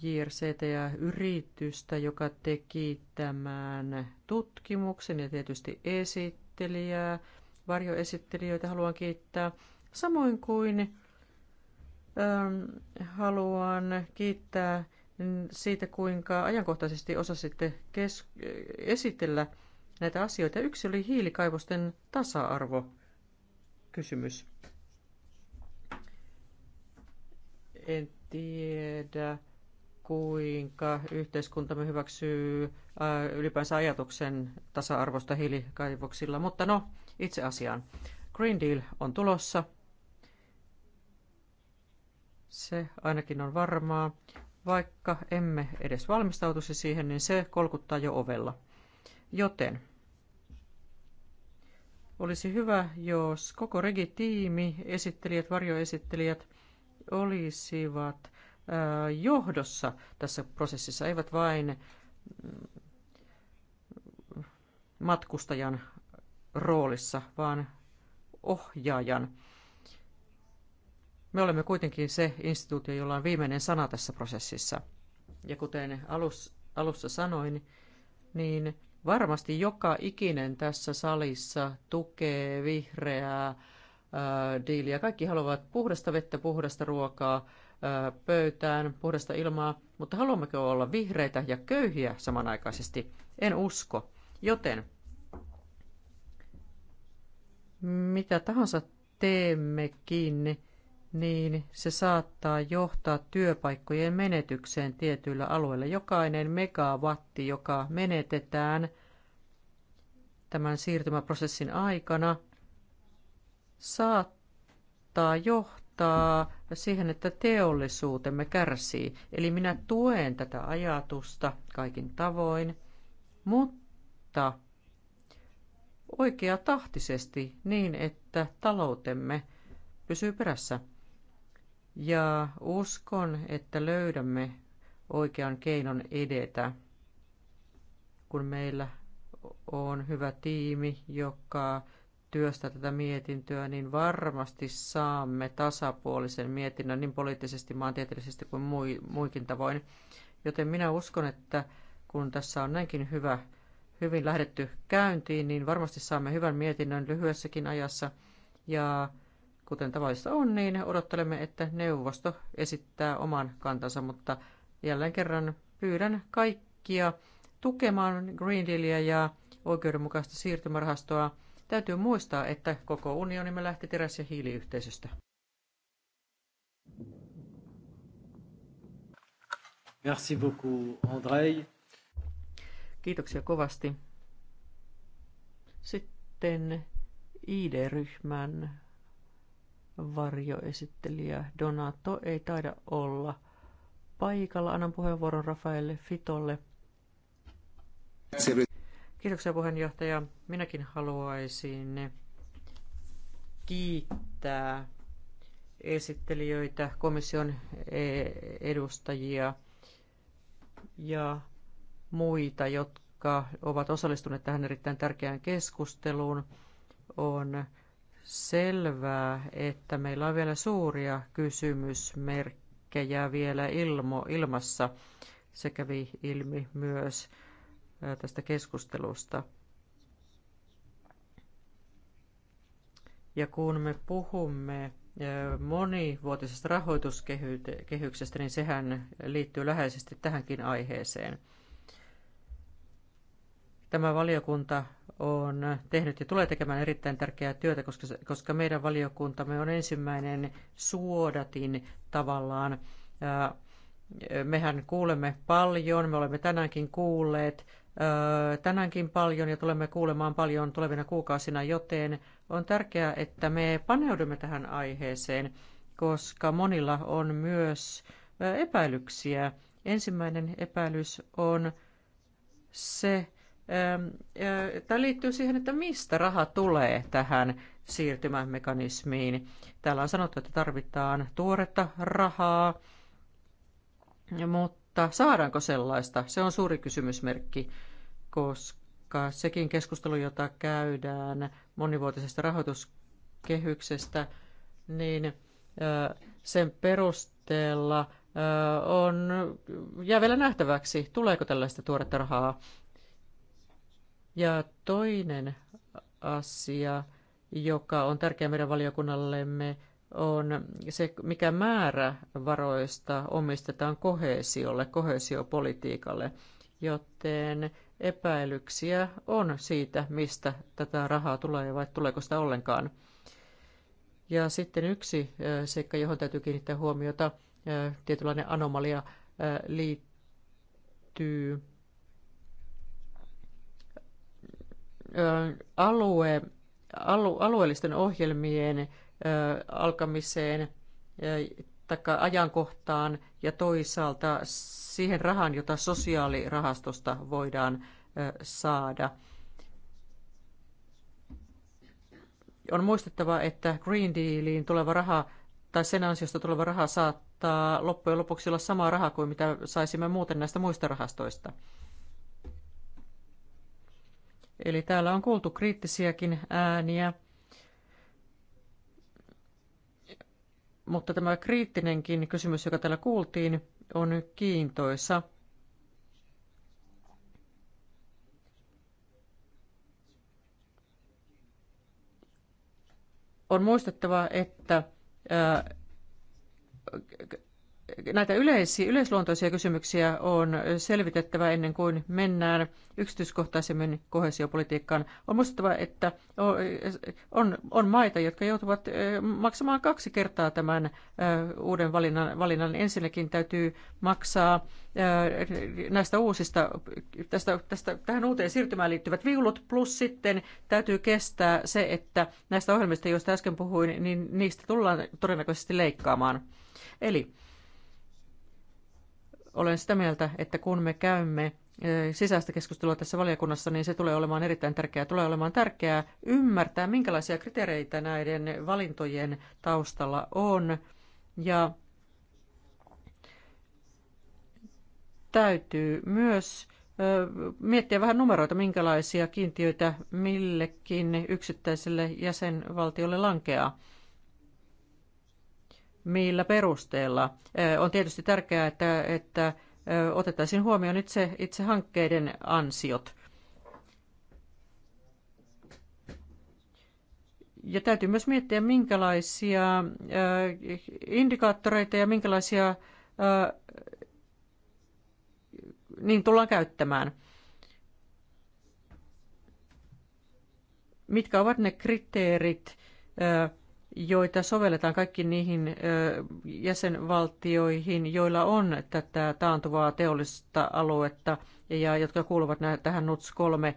JRCT-yritystä, joka teki tämän tutkimuksen ja tietysti esittelijää, varjoesittelijöitä haluan kiittää, samoin kuin Ähm, haluan kiittää siitä, kuinka ajankohtaisesti osasitte kes- esitellä näitä asioita. Yksi oli hiilikaivosten tasa-arvo kysymys. En tiedä, kuinka yhteiskuntamme hyväksyy äh, ylipäänsä ajatuksen tasa-arvosta hiilikaivoksilla, mutta no, itse asiaan. Green Deal on tulossa – se ainakin on varmaa. Vaikka emme edes valmistautuisi siihen, niin se kolkuttaa jo ovella. Joten olisi hyvä, jos koko regitiimi, esittelijät, varjoesittelijät olisivat äh, johdossa tässä prosessissa, eivät vain mm, matkustajan roolissa, vaan ohjaajan. Me olemme kuitenkin se instituutio, jolla on viimeinen sana tässä prosessissa. Ja kuten alus, alussa sanoin, niin varmasti joka ikinen tässä salissa tukee vihreää äh, diiliä. Kaikki haluavat puhdasta vettä, puhdasta ruokaa äh, pöytään, puhdasta ilmaa, mutta haluammeko olla vihreitä ja köyhiä samanaikaisesti? En usko. Joten mitä tahansa teemmekin, niin se saattaa johtaa työpaikkojen menetykseen tietyillä alueilla. Jokainen megawatti, joka menetetään tämän siirtymäprosessin aikana, saattaa johtaa siihen, että teollisuutemme kärsii. Eli minä tuen tätä ajatusta kaikin tavoin, mutta oikea tahtisesti niin, että taloutemme pysyy perässä. Ja uskon, että löydämme oikean keinon edetä, kun meillä on hyvä tiimi, joka työstää tätä mietintöä, niin varmasti saamme tasapuolisen mietinnön niin poliittisesti, maantieteellisesti kuin muikin tavoin. Joten minä uskon, että kun tässä on näinkin hyvä, hyvin lähdetty käyntiin, niin varmasti saamme hyvän mietinnön lyhyessäkin ajassa. Ja kuten tavallista on, niin odottelemme, että neuvosto esittää oman kantansa, mutta jälleen kerran pyydän kaikkia tukemaan Green Dealia ja oikeudenmukaista siirtymärahastoa. Täytyy muistaa, että koko unionimme lähti teräs- ja hiiliyhteisöstä. Merci beaucoup, André. Kiitoksia kovasti. Sitten ID-ryhmän varjoesittelijä Donato ei taida olla paikalla. Annan puheenvuoron Rafaelle Fitolle. Kiitoksia puheenjohtaja. Minäkin haluaisin kiittää esittelijöitä, komission e- edustajia ja muita, jotka ovat osallistuneet tähän erittäin tärkeään keskusteluun. On selvää, että meillä on vielä suuria kysymysmerkkejä vielä ilmo, ilmassa. Se kävi ilmi myös tästä keskustelusta. Ja kun me puhumme monivuotisesta rahoituskehyksestä, niin sehän liittyy läheisesti tähänkin aiheeseen – Tämä valiokunta on tehnyt ja tulee tekemään erittäin tärkeää työtä, koska, koska meidän valiokuntamme on ensimmäinen suodatin tavallaan. Mehän kuulemme paljon, me olemme tänäänkin kuulleet tänäänkin paljon ja tulemme kuulemaan paljon tulevina kuukausina, joten on tärkeää, että me paneudumme tähän aiheeseen, koska monilla on myös epäilyksiä. Ensimmäinen epäilys on se, Tämä liittyy siihen, että mistä raha tulee tähän siirtymämekanismiin. Täällä on sanottu, että tarvitaan tuoretta rahaa, mutta saadaanko sellaista? Se on suuri kysymysmerkki, koska sekin keskustelu, jota käydään monivuotisesta rahoituskehyksestä, niin sen perusteella on jää vielä nähtäväksi, tuleeko tällaista tuoretta rahaa ja toinen asia, joka on tärkeä meidän valiokunnallemme, on se, mikä määrä varoista omistetaan kohesiolle, kohesiopolitiikalle, joten epäilyksiä on siitä, mistä tätä rahaa tulee vai tuleeko sitä ollenkaan. Ja sitten yksi seikka, johon täytyy kiinnittää huomiota, tietynlainen anomalia liittyy alue, alu, alueellisten ohjelmien alkamiseen tai ajankohtaan ja toisaalta siihen rahaan, jota sosiaalirahastosta voidaan saada. On muistettava, että Green Dealiin tuleva raha tai sen ansiosta tuleva raha saattaa loppujen lopuksi olla sama raha kuin mitä saisimme muuten näistä muista rahastoista. Eli täällä on kuultu kriittisiäkin ääniä, mutta tämä kriittinenkin kysymys, joka täällä kuultiin, on kiintoisa. On muistettava, että näitä yleisi, yleisluontoisia kysymyksiä on selvitettävä ennen kuin mennään yksityiskohtaisemmin kohesiopolitiikkaan. On muistettava, että on, on maita, jotka joutuvat maksamaan kaksi kertaa tämän uuden valinnan. valinnan. Ensinnäkin täytyy maksaa näistä uusista, tästä, tästä, tähän uuteen siirtymään liittyvät viulut, plus sitten täytyy kestää se, että näistä ohjelmista, joista äsken puhuin, niin niistä tullaan todennäköisesti leikkaamaan. Eli olen sitä mieltä, että kun me käymme sisäistä keskustelua tässä valiokunnassa, niin se tulee olemaan erittäin tärkeää. Tulee olemaan tärkeää ymmärtää, minkälaisia kriteereitä näiden valintojen taustalla on. Ja täytyy myös miettiä vähän numeroita, minkälaisia kiintiöitä millekin yksittäiselle jäsenvaltiolle lankeaa millä perusteella. On tietysti tärkeää, että, että otettaisiin huomioon itse, itse hankkeiden ansiot. Ja täytyy myös miettiä, minkälaisia indikaattoreita ja minkälaisia niin tullaan käyttämään. Mitkä ovat ne kriteerit, joita sovelletaan kaikki niihin jäsenvaltioihin, joilla on tätä taantuvaa teollista aluetta ja jotka kuuluvat tähän NUTS 3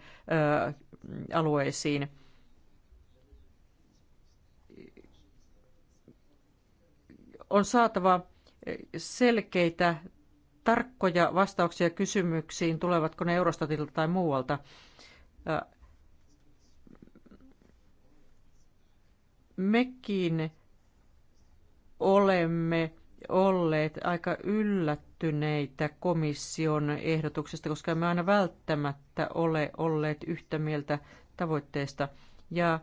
alueisiin. On saatava selkeitä, tarkkoja vastauksia kysymyksiin, tulevatko ne Eurostatilta tai muualta. mekin olemme olleet aika yllättyneitä komission ehdotuksesta, koska me aina välttämättä ole olleet yhtä mieltä tavoitteesta. Ja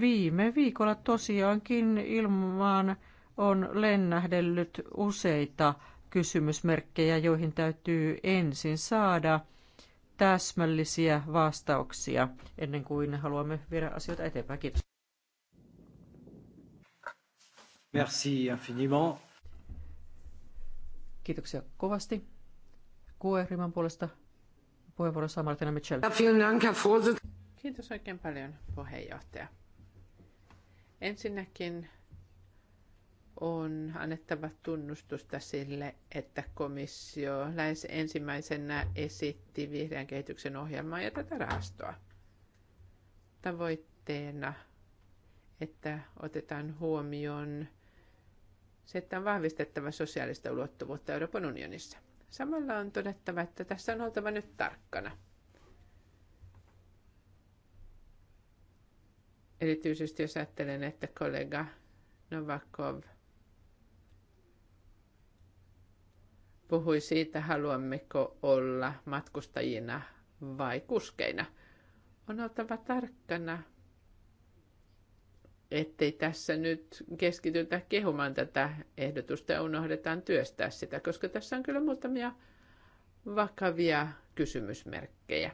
viime viikolla tosiaankin ilmaan on lennähdellyt useita kysymysmerkkejä, joihin täytyy ensin saada täsmällisiä vastauksia ennen kuin haluamme viedä asioita eteenpäin. Kiitos. Merci infiniment. Kiitoksia kovasti. QE-ryhmän puolesta puheenvuoro saa Martina Mitchell. Kiitos oikein paljon puheenjohtaja. Ensinnäkin on annettava tunnustusta sille, että komissio lähes ensimmäisenä esitti vihreän kehityksen ohjelmaa ja tätä rahastoa. Tavoitteena, että otetaan huomioon se, että on vahvistettava sosiaalista ulottuvuutta Euroopan unionissa. Samalla on todettava, että tässä on oltava nyt tarkkana. Erityisesti jos ajattelen, että kollega Novakov puhui siitä, haluammeko olla matkustajina vai kuskeina. On oltava tarkkana ettei tässä nyt keskitytä kehumaan tätä ehdotusta ja unohdetaan työstää sitä, koska tässä on kyllä muutamia vakavia kysymysmerkkejä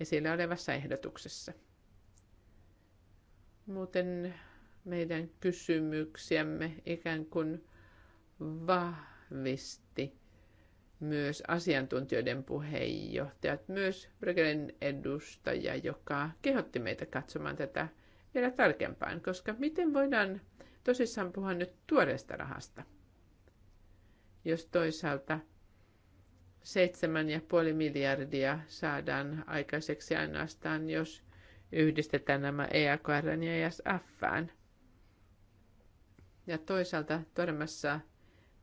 esillä olevassa ehdotuksessa. Muuten meidän kysymyksiämme ikään kuin vahvisti myös asiantuntijoiden puheenjohtajat, myös Bryggelin edustaja, joka kehotti meitä katsomaan tätä – vielä tarkempaan, koska miten voidaan tosissaan puhua nyt tuoreesta rahasta, jos toisaalta 7,5 miljardia saadaan aikaiseksi ainoastaan, jos yhdistetään nämä EAKR ja ESFään. Ja toisaalta tuoremmassa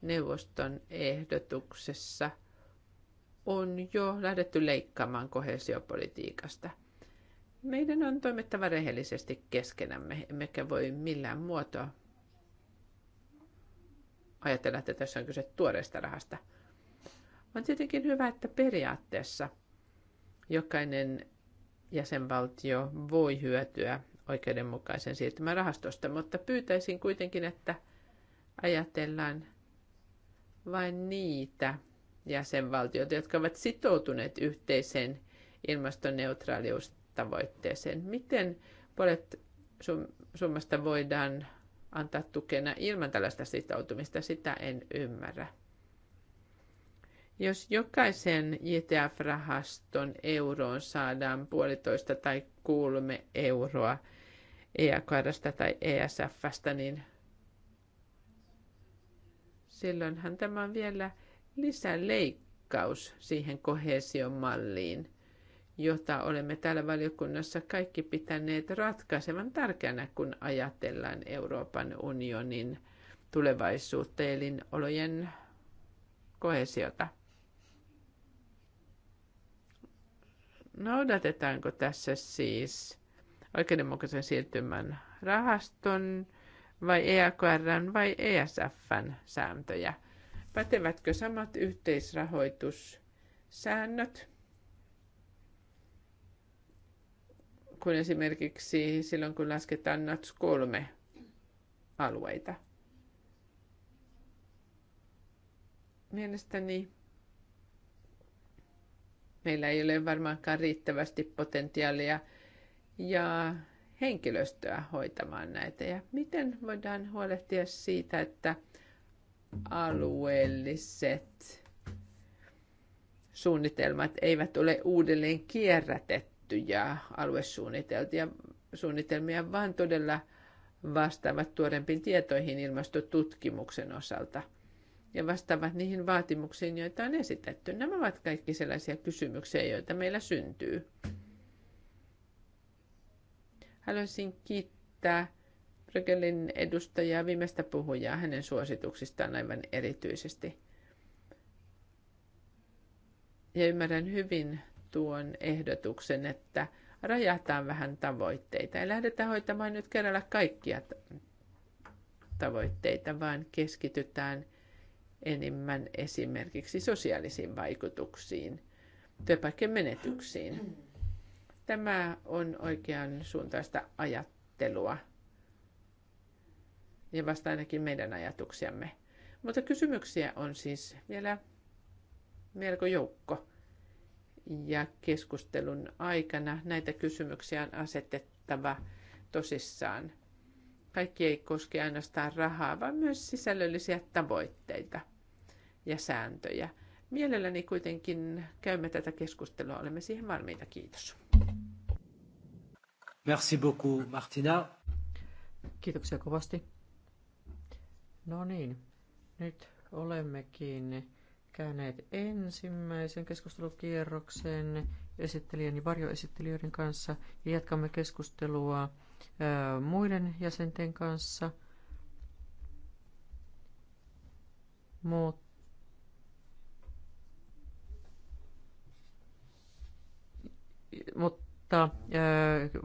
neuvoston ehdotuksessa on jo lähdetty leikkaamaan kohesiopolitiikasta – meidän on toimittava rehellisesti keskenämme, emmekä voi millään muotoa ajatella, että tässä on kyse tuoreesta rahasta. On tietenkin hyvä, että periaatteessa jokainen jäsenvaltio voi hyötyä oikeudenmukaisen siirtymän rahastosta, mutta pyytäisin kuitenkin, että ajatellaan vain niitä jäsenvaltioita, jotka ovat sitoutuneet yhteiseen ilmastoneutraalius tavoitteeseen. Miten puolet summasta voidaan antaa tukena ilman tällaista sitoutumista, sitä en ymmärrä. Jos jokaisen JTF-rahaston euroon saadaan puolitoista tai kolme euroa EAKRsta tai ESFstä, niin silloinhan tämä on vielä lisäleikkaus siihen kohesion malliin, jota olemme täällä valiokunnassa kaikki pitäneet ratkaisevan tärkeänä, kun ajatellaan Euroopan unionin tulevaisuutta ja elinolojen kohesiota. Noudatetaanko tässä siis oikeudenmukaisen siirtymän rahaston vai EAKR vai ESFn sääntöjä? Pätevätkö samat yhteisrahoitussäännöt? kuin esimerkiksi silloin, kun lasketaan NATS 3 alueita. Mielestäni meillä ei ole varmaankaan riittävästi potentiaalia ja henkilöstöä hoitamaan näitä. Ja miten voidaan huolehtia siitä, että alueelliset suunnitelmat eivät ole uudelleen kierrätetty? tiettyjä aluesuunnitelmia, vaan todella vastaavat tuorempiin tietoihin ilmastotutkimuksen osalta ja vastaavat niihin vaatimuksiin, joita on esitetty. Nämä ovat kaikki sellaisia kysymyksiä, joita meillä syntyy. Haluaisin kiittää Bryggelin edustajaa, viimeistä puhujaa, hänen suosituksistaan aivan erityisesti. Ja ymmärrän hyvin tuon ehdotuksen, että rajataan vähän tavoitteita. Ei lähdetä hoitamaan nyt kerralla kaikkia tavoitteita, vaan keskitytään enemmän esimerkiksi sosiaalisiin vaikutuksiin, työpaikkien menetyksiin. Tämä on oikean suuntaista ajattelua ja vasta ainakin meidän ajatuksiamme. Mutta kysymyksiä on siis vielä melko joukko ja keskustelun aikana näitä kysymyksiä on asetettava tosissaan. Kaikki ei koske ainoastaan rahaa, vaan myös sisällöllisiä tavoitteita ja sääntöjä. Mielelläni kuitenkin käymme tätä keskustelua, olemme siihen valmiita. Kiitos. Merci beaucoup, Martina. Kiitoksia kovasti. No niin, nyt olemmekin käyneet ensimmäisen keskustelukierroksen esittelijän ja varjoesittelijöiden kanssa ja jatkamme keskustelua muiden jäsenten kanssa. Mutta mutta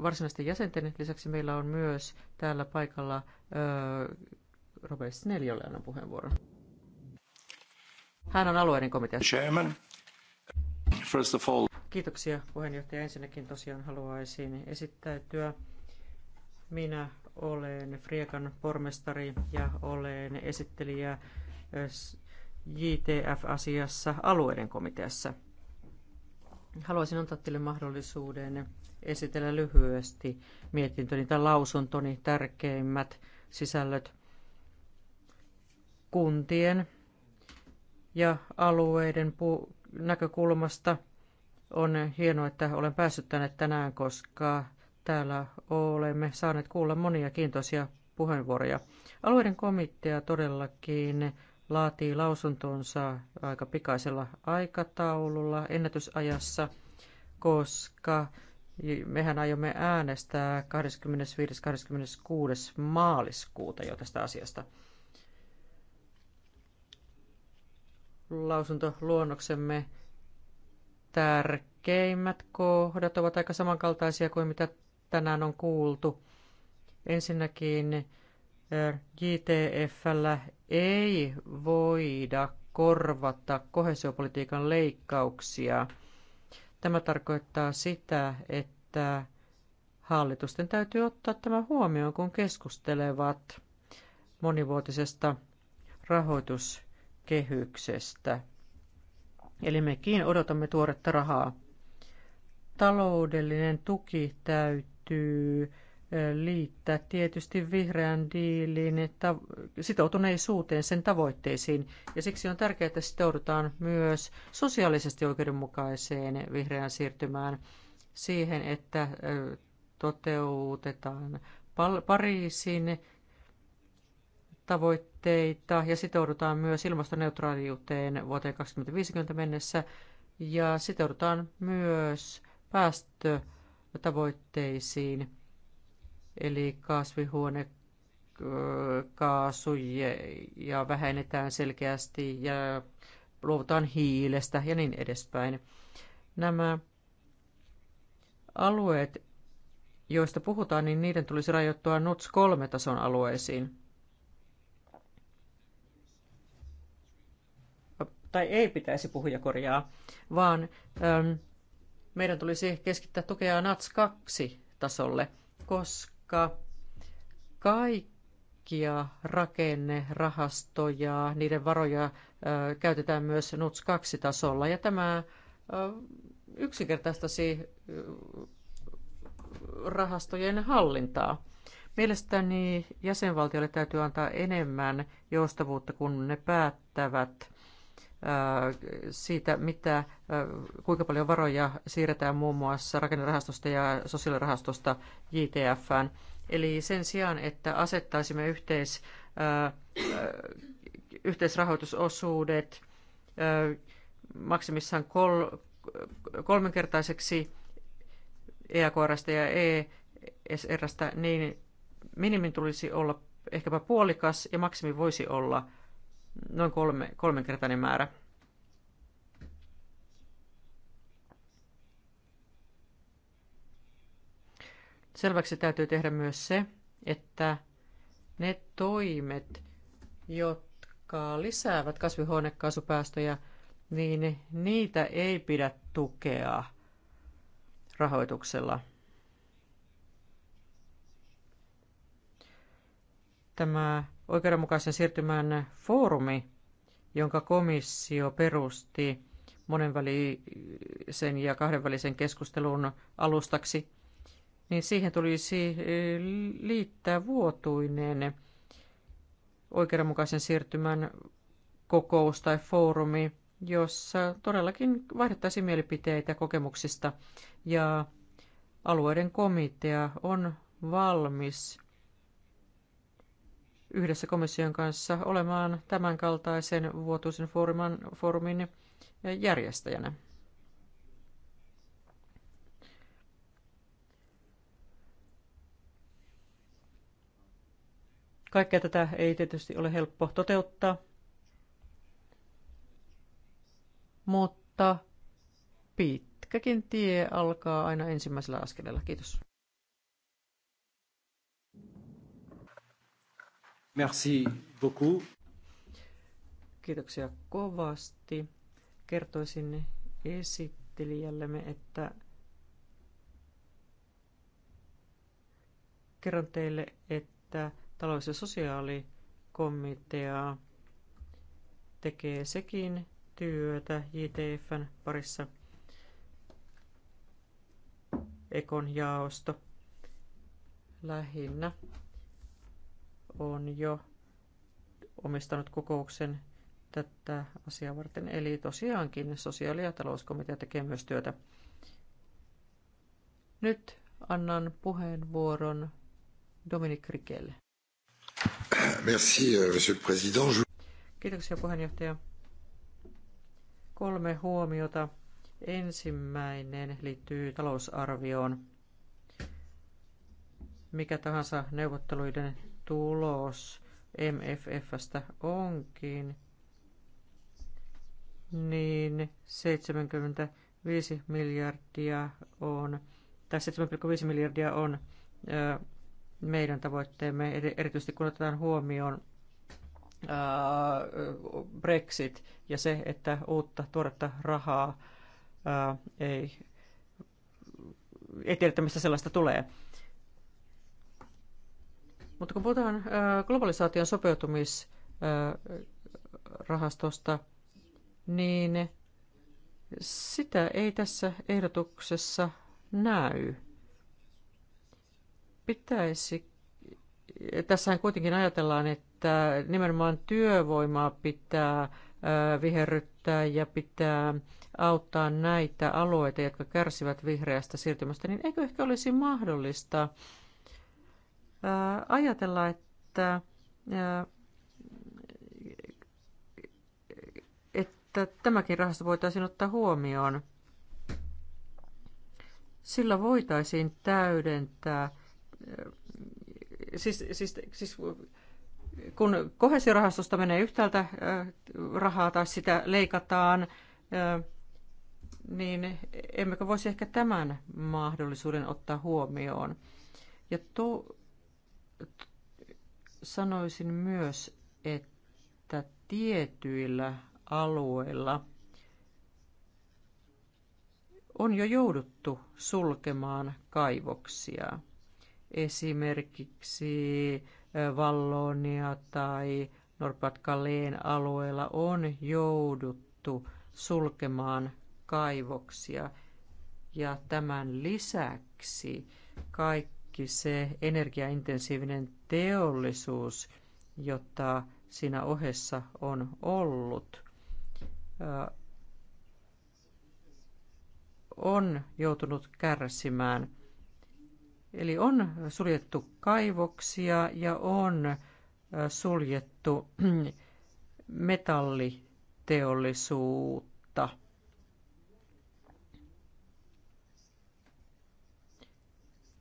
varsinaisten jäsenten lisäksi meillä on myös täällä paikalla Robert Snell, jolle annan puheenvuoron. Hän on alueiden komiteassa. Chairman, first of all... Kiitoksia puheenjohtaja. Ensinnäkin tosiaan haluaisin esittäytyä. Minä olen Friekan pormestari ja olen esittelijä JTF-asiassa alueiden komiteassa. Haluaisin antaa teille mahdollisuuden esitellä lyhyesti mietintöni tai lausuntoni tärkeimmät sisällöt kuntien ja alueiden näkökulmasta. On hienoa, että olen päässyt tänne tänään, koska täällä olemme saaneet kuulla monia kiintoisia puheenvuoroja. Alueiden komitea todellakin laatii lausuntonsa aika pikaisella aikataululla, ennätysajassa, koska mehän aiomme äänestää 25.-26. maaliskuuta jo tästä asiasta. lausuntoluonnoksemme tärkeimmät kohdat ovat aika samankaltaisia kuin mitä tänään on kuultu. Ensinnäkin eh, JTFllä ei voida korvata kohesiopolitiikan leikkauksia. Tämä tarkoittaa sitä, että hallitusten täytyy ottaa tämä huomioon, kun keskustelevat monivuotisesta rahoitus- kehyksestä. Eli mekin odotamme tuoretta rahaa. Taloudellinen tuki täytyy liittää tietysti vihreän diiliin, että sitoutuneisuuteen sen tavoitteisiin. Ja siksi on tärkeää, että sitoudutaan myös sosiaalisesti oikeudenmukaiseen vihreään siirtymään siihen, että toteutetaan Pariisin tavoitteita ja sitoudutaan myös ilmastoneutraaliuteen vuoteen 2050 mennessä ja sitoudutaan myös päästötavoitteisiin, eli kasvihuonekaasuja ja vähennetään selkeästi ja luovutaan hiilestä ja niin edespäin. Nämä alueet, joista puhutaan, niin niiden tulisi rajoittua NUTS 3-tason alueisiin. tai ei pitäisi puhuja korjaa, vaan ähm, meidän tulisi keskittää tukea NATS 2 tasolle, koska kaikkia rakennerahastoja, niiden varoja äh, käytetään myös NUTS 2 tasolla ja tämä äh, yksinkertaistaisi äh, rahastojen hallintaa. Mielestäni jäsenvaltioille täytyy antaa enemmän joustavuutta, kun ne päättävät siitä, mitä, äh, kuinka paljon varoja siirretään muun muassa rakennerahastosta ja sosiaalirahastosta JTFään. Eli sen sijaan, että asettaisimme yhteis, äh, äh, yhteisrahoitusosuudet maksimissaan kol, kolminkertaiseksi EAKRstä ja ESRstä, niin minimin tulisi olla ehkäpä puolikas ja maksimi voisi olla noin kolme, kolmenkertainen määrä. Selväksi täytyy tehdä myös se, että ne toimet, jotka lisäävät kasvihuonekaasupäästöjä, niin niitä ei pidä tukea rahoituksella. Tämä oikeudenmukaisen siirtymän foorumi, jonka komissio perusti monenvälisen ja kahdenvälisen keskustelun alustaksi, niin siihen tulisi eh, liittää vuotuinen oikeudenmukaisen siirtymän kokous tai foorumi, jossa todellakin vaihdettaisiin mielipiteitä kokemuksista ja alueiden komitea on valmis yhdessä komission kanssa olemaan tämänkaltaisen vuotuisen foorumin, foorumin järjestäjänä. Kaikkea tätä ei tietysti ole helppo toteuttaa, mutta pitkäkin tie alkaa aina ensimmäisellä askeleella. Kiitos. Merci beaucoup. Kiitoksia kovasti. Kertoisin esittelijällemme, että kerron teille, että talous- ja sosiaalikomitea tekee sekin työtä JTFn parissa Ekon jaosto lähinnä on jo omistanut kokouksen tätä asiaa varten. Eli tosiaankin sosiaali- ja talouskomitea tekee myös työtä. Nyt annan puheenvuoron Dominic Rikelle. Merci, euh, monsieur le président. Kiitoksia puheenjohtaja. Kolme huomiota. Ensimmäinen liittyy talousarvioon mikä tahansa neuvotteluiden tulos MFFstä onkin, niin 75 miljardia on, tai 7,5 miljardia on meidän tavoitteemme, erityisesti kun otetaan huomioon Brexit ja se, että uutta tuoretta rahaa ei, ei tiedetä, mistä sellaista tulee. Mutta kun puhutaan globalisaation sopeutumisrahastosta, niin sitä ei tässä ehdotuksessa näy. Pitäisi, tässähän kuitenkin ajatellaan, että nimenomaan työvoimaa pitää viherryttää ja pitää auttaa näitä alueita, jotka kärsivät vihreästä siirtymästä, niin eikö ehkä olisi mahdollista ajatella, että että tämäkin rahasto voitaisiin ottaa huomioon. Sillä voitaisiin täydentää, siis, siis, siis kun kohesiorahastosta menee yhtäältä rahaa tai sitä leikataan, niin emmekö voisi ehkä tämän mahdollisuuden ottaa huomioon. Ja to, sanoisin myös, että tietyillä alueilla on jo jouduttu sulkemaan kaivoksia. Esimerkiksi Vallonia tai Norpatkaleen alueella on jouduttu sulkemaan kaivoksia. Ja tämän lisäksi kaikki kaikki se energiaintensiivinen teollisuus, jota siinä ohessa on ollut, on joutunut kärsimään. Eli on suljettu kaivoksia ja on suljettu *clears throat* metalliteollisuutta –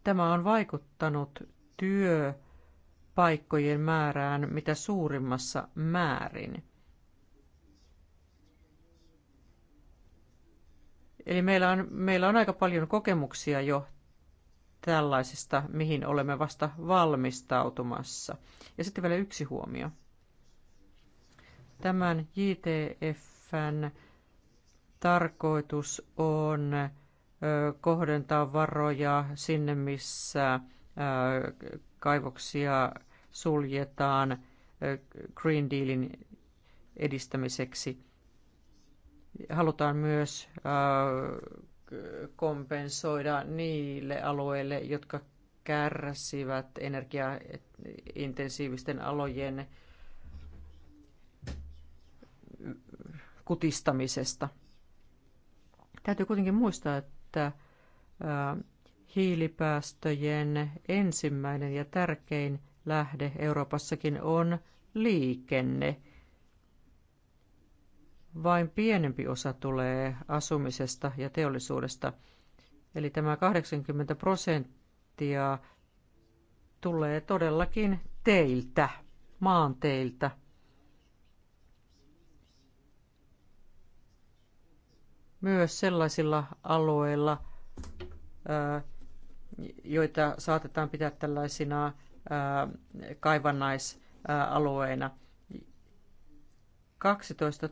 Tämä on vaikuttanut työpaikkojen määrään mitä suurimmassa määrin. Eli meillä on, meillä on aika paljon kokemuksia jo tällaisista, mihin olemme vasta valmistautumassa. Ja sitten vielä yksi huomio. Tämän JTFn tarkoitus on kohdentaa varoja sinne, missä kaivoksia suljetaan Green Dealin edistämiseksi. Halutaan myös kompensoida niille alueille, jotka kärsivät energiaintensiivisten alojen kutistamisesta. Täytyy kuitenkin muistaa, että että hiilipäästöjen ensimmäinen ja tärkein lähde Euroopassakin on liikenne. Vain pienempi osa tulee asumisesta ja teollisuudesta. Eli tämä 80 prosenttia tulee todellakin teiltä, maanteiltä. myös sellaisilla alueilla, joita saatetaan pitää tällaisina kaivannaisalueina. 12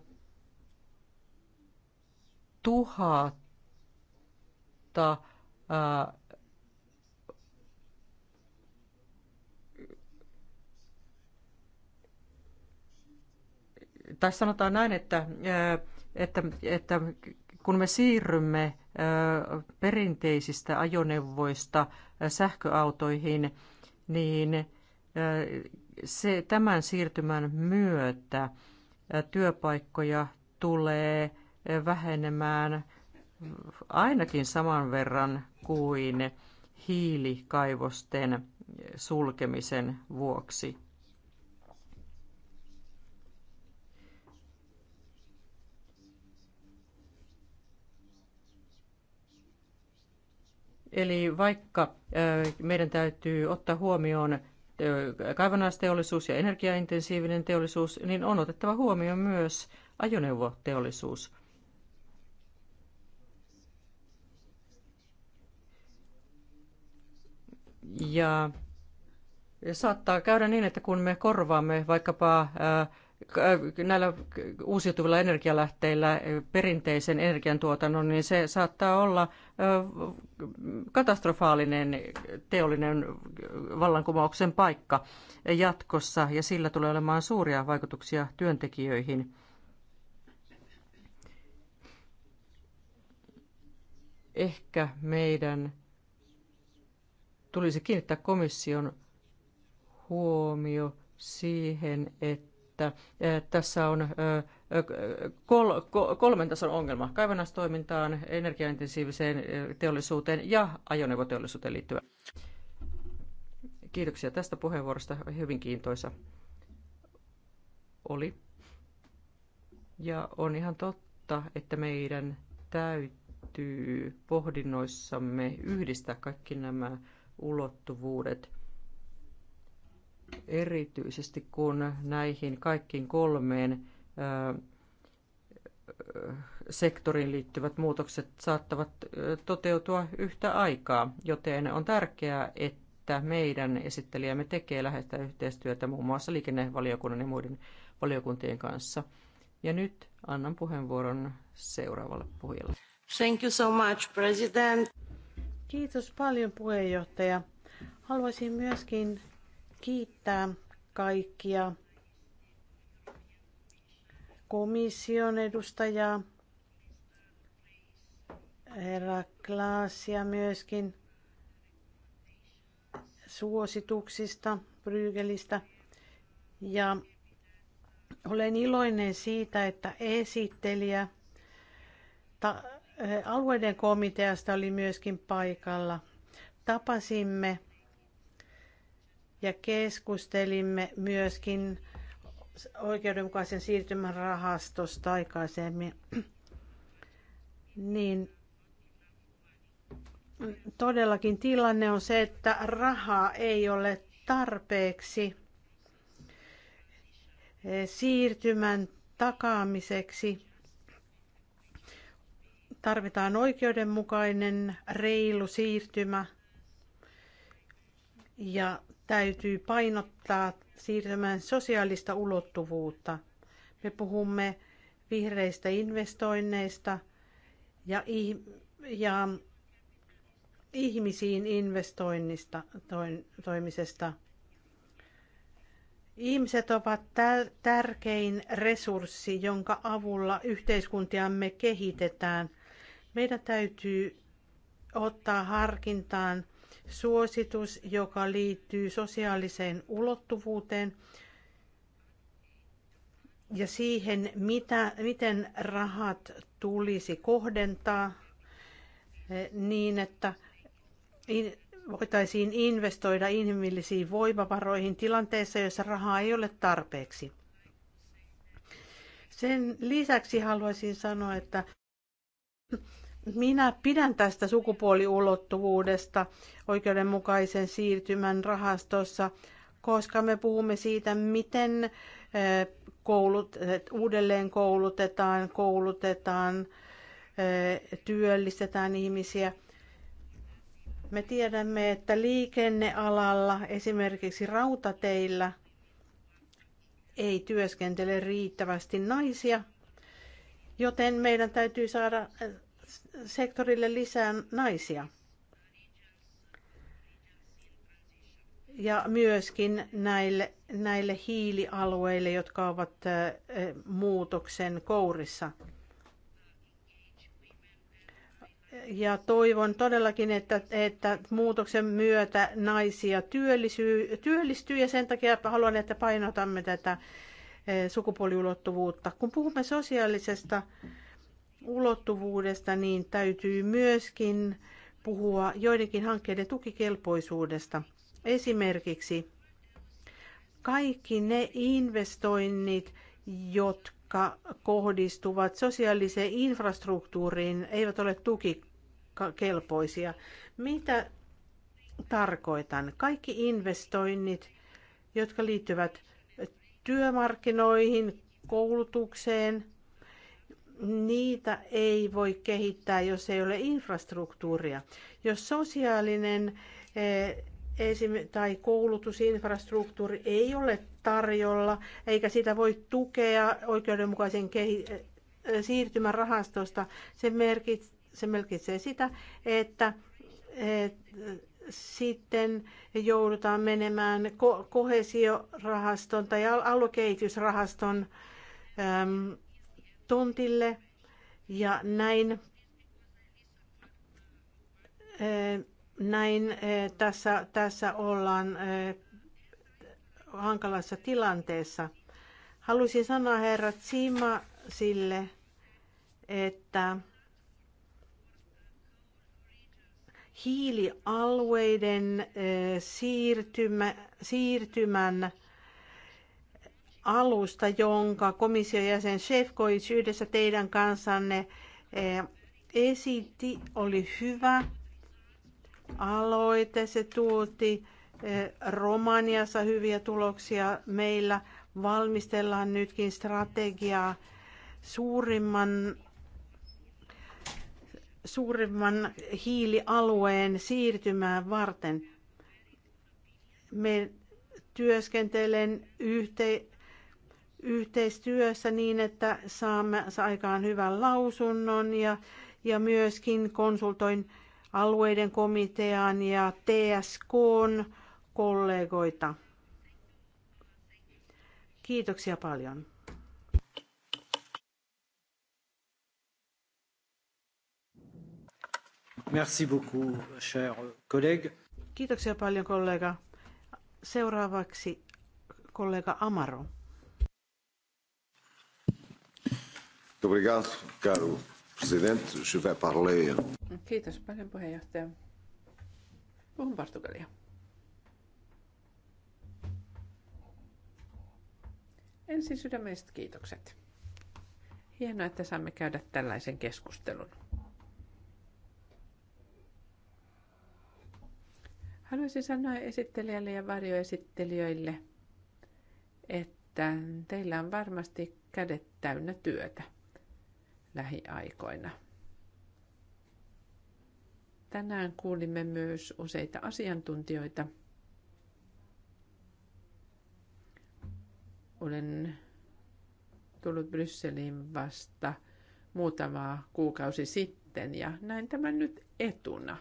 000 tai sanotaan näin, että, että, että kun me siirrymme perinteisistä ajoneuvoista sähköautoihin, niin se, tämän siirtymän myötä työpaikkoja tulee vähenemään ainakin saman verran kuin hiilikaivosten sulkemisen vuoksi. Eli vaikka meidän täytyy ottaa huomioon kaivannaisteollisuus ja energiaintensiivinen teollisuus, niin on otettava huomioon myös ajoneuvoteollisuus. Ja saattaa käydä niin, että kun me korvaamme vaikkapa ää, näillä uusiutuvilla energialähteillä perinteisen energiantuotannon, niin se saattaa olla katastrofaalinen teollinen vallankumouksen paikka jatkossa, ja sillä tulee olemaan suuria vaikutuksia työntekijöihin. Ehkä meidän tulisi kiinnittää komission huomio siihen, että että eh, tässä on eh, kolmen tason ongelma kaivannaistoimintaan, energiaintensiiviseen eh, teollisuuteen ja ajoneuvoteollisuuteen liittyvä. Kiitoksia tästä puheenvuorosta. Hyvin kiintoisa oli. Ja on ihan totta, että meidän täytyy pohdinnoissamme yhdistää kaikki nämä ulottuvuudet – erityisesti kun näihin kaikkiin kolmeen sektoriin liittyvät muutokset saattavat toteutua yhtä aikaa, joten on tärkeää, että meidän esittelijämme tekee läheistä yhteistyötä muun muassa liikennevaliokunnan ja muiden valiokuntien kanssa. Ja nyt annan puheenvuoron seuraavalle puhujalle. Thank you so much, President. Kiitos paljon puheenjohtaja. Haluaisin myöskin kiittää kaikkia komission edustajaa, herra Klaasia myöskin suosituksista Brygelistä. Ja olen iloinen siitä, että esittelijä ta, alueiden komiteasta oli myöskin paikalla. Tapasimme ja keskustelimme myöskin oikeudenmukaisen siirtymän rahastosta aikaisemmin. Niin todellakin tilanne on se, että rahaa ei ole tarpeeksi siirtymän takaamiseksi. Tarvitaan oikeudenmukainen, reilu siirtymä ja täytyy painottaa siirtämään sosiaalista ulottuvuutta. Me puhumme vihreistä investoinneista ja, ja ihmisiin investoinnista toimisesta. Ihmiset ovat tärkein resurssi, jonka avulla yhteiskuntiamme kehitetään. Meidän täytyy ottaa harkintaan suositus, joka liittyy sosiaaliseen ulottuvuuteen ja siihen, mitä, miten rahat tulisi kohdentaa eh, niin, että voitaisiin investoida inhimillisiin voimavaroihin tilanteessa, jossa rahaa ei ole tarpeeksi. Sen lisäksi haluaisin sanoa, että minä pidän tästä sukupuoliulottuvuudesta oikeudenmukaisen siirtymän rahastossa, koska me puhumme siitä, miten eh, koulut, uudelleen koulutetaan, koulutetaan, eh, työllistetään ihmisiä. Me tiedämme, että liikennealalla, esimerkiksi rautateillä, ei työskentele riittävästi naisia, joten meidän täytyy saada eh, sektorille lisää naisia. Ja myöskin näille, näille hiilialueille, jotka ovat muutoksen kourissa. Ja toivon todellakin, että, että muutoksen myötä naisia työllisyy, työllistyy ja sen takia haluan, että painotamme tätä sukupuoliulottuvuutta. Kun puhumme sosiaalisesta ulottuvuudesta, niin täytyy myöskin puhua joidenkin hankkeiden tukikelpoisuudesta. Esimerkiksi kaikki ne investoinnit, jotka kohdistuvat sosiaaliseen infrastruktuuriin, eivät ole tukikelpoisia. Mitä tarkoitan? Kaikki investoinnit, jotka liittyvät työmarkkinoihin, koulutukseen, niitä ei voi kehittää, jos ei ole infrastruktuuria. Jos sosiaalinen eh, tai koulutusinfrastruktuuri ei ole tarjolla, eikä sitä voi tukea oikeudenmukaisen eh, siirtymän rahastosta, se, merkits- se merkitsee sitä, että eh, sitten joudutaan menemään ko- kohesiorahaston tai aluekehitysrahaston ehm, tontille ja näin, eh, näin eh, tässä, tässä ollaan eh, hankalassa tilanteessa. Haluaisin sanoa herra Tsima sille, että hiilialueiden siirtymä, siirtymän alusta, jonka komission jäsen Shefkovic yhdessä teidän kanssanne eh, esitti, oli hyvä aloite. Se tuotti eh, Romaniassa hyviä tuloksia. Meillä valmistellaan nytkin strategiaa suurimman suurimman hiilialueen siirtymään varten. Me työskentelen yhteen yhteistyössä niin, että saamme aikaan hyvän lausunnon ja, ja myöskin konsultoin alueiden komitean ja TSKn kollegoita. Kiitoksia paljon. Merci beaucoup, cher collègue. Kiitoksia paljon kollega. Seuraavaksi kollega Amaro. Kiitos paljon puheenjohtaja. Puhun Portugalia. Ensin sydämelliset kiitokset. Hienoa, että saamme käydä tällaisen keskustelun. Haluaisin sanoa esittelijälle ja varjoesittelijöille, että teillä on varmasti kädet täynnä työtä lähiaikoina. Tänään kuulimme myös useita asiantuntijoita. Olen tullut Brysseliin vasta muutama kuukausi sitten ja näin tämän nyt etuna,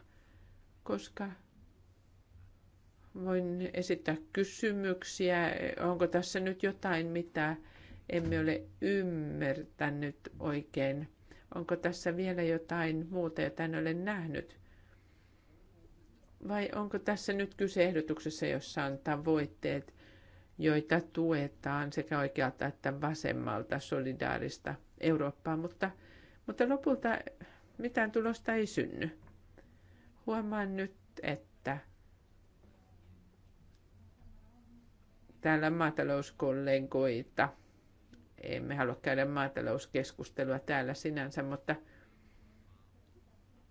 koska voin esittää kysymyksiä, onko tässä nyt jotain, mitä emme ole ymmärtänyt oikein. Onko tässä vielä jotain muuta, jota en ole nähnyt? Vai onko tässä nyt kyse ehdotuksessa, jossa on tavoitteet, joita tuetaan sekä oikealta että vasemmalta solidaarista Eurooppaa, mutta, mutta lopulta mitään tulosta ei synny. Huomaan nyt, että täällä maatalouskollegoita emme halua käydä maatalouskeskustelua täällä sinänsä, mutta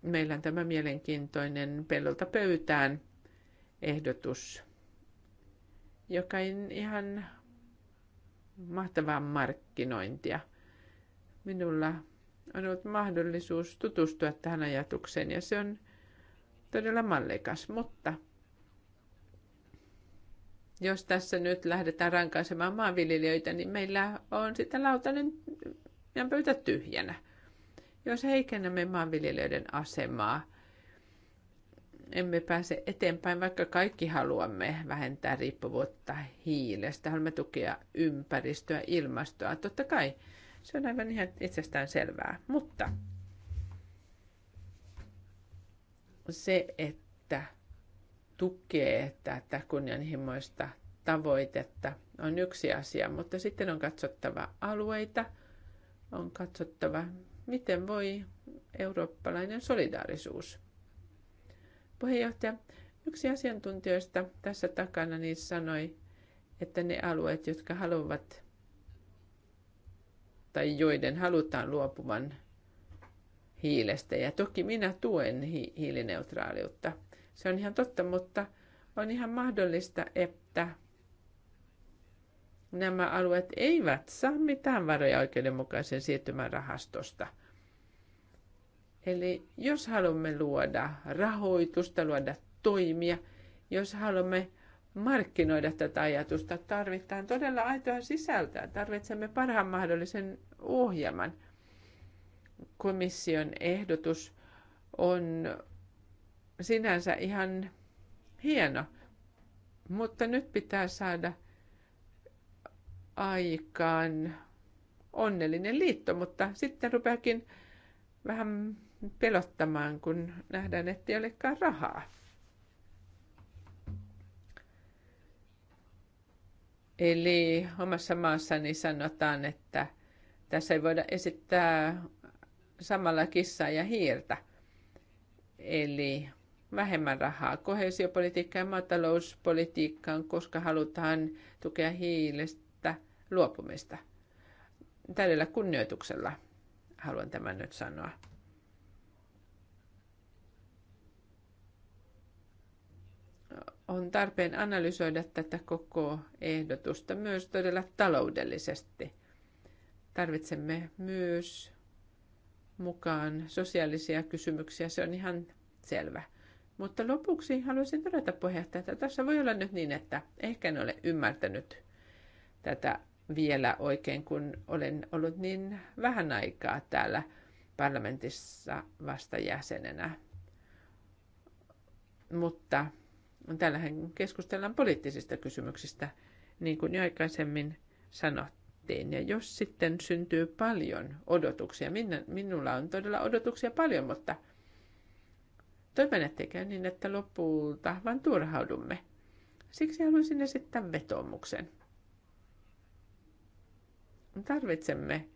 meillä on tämä mielenkiintoinen pellolta pöytään ehdotus, joka on ihan mahtavaa markkinointia. Minulla on ollut mahdollisuus tutustua tähän ajatukseen ja se on todella mallikas, mutta – jos tässä nyt lähdetään rankaisemaan maanviljelijöitä, niin meillä on sitä lautanen ja pöytä tyhjänä. Jos heikennämme maanviljelijöiden asemaa, emme pääse eteenpäin, vaikka kaikki haluamme vähentää riippuvuutta hiilestä, haluamme tukea ympäristöä, ilmastoa. Totta kai se on aivan ihan itsestään selvää, mutta se, että tukee tätä kunnianhimoista tavoitetta, on yksi asia, mutta sitten on katsottava alueita, on katsottava, miten voi eurooppalainen solidaarisuus. Puheenjohtaja, yksi asiantuntijoista tässä takana niin sanoi, että ne alueet, jotka haluavat tai joiden halutaan luopuvan hiilestä. Ja toki minä tuen hi- hiilineutraaliutta – se on ihan totta, mutta on ihan mahdollista, että nämä alueet eivät saa mitään varoja oikeudenmukaisen siirtymän rahastosta. Eli jos haluamme luoda rahoitusta, luoda toimia, jos haluamme markkinoida tätä ajatusta, tarvitaan todella aitoa sisältöä. Tarvitsemme parhaan mahdollisen ohjelman. Komission ehdotus on sinänsä ihan hieno, mutta nyt pitää saada aikaan onnellinen liitto, mutta sitten rupeakin vähän pelottamaan, kun nähdään, että olekaan rahaa. Eli omassa maassani sanotaan, että tässä ei voida esittää samalla kissaa ja hiirtä. Eli vähemmän rahaa kohesiopolitiikkaan ja maatalouspolitiikkaan, koska halutaan tukea hiilestä luopumista. Täydellä kunnioituksella haluan tämän nyt sanoa. On tarpeen analysoida tätä koko ehdotusta myös todella taloudellisesti. Tarvitsemme myös mukaan sosiaalisia kysymyksiä, se on ihan selvä mutta lopuksi haluaisin todeta puheenjohtaja, että tässä voi olla nyt niin, että ehkä en ole ymmärtänyt tätä vielä oikein, kun olen ollut niin vähän aikaa täällä parlamentissa vasta jäsenenä. Mutta täällähän keskustellaan poliittisista kysymyksistä, niin kuin jo aikaisemmin sanottiin. Ja jos sitten syntyy paljon odotuksia, minulla on todella odotuksia paljon, mutta – Toivon, ettei käy niin, että lopulta vain turhaudumme. Siksi haluaisin esittää vetomuksen. Tarvitsemme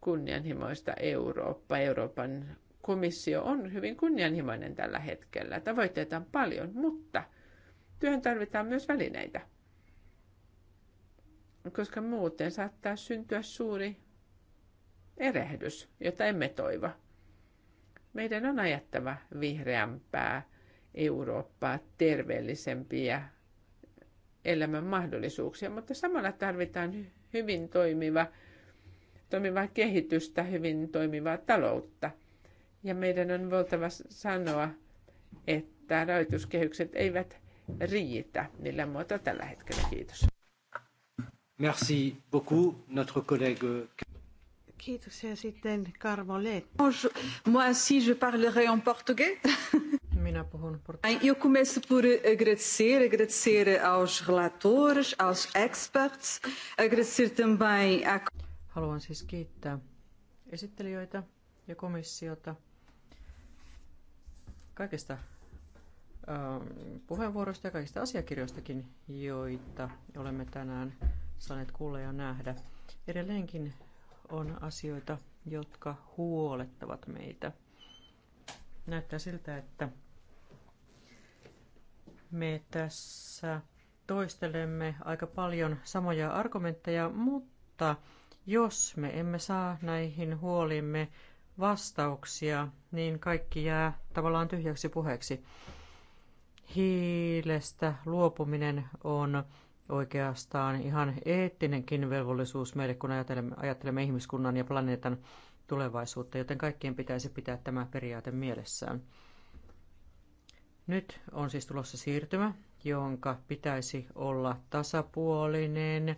kunnianhimoista Eurooppa, Euroopan komissio on hyvin kunnianhimoinen tällä hetkellä. Tavoitteita on paljon, mutta työhön tarvitaan myös välineitä. Koska muuten saattaa syntyä suuri erehdys, jota emme toivo. Meidän on ajattava vihreämpää Eurooppaa, terveellisempiä elämän mahdollisuuksia, mutta samalla tarvitaan hyvin toimiva, toimivaa kehitystä, hyvin toimivaa taloutta. Ja meidän on voitava sanoa, että rahoituskehykset eivät riitä millään muuta tällä hetkellä. Kiitos. Merci beaucoup, notre collègue. Kiitoksia sitten Carmo Moi si je parlerai en portugais. *laughs* Minä puhun portugais. Eu começo por agradecer, agradecer aos relatores, aos experts, agradecer também à... Haluan siis kiittää esittelijöitä ja komissiota kaikista ähm, puheenvuoroista ja kaikista asiakirjoistakin, joita olemme tänään saaneet kuulla ja nähdä. Edelleenkin on asioita, jotka huolettavat meitä. Näyttää siltä, että me tässä toistelemme aika paljon samoja argumentteja, mutta jos me emme saa näihin huolimme vastauksia, niin kaikki jää tavallaan tyhjäksi puheeksi. Hiilestä luopuminen on oikeastaan ihan eettinenkin velvollisuus meille, kun ajattelemme, ajattelemme ihmiskunnan ja planeetan tulevaisuutta, joten kaikkien pitäisi pitää tämä periaate mielessään. Nyt on siis tulossa siirtymä, jonka pitäisi olla tasapuolinen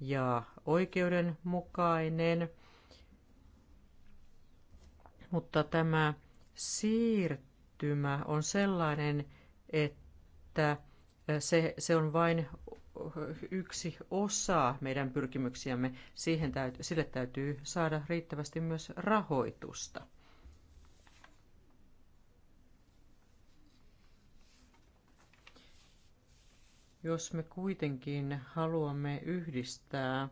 ja oikeudenmukainen. Mutta tämä siirtymä on sellainen, että se, se on vain yksi osa meidän pyrkimyksiämme. Siihen täytyy, sille täytyy saada riittävästi myös rahoitusta. Jos me kuitenkin haluamme yhdistää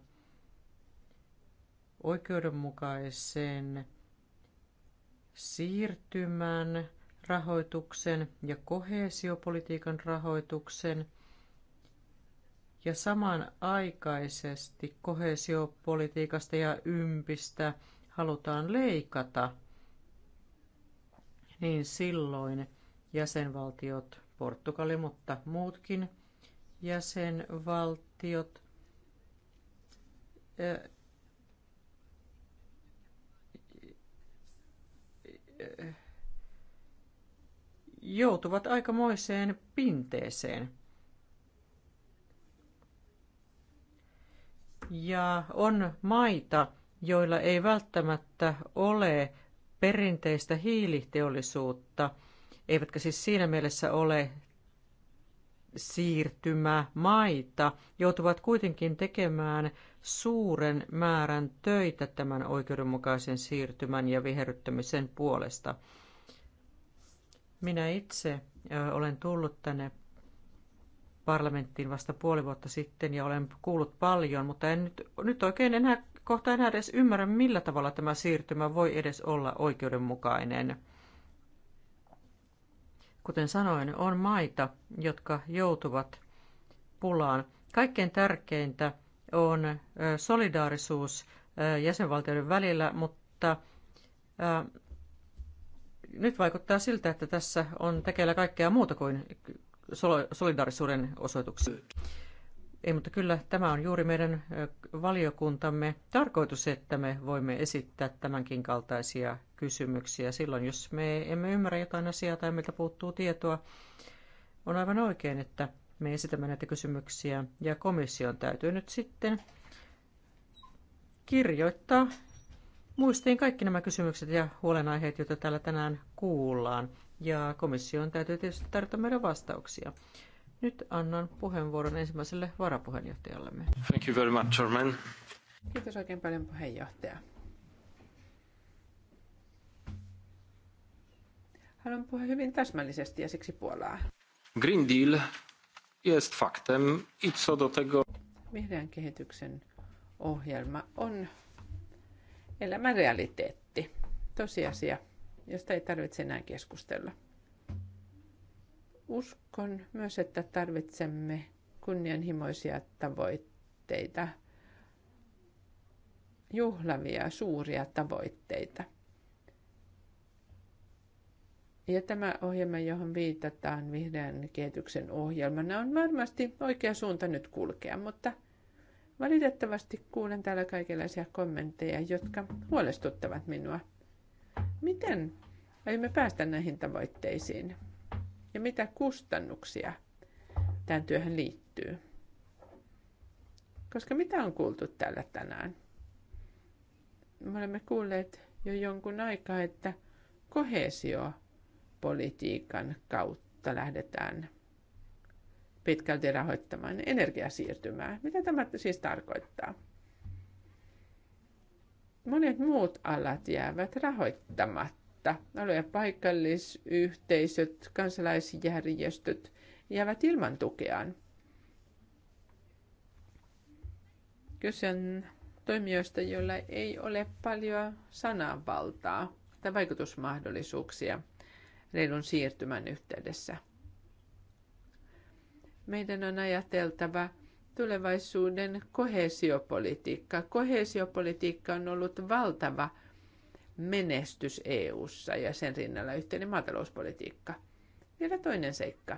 oikeudenmukaisen siirtymän rahoituksen ja kohesiopolitiikan rahoituksen – ja samanaikaisesti kohesiopolitiikasta ja ympistä halutaan leikata, niin silloin jäsenvaltiot, Portugali, mutta muutkin jäsenvaltiot, joutuvat aikamoiseen pinteeseen. Ja on maita, joilla ei välttämättä ole perinteistä hiiliteollisuutta, eivätkä siis siinä mielessä ole siirtymämaita, joutuvat kuitenkin tekemään suuren määrän töitä tämän oikeudenmukaisen siirtymän ja viherryttämisen puolesta. Minä itse olen tullut tänne parlamenttiin vasta puoli vuotta sitten ja olen kuullut paljon, mutta en nyt, nyt oikein enää kohta enää edes ymmärrä, millä tavalla tämä siirtymä voi edes olla oikeudenmukainen. Kuten sanoin, on maita, jotka joutuvat pulaan. Kaikkein tärkeintä on solidaarisuus jäsenvaltioiden välillä, mutta nyt vaikuttaa siltä, että tässä on tekeillä kaikkea muuta kuin solidarisuuden osoituksia. Ei, mutta kyllä tämä on juuri meidän valiokuntamme tarkoitus, että me voimme esittää tämänkin kaltaisia kysymyksiä. Silloin, jos me emme ymmärrä jotain asiaa tai meiltä puuttuu tietoa, on aivan oikein, että me esitämme näitä kysymyksiä ja komission täytyy nyt sitten kirjoittaa muistiin kaikki nämä kysymykset ja huolenaiheet, joita täällä tänään kuullaan ja komission täytyy tietysti tarjota meidän vastauksia. Nyt annan puheenvuoron ensimmäiselle varapuheenjohtajallemme. Thank you very much, Chairman. Kiitos oikein paljon puheenjohtaja. Haluan puhua hyvin täsmällisesti ja siksi puolaa. Green Deal jest faktem i co do tego... Vihreän kehityksen ohjelma on elämän realiteetti, tosiasia – josta ei tarvitse enää keskustella. Uskon myös, että tarvitsemme kunnianhimoisia tavoitteita, juhlavia, suuria tavoitteita. Ja tämä ohjelma, johon viitataan vihreän kehityksen ohjelmana, on varmasti oikea suunta nyt kulkea, mutta valitettavasti kuulen täällä kaikenlaisia kommentteja, jotka huolestuttavat minua – Miten aiomme päästä näihin tavoitteisiin? Ja mitä kustannuksia tämän työhön liittyy? Koska mitä on kuultu täällä tänään? Me olemme kuulleet jo jonkun aikaa, että kohesiopolitiikan kautta lähdetään pitkälti rahoittamaan energiasiirtymää. Mitä tämä siis tarkoittaa? monet muut alat jäävät rahoittamatta. Alue- ja paikallisyhteisöt, kansalaisjärjestöt jäävät ilman tukeaan. Kyse on toimijoista, joilla ei ole paljon sananvaltaa tai vaikutusmahdollisuuksia reilun siirtymän yhteydessä. Meidän on ajateltava tulevaisuuden kohesiopolitiikka. Kohesiopolitiikka on ollut valtava menestys EU:ssa ja sen rinnalla yhteinen maatalouspolitiikka. Vielä toinen seikka.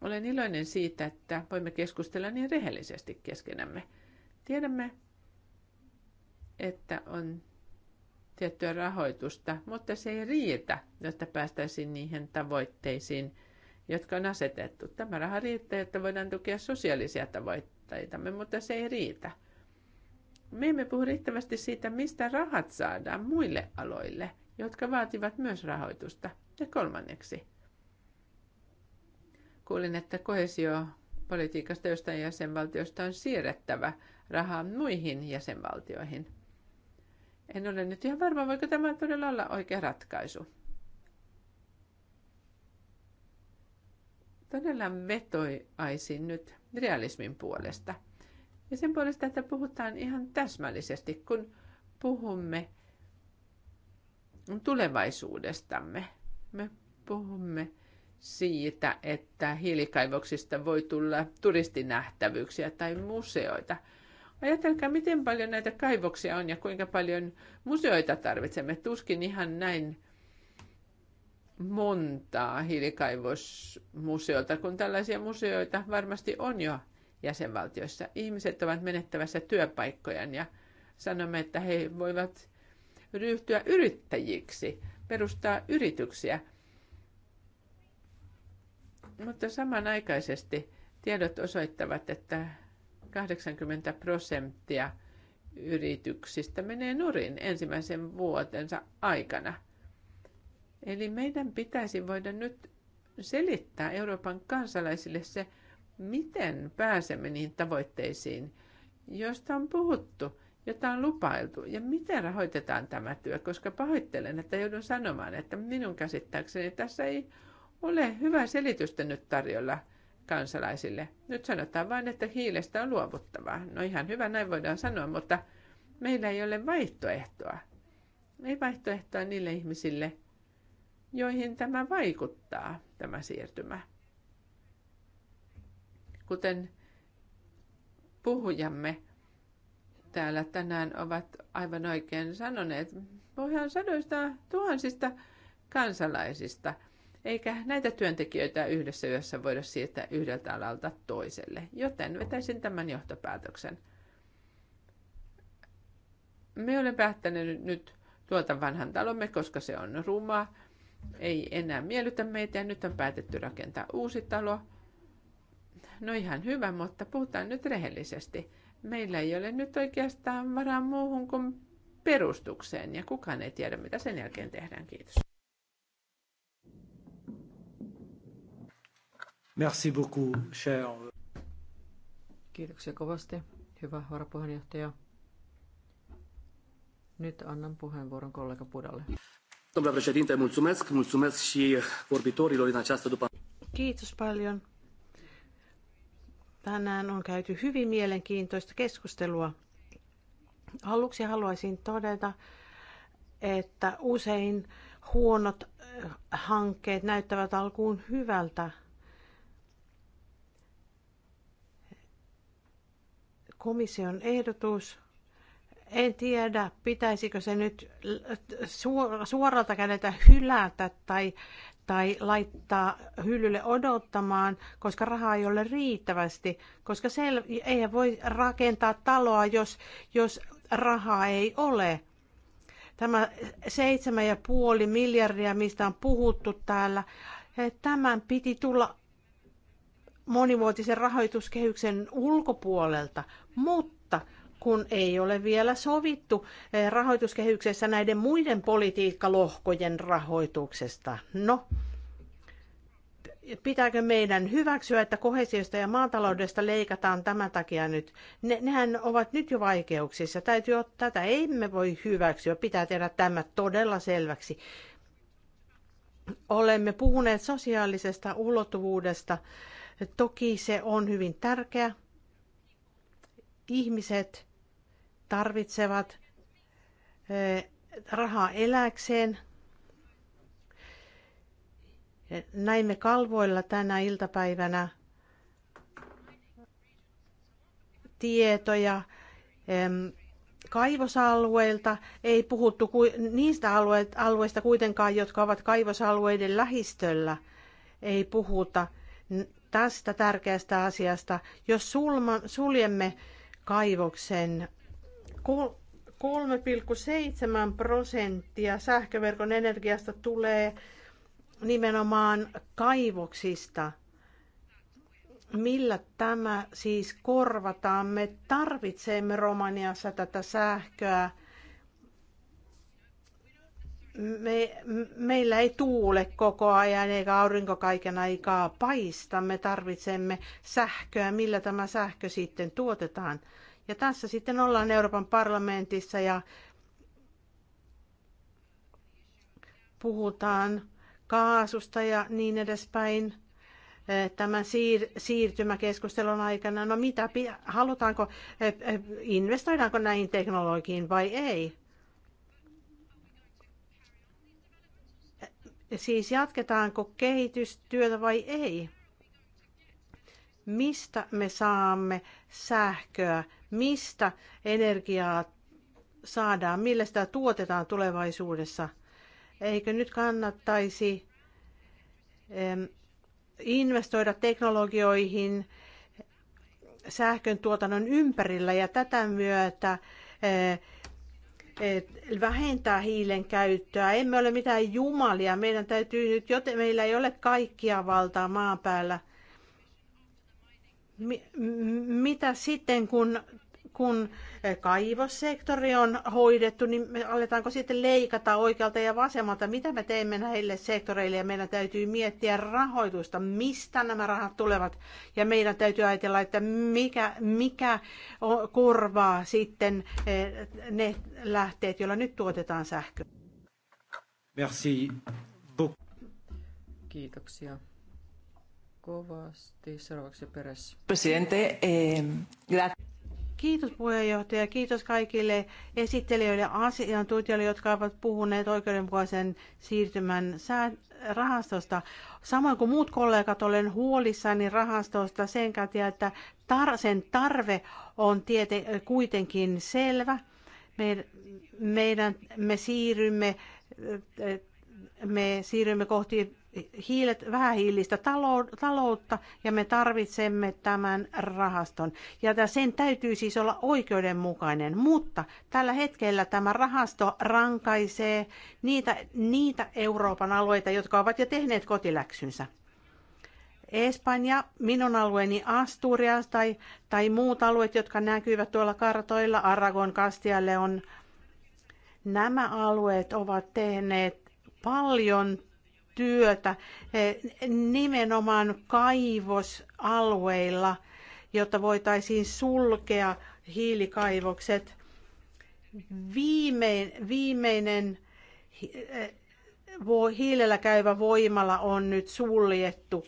Olen iloinen siitä, että voimme keskustella niin rehellisesti keskenämme. Tiedämme, että on tiettyä rahoitusta, mutta se ei riitä, jotta päästäisiin niihin tavoitteisiin – jotka on asetettu. Tämä raha riittää, että voidaan tukea sosiaalisia tavoitteitamme, mutta se ei riitä. Me emme puhu riittävästi siitä, mistä rahat saadaan muille aloille, jotka vaativat myös rahoitusta. Ja kolmanneksi. Kuulin, että kohesiopolitiikasta jostain jäsenvaltiosta on siirrettävä rahaa muihin jäsenvaltioihin. En ole nyt ihan varma, voiko tämä todella olla oikea ratkaisu. todella vetoaisin nyt realismin puolesta. Ja sen puolesta, että puhutaan ihan täsmällisesti, kun puhumme tulevaisuudestamme. Me puhumme siitä, että hiilikaivoksista voi tulla turistinähtävyyksiä tai museoita. Ajatelkaa, miten paljon näitä kaivoksia on ja kuinka paljon museoita tarvitsemme. Tuskin ihan näin montaa hiilikaivosmuseota, kun tällaisia museoita varmasti on jo jäsenvaltioissa. Ihmiset ovat menettävässä työpaikkojaan ja sanomme, että he voivat ryhtyä yrittäjiksi, perustaa yrityksiä. Mutta samanaikaisesti tiedot osoittavat, että 80 prosenttia yrityksistä menee nurin ensimmäisen vuotensa aikana – Eli meidän pitäisi voida nyt selittää Euroopan kansalaisille se, miten pääsemme niihin tavoitteisiin, joista on puhuttu, jota on lupailtu, ja miten rahoitetaan tämä työ, koska pahoittelen, että joudun sanomaan, että minun käsittääkseni tässä ei ole hyvää selitystä nyt tarjolla kansalaisille. Nyt sanotaan vain, että hiilestä on luovuttavaa. No ihan hyvä, näin voidaan sanoa, mutta meillä ei ole vaihtoehtoa. Ei vaihtoehtoa niille ihmisille, joihin tämä vaikuttaa, tämä siirtymä. Kuten puhujamme täällä tänään ovat aivan oikein sanoneet, puhujan sadoista tuhansista kansalaisista, eikä näitä työntekijöitä yhdessä yössä voida siirtää yhdeltä alalta toiselle, joten vetäisin tämän johtopäätöksen. Me olen päättänyt nyt tuota vanhan talomme, koska se on ruma, ei enää miellytä meitä ja nyt on päätetty rakentaa uusi talo. No ihan hyvä, mutta puhutaan nyt rehellisesti. Meillä ei ole nyt oikeastaan varaa muuhun kuin perustukseen ja kukaan ei tiedä, mitä sen jälkeen tehdään. Kiitos. Merci beaucoup, cher. Kiitoksia kovasti, hyvä varapuheenjohtaja. Nyt annan puheenvuoron kollega Pudalle. Domnule președinte, mulțumesc. Mulțumesc și vorbitorilor în această după... Kiitos paljon. Tänään on käyty hyvin mielenkiintoista keskustelua. Aluksi haluaisin todeta, että usein huonot äh, hankkeet näyttävät alkuun hyvältä. Komission ehdotus en tiedä, pitäisikö se nyt suoralta kädeltä hylätä tai, tai laittaa hyllylle odottamaan, koska rahaa ei ole riittävästi, koska sel- ei voi rakentaa taloa, jos, jos rahaa ei ole. Tämä 7,5 miljardia, mistä on puhuttu täällä, eh, tämän piti tulla monivuotisen rahoituskehyksen ulkopuolelta, mutta – kun ei ole vielä sovittu eh, rahoituskehyksessä näiden muiden politiikkalohkojen rahoituksesta. No, pitääkö meidän hyväksyä, että kohesiosta ja maataloudesta leikataan tämän takia nyt? Ne, nehän ovat nyt jo vaikeuksissa. Täytyy ottaa, tätä emme voi hyväksyä. Pitää tehdä tämä todella selväksi. Olemme puhuneet sosiaalisesta ulottuvuudesta. Toki se on hyvin tärkeä. Ihmiset tarvitsevat eh, rahaa eläkseen. Näimme kalvoilla tänä iltapäivänä tietoja kaivosalueilta. Ei puhuttu niistä alueista kuitenkaan, jotka ovat kaivosalueiden lähistöllä. Ei puhuta tästä tärkeästä asiasta. Jos suljemme kaivoksen 3,7 prosenttia sähköverkon energiasta tulee nimenomaan kaivoksista. Millä tämä siis korvataan? Me tarvitsemme Romaniassa tätä sähköä. Me, meillä ei tuule koko ajan eikä aurinko kaiken aikaa paista. Me tarvitsemme sähköä. Millä tämä sähkö sitten tuotetaan? Ja tässä sitten ollaan Euroopan parlamentissa ja puhutaan kaasusta ja niin edespäin eh, tämän siir- siirtymäkeskustelun aikana. No mitä, halutaanko, eh, eh, investoidaanko näihin teknologiin vai ei? Siis jatketaanko kehitystyötä vai ei? Mistä me saamme sähköä mistä energiaa saadaan, millä sitä tuotetaan tulevaisuudessa. Eikö nyt kannattaisi investoida teknologioihin sähkön tuotannon ympärillä ja tätä myötä eh, eh, vähentää hiilen käyttöä. Emme ole mitään jumalia. Meidän täytyy nyt, joten meillä ei ole kaikkia valtaa maan päällä mitä sitten, kun, kun kaivossektori on hoidettu, niin me aletaanko sitten leikata oikealta ja vasemmalta? Mitä me teemme näille sektoreille? Ja meidän täytyy miettiä rahoitusta, mistä nämä rahat tulevat. Ja meidän täytyy ajatella, että mikä, mikä korvaa sitten eh, ne lähteet, joilla nyt tuotetaan sähkö? Merci. Kiitoksia kovasti. Seuraavaksi perässä. Presidente, eh, Kiitos puheenjohtaja. Kiitos kaikille esittelijöille ja asiantuntijoille, jotka ovat puhuneet oikeudenmukaisen siirtymän rahastosta. Samoin kuin muut kollegat, olen huolissani rahastosta sen kautta, että tar- sen tarve on tiete- kuitenkin selvä. Me, meidän, me siirrymme eh, eh, me siirrymme kohti hiilet, vähähiilistä taloutta ja me tarvitsemme tämän rahaston. Ja sen täytyy siis olla oikeudenmukainen, mutta tällä hetkellä tämä rahasto rankaisee niitä, niitä Euroopan alueita, jotka ovat jo tehneet kotiläksynsä. Espanja, minun alueeni Asturias tai, tai muut alueet, jotka näkyvät tuolla kartoilla, Aragon, Kastialle on, nämä alueet ovat tehneet paljon työtä eh, nimenomaan kaivosalueilla, jotta voitaisiin sulkea hiilikaivokset. Viimein, viimeinen eh, hiilellä käyvä voimala on nyt suljettu.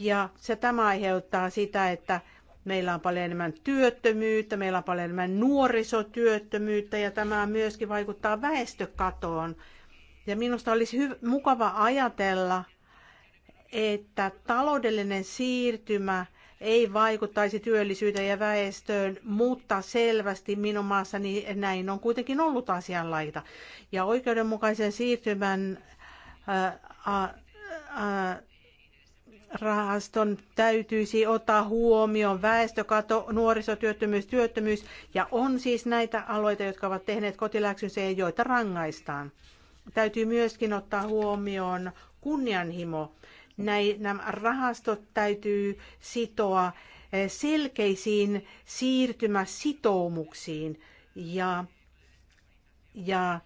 Ja se tämä aiheuttaa sitä, että meillä on paljon enemmän työttömyyttä, meillä on paljon enemmän nuorisotyöttömyyttä ja tämä myöskin vaikuttaa väestökatoon. Ja minusta olisi mukava ajatella, että taloudellinen siirtymä ei vaikuttaisi työllisyyteen ja väestöön, mutta selvästi minun maassani näin on kuitenkin ollut asianlaita. Ja oikeudenmukaisen siirtymän ää, äh, ää, äh, äh, rahaston täytyisi ottaa huomioon väestökato, nuorisotyöttömyys, työttömyys ja on siis näitä aloita, jotka ovat tehneet kotiläksynsä ja joita rangaistaan täytyy myöskin ottaa huomioon kunnianhimo. Nämä rahastot täytyy sitoa eh, selkeisiin siirtymäsitoumuksiin ja, ja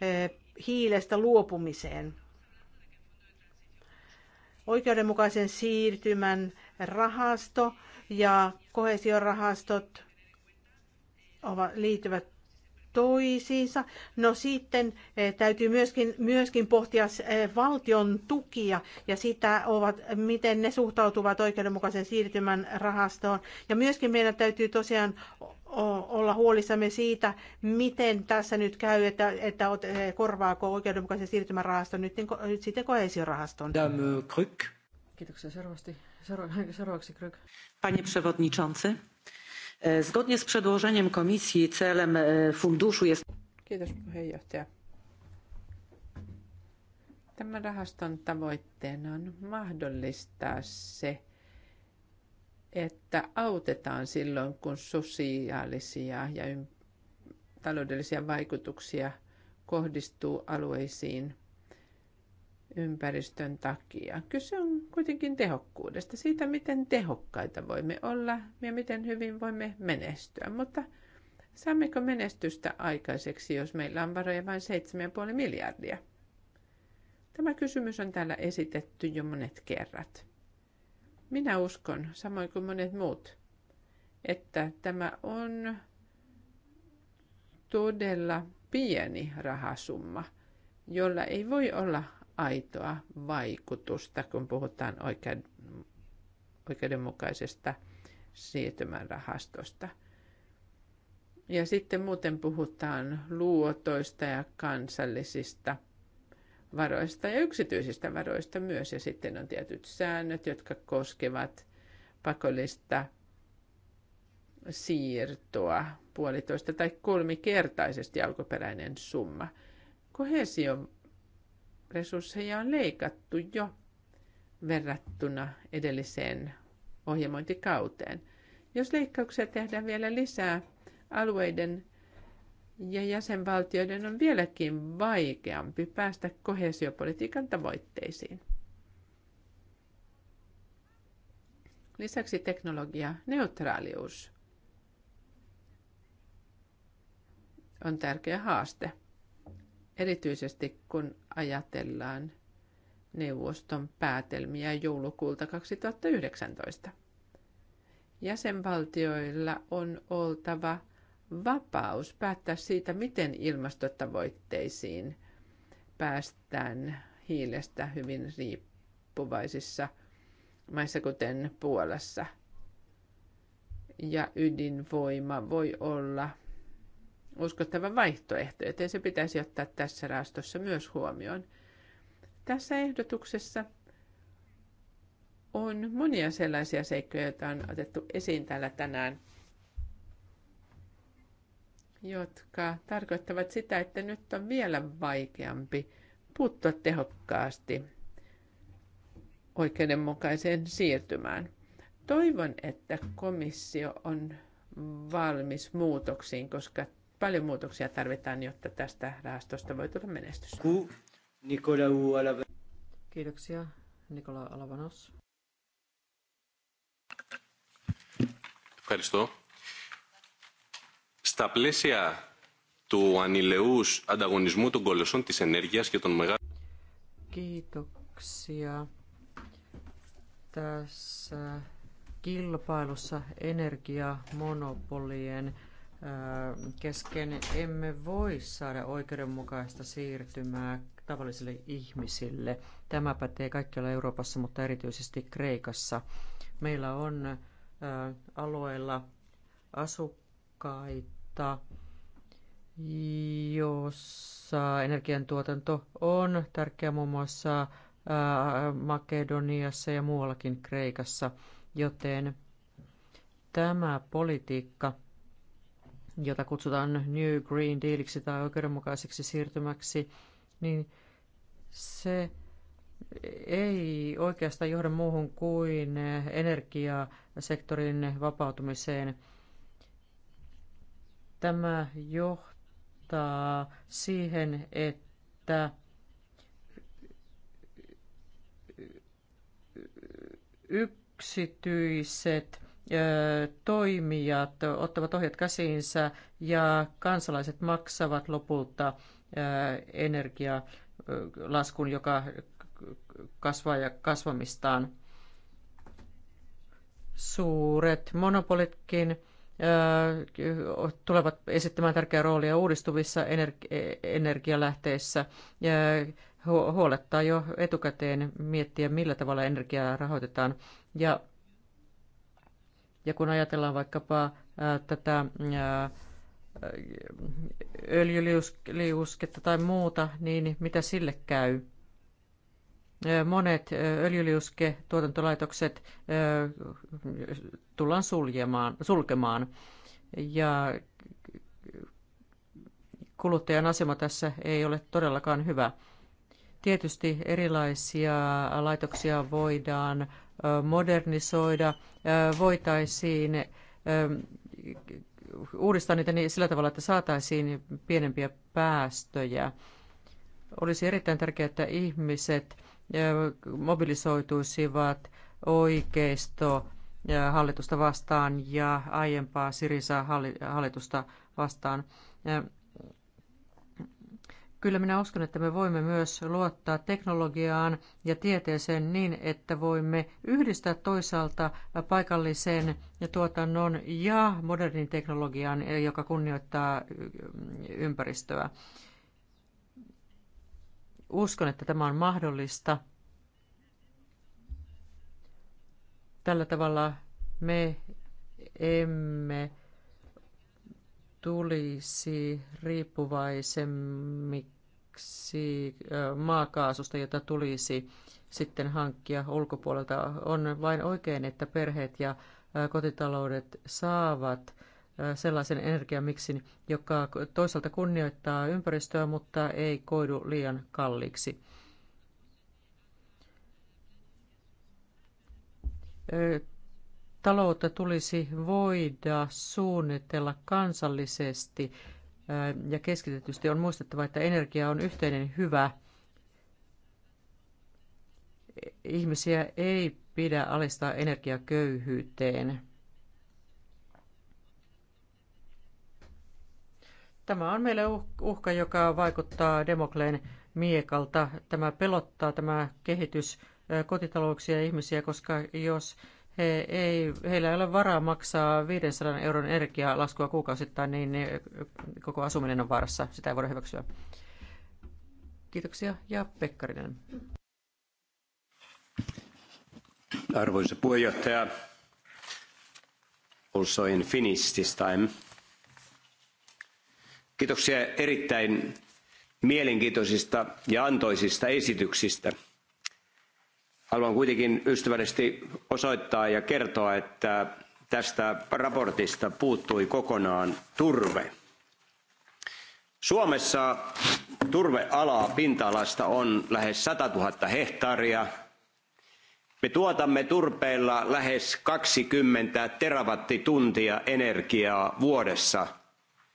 eh, hiilestä luopumiseen. Oikeudenmukaisen siirtymän rahasto ja kohesiorahastot liittyvät toisiinsa. No sitten eh, täytyy myöskin, myöskin pohtia eh, valtion tukia ja sitä, ovat, miten ne suhtautuvat oikeudenmukaisen siirtymän rahastoon. Ja myöskin meidän täytyy tosiaan olla huolissamme siitä, miten tässä nyt käy, että, että eh, korvaako oikeudenmukaisen siirtymän rahaston nyt, niin nyt sitten kohesiorahaston. Kiitoksia *laughs* seuraavaksi. Seuraavaksi Kryk. Panie przewodniczący. E, zgodnie z przedłożeniem komisji celem e, funduszu jest... Kiitos puheenjohtaja. Tämän rahaston tavoitteena on mahdollistaa se, että autetaan silloin, kun sosiaalisia ja taloudellisia vaikutuksia kohdistuu alueisiin, ympäristön takia. Kyse on kuitenkin tehokkuudesta, siitä miten tehokkaita voimme olla ja miten hyvin voimme menestyä. Mutta saammeko menestystä aikaiseksi, jos meillä on varoja vain 7,5 miljardia? Tämä kysymys on täällä esitetty jo monet kerrat. Minä uskon, samoin kuin monet muut, että tämä on todella pieni rahasumma, jolla ei voi olla aitoa vaikutusta, kun puhutaan oikeudenmukaisesta siirtymän rahastosta. Ja sitten muuten puhutaan luotoista ja kansallisista varoista ja yksityisistä varoista myös. Ja sitten on tietyt säännöt, jotka koskevat pakollista siirtoa puolitoista tai kolmikertaisesti alkuperäinen summa. Kohesio resursseja on leikattu jo verrattuna edelliseen ohjelmointikauteen. Jos leikkauksia tehdään vielä lisää, alueiden ja jäsenvaltioiden on vieläkin vaikeampi päästä kohesiopolitiikan tavoitteisiin. Lisäksi teknologia neutraalius on tärkeä haaste erityisesti kun ajatellaan neuvoston päätelmiä joulukuulta 2019. Jäsenvaltioilla on oltava vapaus päättää siitä, miten ilmastotavoitteisiin päästään hiilestä hyvin riippuvaisissa maissa, kuten Puolassa. Ja ydinvoima voi olla – uskottava vaihtoehto, joten se pitäisi ottaa tässä raastossa myös huomioon. Tässä ehdotuksessa on monia sellaisia seikkoja, joita on otettu esiin täällä tänään, jotka tarkoittavat sitä, että nyt on vielä vaikeampi puuttua tehokkaasti oikeudenmukaiseen siirtymään. Toivon, että komissio on valmis muutoksiin, koska Paljon muutoksia tarvitaan, jotta tästä rahastosta voi tulla menestys. Kiitoksia, Nikola Alavanos. Ευχαριστώ. Στα πλαίσια του ανηλεούς ανταγωνισμού των κολοσσών της ενέργειας και των μεγάλων... Kiitoksia. Tässä kilpailussa energiamonopolien kesken emme voi saada oikeudenmukaista siirtymää tavallisille ihmisille. Tämä pätee kaikkialla Euroopassa, mutta erityisesti Kreikassa. Meillä on alueella asukkaita, jossa energiantuotanto on tärkeä muun muassa Makedoniassa ja muuallakin Kreikassa, joten tämä politiikka jota kutsutaan New Green Dealiksi tai oikeudenmukaiseksi siirtymäksi, niin se ei oikeastaan johda muuhun kuin energiasektorin vapautumiseen. Tämä johtaa siihen, että yksityiset toimijat ottavat ohjat käsiinsä ja kansalaiset maksavat lopulta energialaskun, joka kasvaa ja kasvamistaan. Suuret monopolitkin tulevat esittämään tärkeää roolia uudistuvissa energialähteissä. Huolettaa jo etukäteen miettiä, millä tavalla energiaa rahoitetaan. Ja ja kun ajatellaan vaikkapa ää, tätä ää, öljyliusketta tai muuta, niin mitä sille käy? Monet öljyliusketuotantolaitokset tullaan suljemaan, sulkemaan. Ja kuluttajan asema tässä ei ole todellakaan hyvä. Tietysti erilaisia laitoksia voidaan modernisoida, voitaisiin uudistaa niitä niin sillä tavalla, että saataisiin pienempiä päästöjä. Olisi erittäin tärkeää, että ihmiset mobilisoituisivat oikeisto hallitusta vastaan ja aiempaa Sirisa hallitusta vastaan. Kyllä minä uskon, että me voimme myös luottaa teknologiaan ja tieteeseen niin, että voimme yhdistää toisaalta paikallisen tuotannon ja modernin teknologian, joka kunnioittaa ympäristöä. Uskon, että tämä on mahdollista. Tällä tavalla me emme tulisi riippuvaisemmiksi maakaasusta, jota tulisi sitten hankkia ulkopuolelta. On vain oikein, että perheet ja kotitaloudet saavat sellaisen energiamiksin, joka toisaalta kunnioittaa ympäristöä, mutta ei koidu liian kalliiksi taloutta tulisi voida suunnitella kansallisesti ja keskitetysti. On muistettava, että energia on yhteinen hyvä. Ihmisiä ei pidä alistaa energiaköyhyyteen. Tämä on meille uh-, uhka, joka vaikuttaa Demokleen miekalta. Tämä pelottaa tämä kehitys kotitalouksia ja ihmisiä, koska jos he, ei, heillä ei ole varaa maksaa 500 euron energialaskua kuukausittain, niin, niin koko asuminen on vaarassa. Sitä ei voida hyväksyä. Kiitoksia. Ja Pekkarinen. Arvoisa puheenjohtaja, also in Finnish this time. Kiitoksia erittäin mielenkiintoisista ja antoisista esityksistä – Haluan kuitenkin ystävällisesti osoittaa ja kertoa, että tästä raportista puuttui kokonaan turve. Suomessa turvealaa pinta-alasta on lähes 100 000 hehtaaria. Me tuotamme turpeella lähes 20 terawattituntia energiaa vuodessa.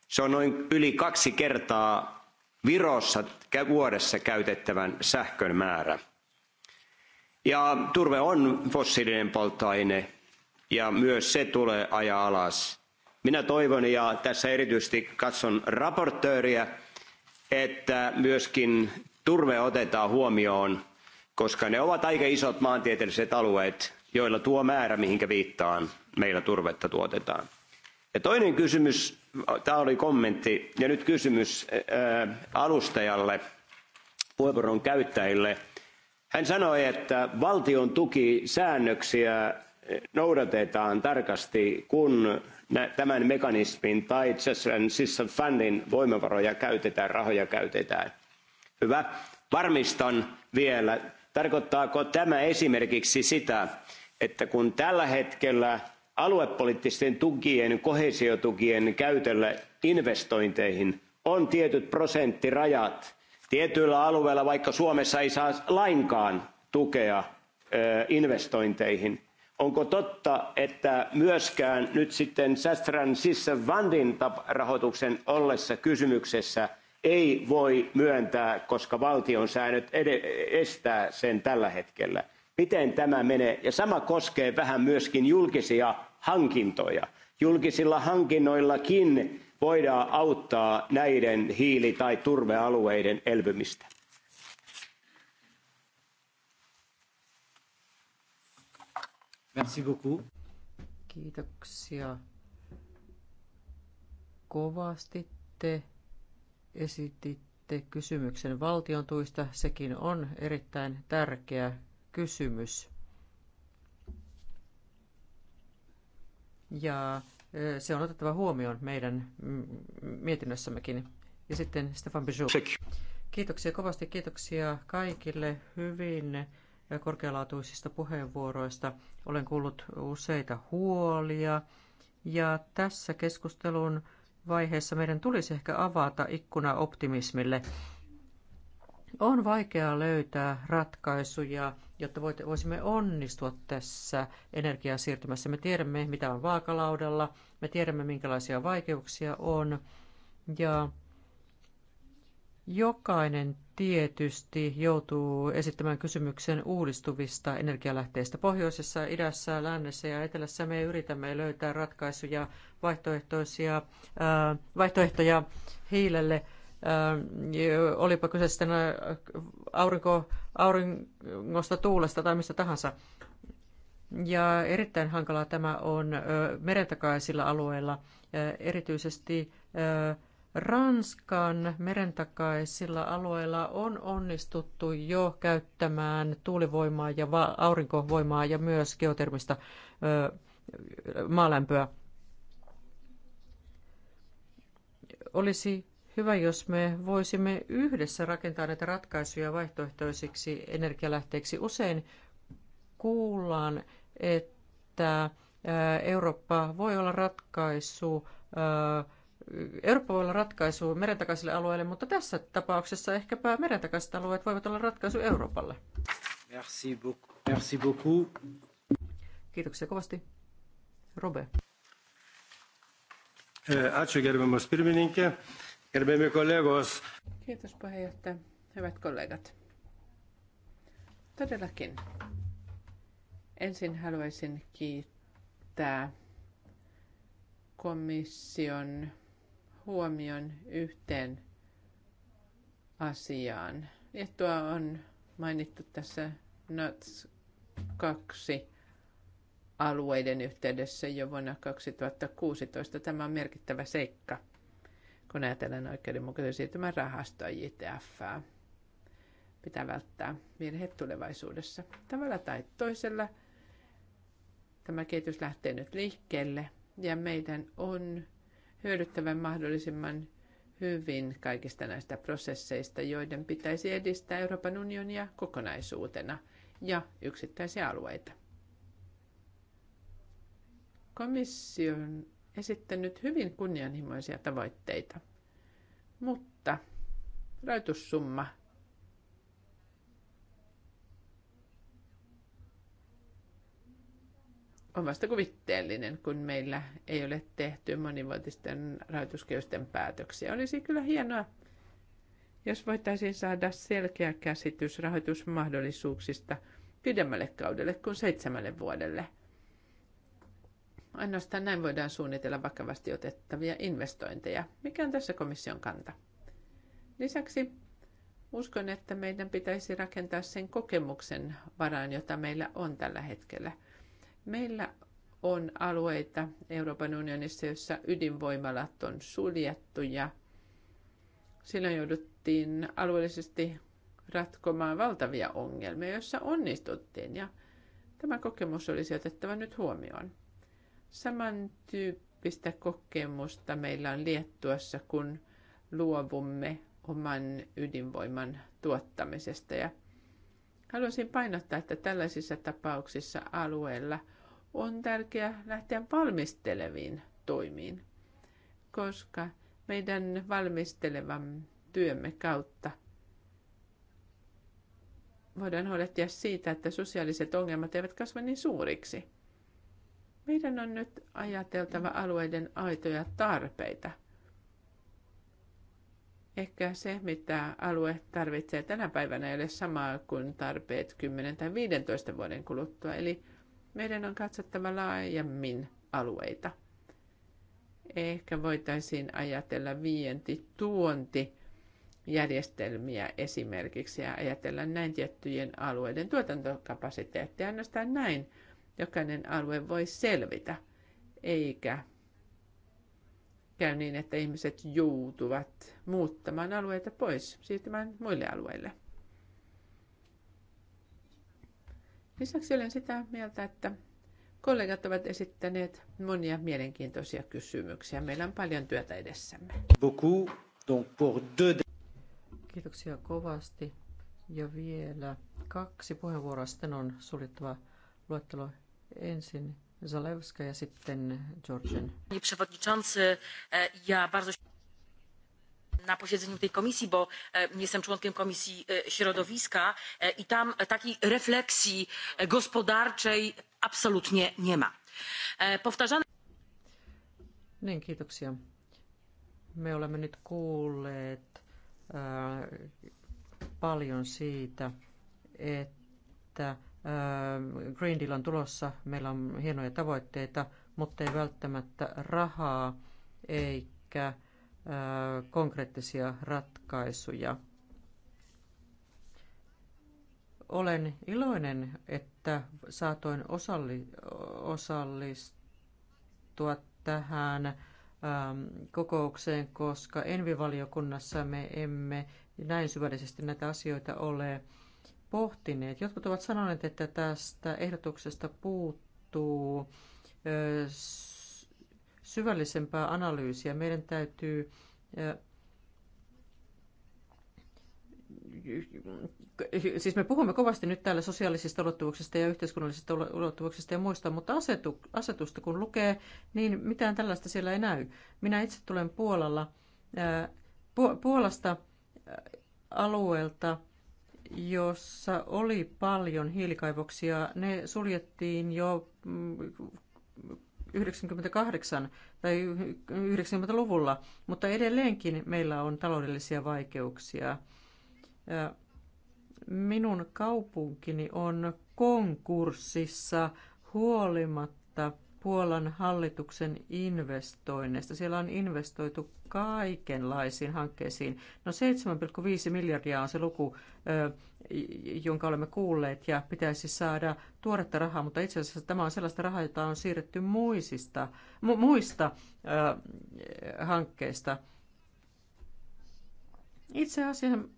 Se on noin yli kaksi kertaa Virossa vuodessa käytettävän sähkön määrä. Ja turve on fossiilinen polttoaine ja myös se tulee ajaa alas. Minä toivon ja tässä erityisesti katson raportööriä, että myöskin turve otetaan huomioon, koska ne ovat aika isot maantieteelliset alueet, joilla tuo määrä, mihinkä viittaan, meillä turvetta tuotetaan. Ja toinen kysymys, tämä oli kommentti, ja nyt kysymys ää, alustajalle, puheenvuoron käyttäjille – hän sanoi että valtion tukisäännöksiä noudatetaan tarkasti kun tämän mekanismin tai just and system fundin voimavaroja käytetään rahoja käytetään. hyvä varmistan vielä tarkoittaako tämä esimerkiksi sitä että kun tällä hetkellä aluepoliittisten tukien koheesiotukien käytölle investointeihin on tietyt prosenttirajat Tietyillä alueilla, vaikka Suomessa ei saa lainkaan tukea investointeihin, onko totta, että myöskään nyt sitten Sastran Sissävandin rahoituksen ollessa kysymyksessä ei voi myöntää, koska valtion säännöt estää sen tällä hetkellä. Miten tämä menee? Ja sama koskee vähän myöskin julkisia hankintoja. Julkisilla hankinnoillakin voidaan auttaa näiden hiili- tai turvealueiden elpymistä. Merci beaucoup. Kiitoksia kovasti te esititte kysymyksen valtion tuista. Sekin on erittäin tärkeä kysymys. Ja se on otettava huomioon meidän mietinnössämmekin. Ja sitten Stefan Bijou. Kiitoksia kovasti, kiitoksia kaikille hyvin korkealaatuisista puheenvuoroista. Olen kuullut useita huolia ja tässä keskustelun vaiheessa meidän tulisi ehkä avata ikkuna optimismille. On vaikeaa löytää ratkaisuja, jotta voisimme onnistua tässä energiasiirtymässä. Me tiedämme, mitä on vaakalaudalla, me tiedämme, minkälaisia vaikeuksia on. Ja jokainen tietysti joutuu esittämään kysymyksen uudistuvista energialähteistä. Pohjoisessa, idässä, lännessä ja etelässä me yritämme löytää ratkaisuja, vaihtoehtoisia, vaihtoehtoja hiilelle – olipa kyse sitten aurinko, auringosta, tuulesta tai mistä tahansa. Ja erittäin hankalaa tämä on merentakaisilla alueilla, erityisesti Ranskan merentakaisilla alueilla on onnistuttu jo käyttämään tuulivoimaa ja aurinkovoimaa ja myös geotermista maalämpöä. Olisi hyvä, jos me voisimme yhdessä rakentaa näitä ratkaisuja vaihtoehtoisiksi energialähteiksi. Usein kuullaan, että Eurooppa voi olla ratkaisu Eurooppa voi olla ratkaisu merentakaisille alueille, mutta tässä tapauksessa ehkäpä merentakaiset alueet voivat olla ratkaisu Euroopalle. Merci beaucoup. Merci beaucoup. Kiitoksia kovasti. Robe. Ačiū gerbiamas pirmininkė. Kiitos puheenjohtaja. Hyvät kollegat. Todellakin. Ensin haluaisin kiittää komission huomion yhteen asiaan. Liettua on mainittu tässä NUTS 2 alueiden yhteydessä jo vuonna 2016. Tämä on merkittävä seikka kun ajatellaan oikeudenmukaisen siirtymän rahastoa JTF. Pitää välttää virheet tulevaisuudessa. Tavalla tai toisella tämä kehitys lähtee nyt liikkeelle ja meidän on hyödyttävä mahdollisimman hyvin kaikista näistä prosesseista, joiden pitäisi edistää Euroopan unionia kokonaisuutena ja yksittäisiä alueita. Komission esittänyt hyvin kunnianhimoisia tavoitteita, mutta rajoitussumma on vasta kuvitteellinen, kun meillä ei ole tehty monivuotisten rahoituskehysten päätöksiä. Olisi kyllä hienoa, jos voitaisiin saada selkeä käsitys rahoitusmahdollisuuksista pidemmälle kaudelle kuin seitsemälle vuodelle – Ainoastaan näin voidaan suunnitella vakavasti otettavia investointeja. Mikä on tässä komission kanta? Lisäksi uskon, että meidän pitäisi rakentaa sen kokemuksen varaan, jota meillä on tällä hetkellä. Meillä on alueita Euroopan unionissa, joissa ydinvoimalat on suljettu ja silloin jouduttiin alueellisesti ratkomaan valtavia ongelmia, joissa onnistuttiin ja tämä kokemus olisi otettava nyt huomioon. Samantyyppistä kokemusta meillä on Liettuassa, kun luovumme oman ydinvoiman tuottamisesta. Ja haluaisin painottaa, että tällaisissa tapauksissa alueella on tärkeää lähteä valmisteleviin toimiin, koska meidän valmistelevan työmme kautta voidaan huolehtia siitä, että sosiaaliset ongelmat eivät kasva niin suuriksi. Meidän on nyt ajateltava alueiden aitoja tarpeita. Ehkä se, mitä alue tarvitsee tänä päivänä, ei ole samaa kuin tarpeet 10 tai 15 vuoden kuluttua. Eli meidän on katsottava laajemmin alueita. Ehkä voitaisiin ajatella vienti-tuonti järjestelmiä esimerkiksi ja ajatella näin tiettyjen alueiden tuotantokapasiteettia ainoastaan näin – jokainen alue voi selvitä, eikä käy niin, että ihmiset joutuvat muuttamaan alueita pois, siirtymään muille alueille. Lisäksi olen sitä mieltä, että kollegat ovat esittäneet monia mielenkiintoisia kysymyksiä. Meillä on paljon työtä edessämme. Kiitoksia kovasti. Ja vielä kaksi puheenvuoroa. Sitten on suljettava luettelo Ensin Zalewska ja sitten Georgian. przewodniczący, e, ja bardzo na posiedzeniu tej komisji bo e, jestem członkiem komisji e, środowiska i tam takiej refleksji gospodarczej absolutnie nie ma. Powtarzane... Niin, kiitoksia. Me olemme nyt kuulleet äh, paljon siitä, että Äh, Green Deal on tulossa, meillä on hienoja tavoitteita, mutta ei välttämättä rahaa eikä äh, konkreettisia ratkaisuja. Olen iloinen, että saatoin osalli, osallistua tähän ähm, kokoukseen, koska Envivaliokunnassa me emme näin syvällisesti näitä asioita ole pohtineet. Jotkut ovat sanoneet, että tästä ehdotuksesta puuttuu syvällisempää analyysiä. Meidän täytyy siis me puhumme kovasti nyt täällä sosiaalisista ulottuvuuksista ja yhteiskunnallisista ulottuvuuksista ja muista, mutta asetu, asetusta kun lukee, niin mitään tällaista siellä ei näy. Minä itse tulen Puolalla, Puolasta alueelta, jossa oli paljon hiilikaivoksia, ne suljettiin jo 98 mm, tai 90-luvulla, mutta edelleenkin meillä on taloudellisia vaikeuksia. Minun kaupunkini on konkurssissa huolimatta Puolan hallituksen investoinneista. Siellä on investoitu kaikenlaisiin hankkeisiin. No 7,5 miljardia on se luku, jonka olemme kuulleet, ja pitäisi saada tuoretta rahaa, mutta itse asiassa tämä on sellaista rahaa, jota on siirretty muisista, mu- muista äh, hankkeista. Itse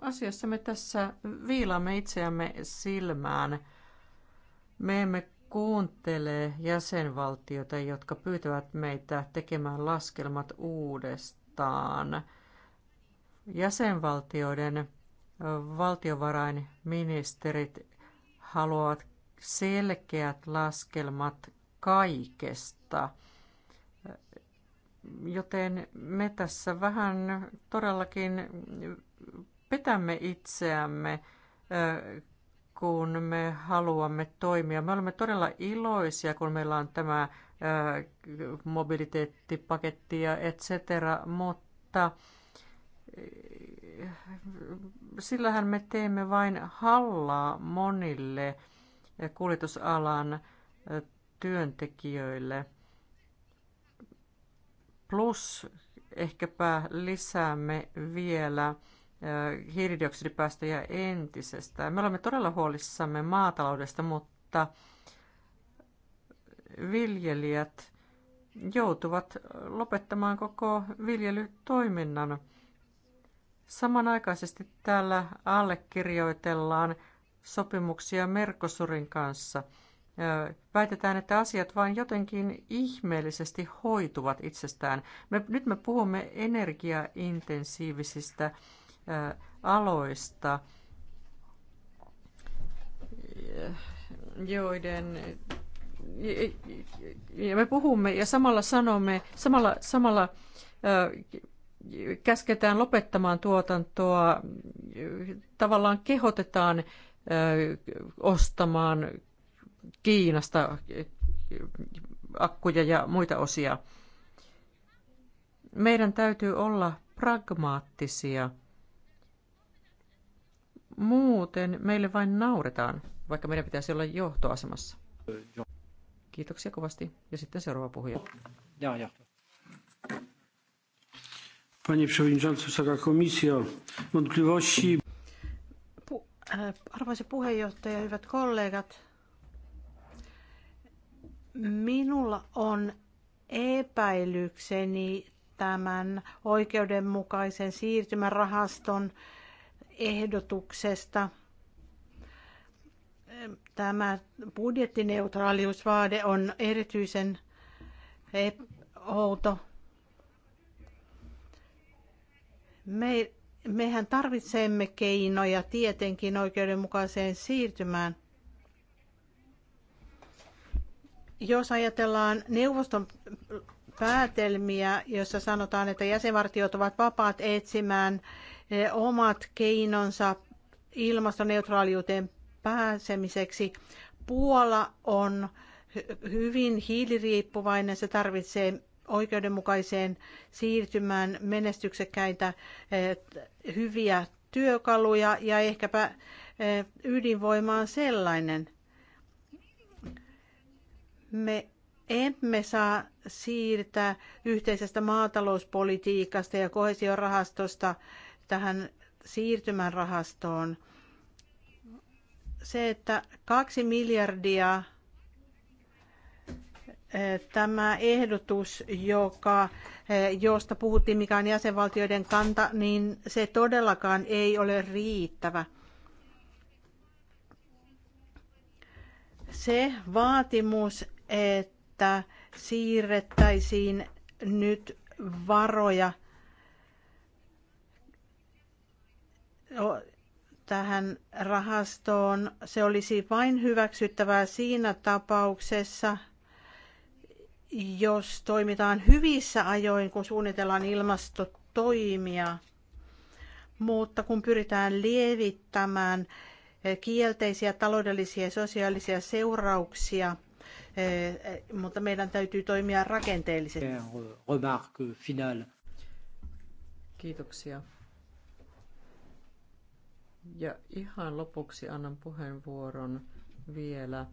asiassa me tässä viilaamme itseämme silmään. Me emme kuuntelee jäsenvaltioita, jotka pyytävät meitä tekemään laskelmat uudestaan. Jäsenvaltioiden valtiovarainministerit haluavat selkeät laskelmat kaikesta. Joten me tässä vähän todellakin petämme itseämme kun me haluamme toimia. Me olemme todella iloisia, kun meillä on tämä ää, mobiliteettipaketti ja et cetera, mutta sillähän me teemme vain hallaa monille kuljetusalan työntekijöille. Plus ehkäpä lisäämme vielä hiilidioksidipäästöjä entisestään. Me olemme todella huolissamme maataloudesta, mutta viljelijät joutuvat lopettamaan koko viljelytoiminnan. Samanaikaisesti täällä allekirjoitellaan sopimuksia Merkosurin kanssa. Väitetään, että asiat vain jotenkin ihmeellisesti hoituvat itsestään. Me, nyt me puhumme energiaintensiivisistä aloista, joiden ja me puhumme ja samalla sanomme, samalla, samalla käsketään lopettamaan tuotantoa, tavallaan kehotetaan ostamaan Kiinasta akkuja ja muita osia. Meidän täytyy olla pragmaattisia – Muuten meille vain nauretaan, vaikka meidän pitäisi olla johtoasemassa. Kiitoksia kovasti. Ja sitten seuraava puhuja. Ja, ja. Panie przewodniczący, Wysoka Komisja, wątpliwości. Pu- e, arvoisa puheenjohtaja, hyvät kollegat. Minulla on epäilykseni tämän oikeudenmukaisen siirtymän rahaston ehdotuksesta. Tämä budjettineutraaliusvaade on erityisen outo. Me, mehän tarvitsemme keinoja tietenkin oikeudenmukaiseen siirtymään. Jos ajatellaan neuvoston päätelmiä, joissa sanotaan, että jäsenvartiot ovat vapaat etsimään Eh, omat keinonsa ilmastoneutraaliuteen pääsemiseksi. Puola on hyvin hiiliriippuvainen, se tarvitsee oikeudenmukaiseen siirtymään menestyksekkäitä eh, hyviä työkaluja ja ehkäpä eh, ydinvoima on sellainen. Me emme saa siirtää yhteisestä maatalouspolitiikasta ja kohesiorahastosta rahastosta tähän siirtymän rahastoon. Se, että kaksi miljardia eh, tämä ehdotus, joka, eh, josta puhuttiin, mikä on jäsenvaltioiden kanta, niin se todellakaan ei ole riittävä. Se vaatimus, että siirrettäisiin nyt varoja – tähän rahastoon. Se olisi vain hyväksyttävää siinä tapauksessa, jos toimitaan hyvissä ajoin, kun suunnitellaan ilmastotoimia. Mutta kun pyritään lievittämään eh, kielteisiä taloudellisia ja sosiaalisia seurauksia, eh, mutta meidän täytyy toimia rakenteellisesti. Kiitoksia. Ja ihan lopuksi annan puheenvuoron vielä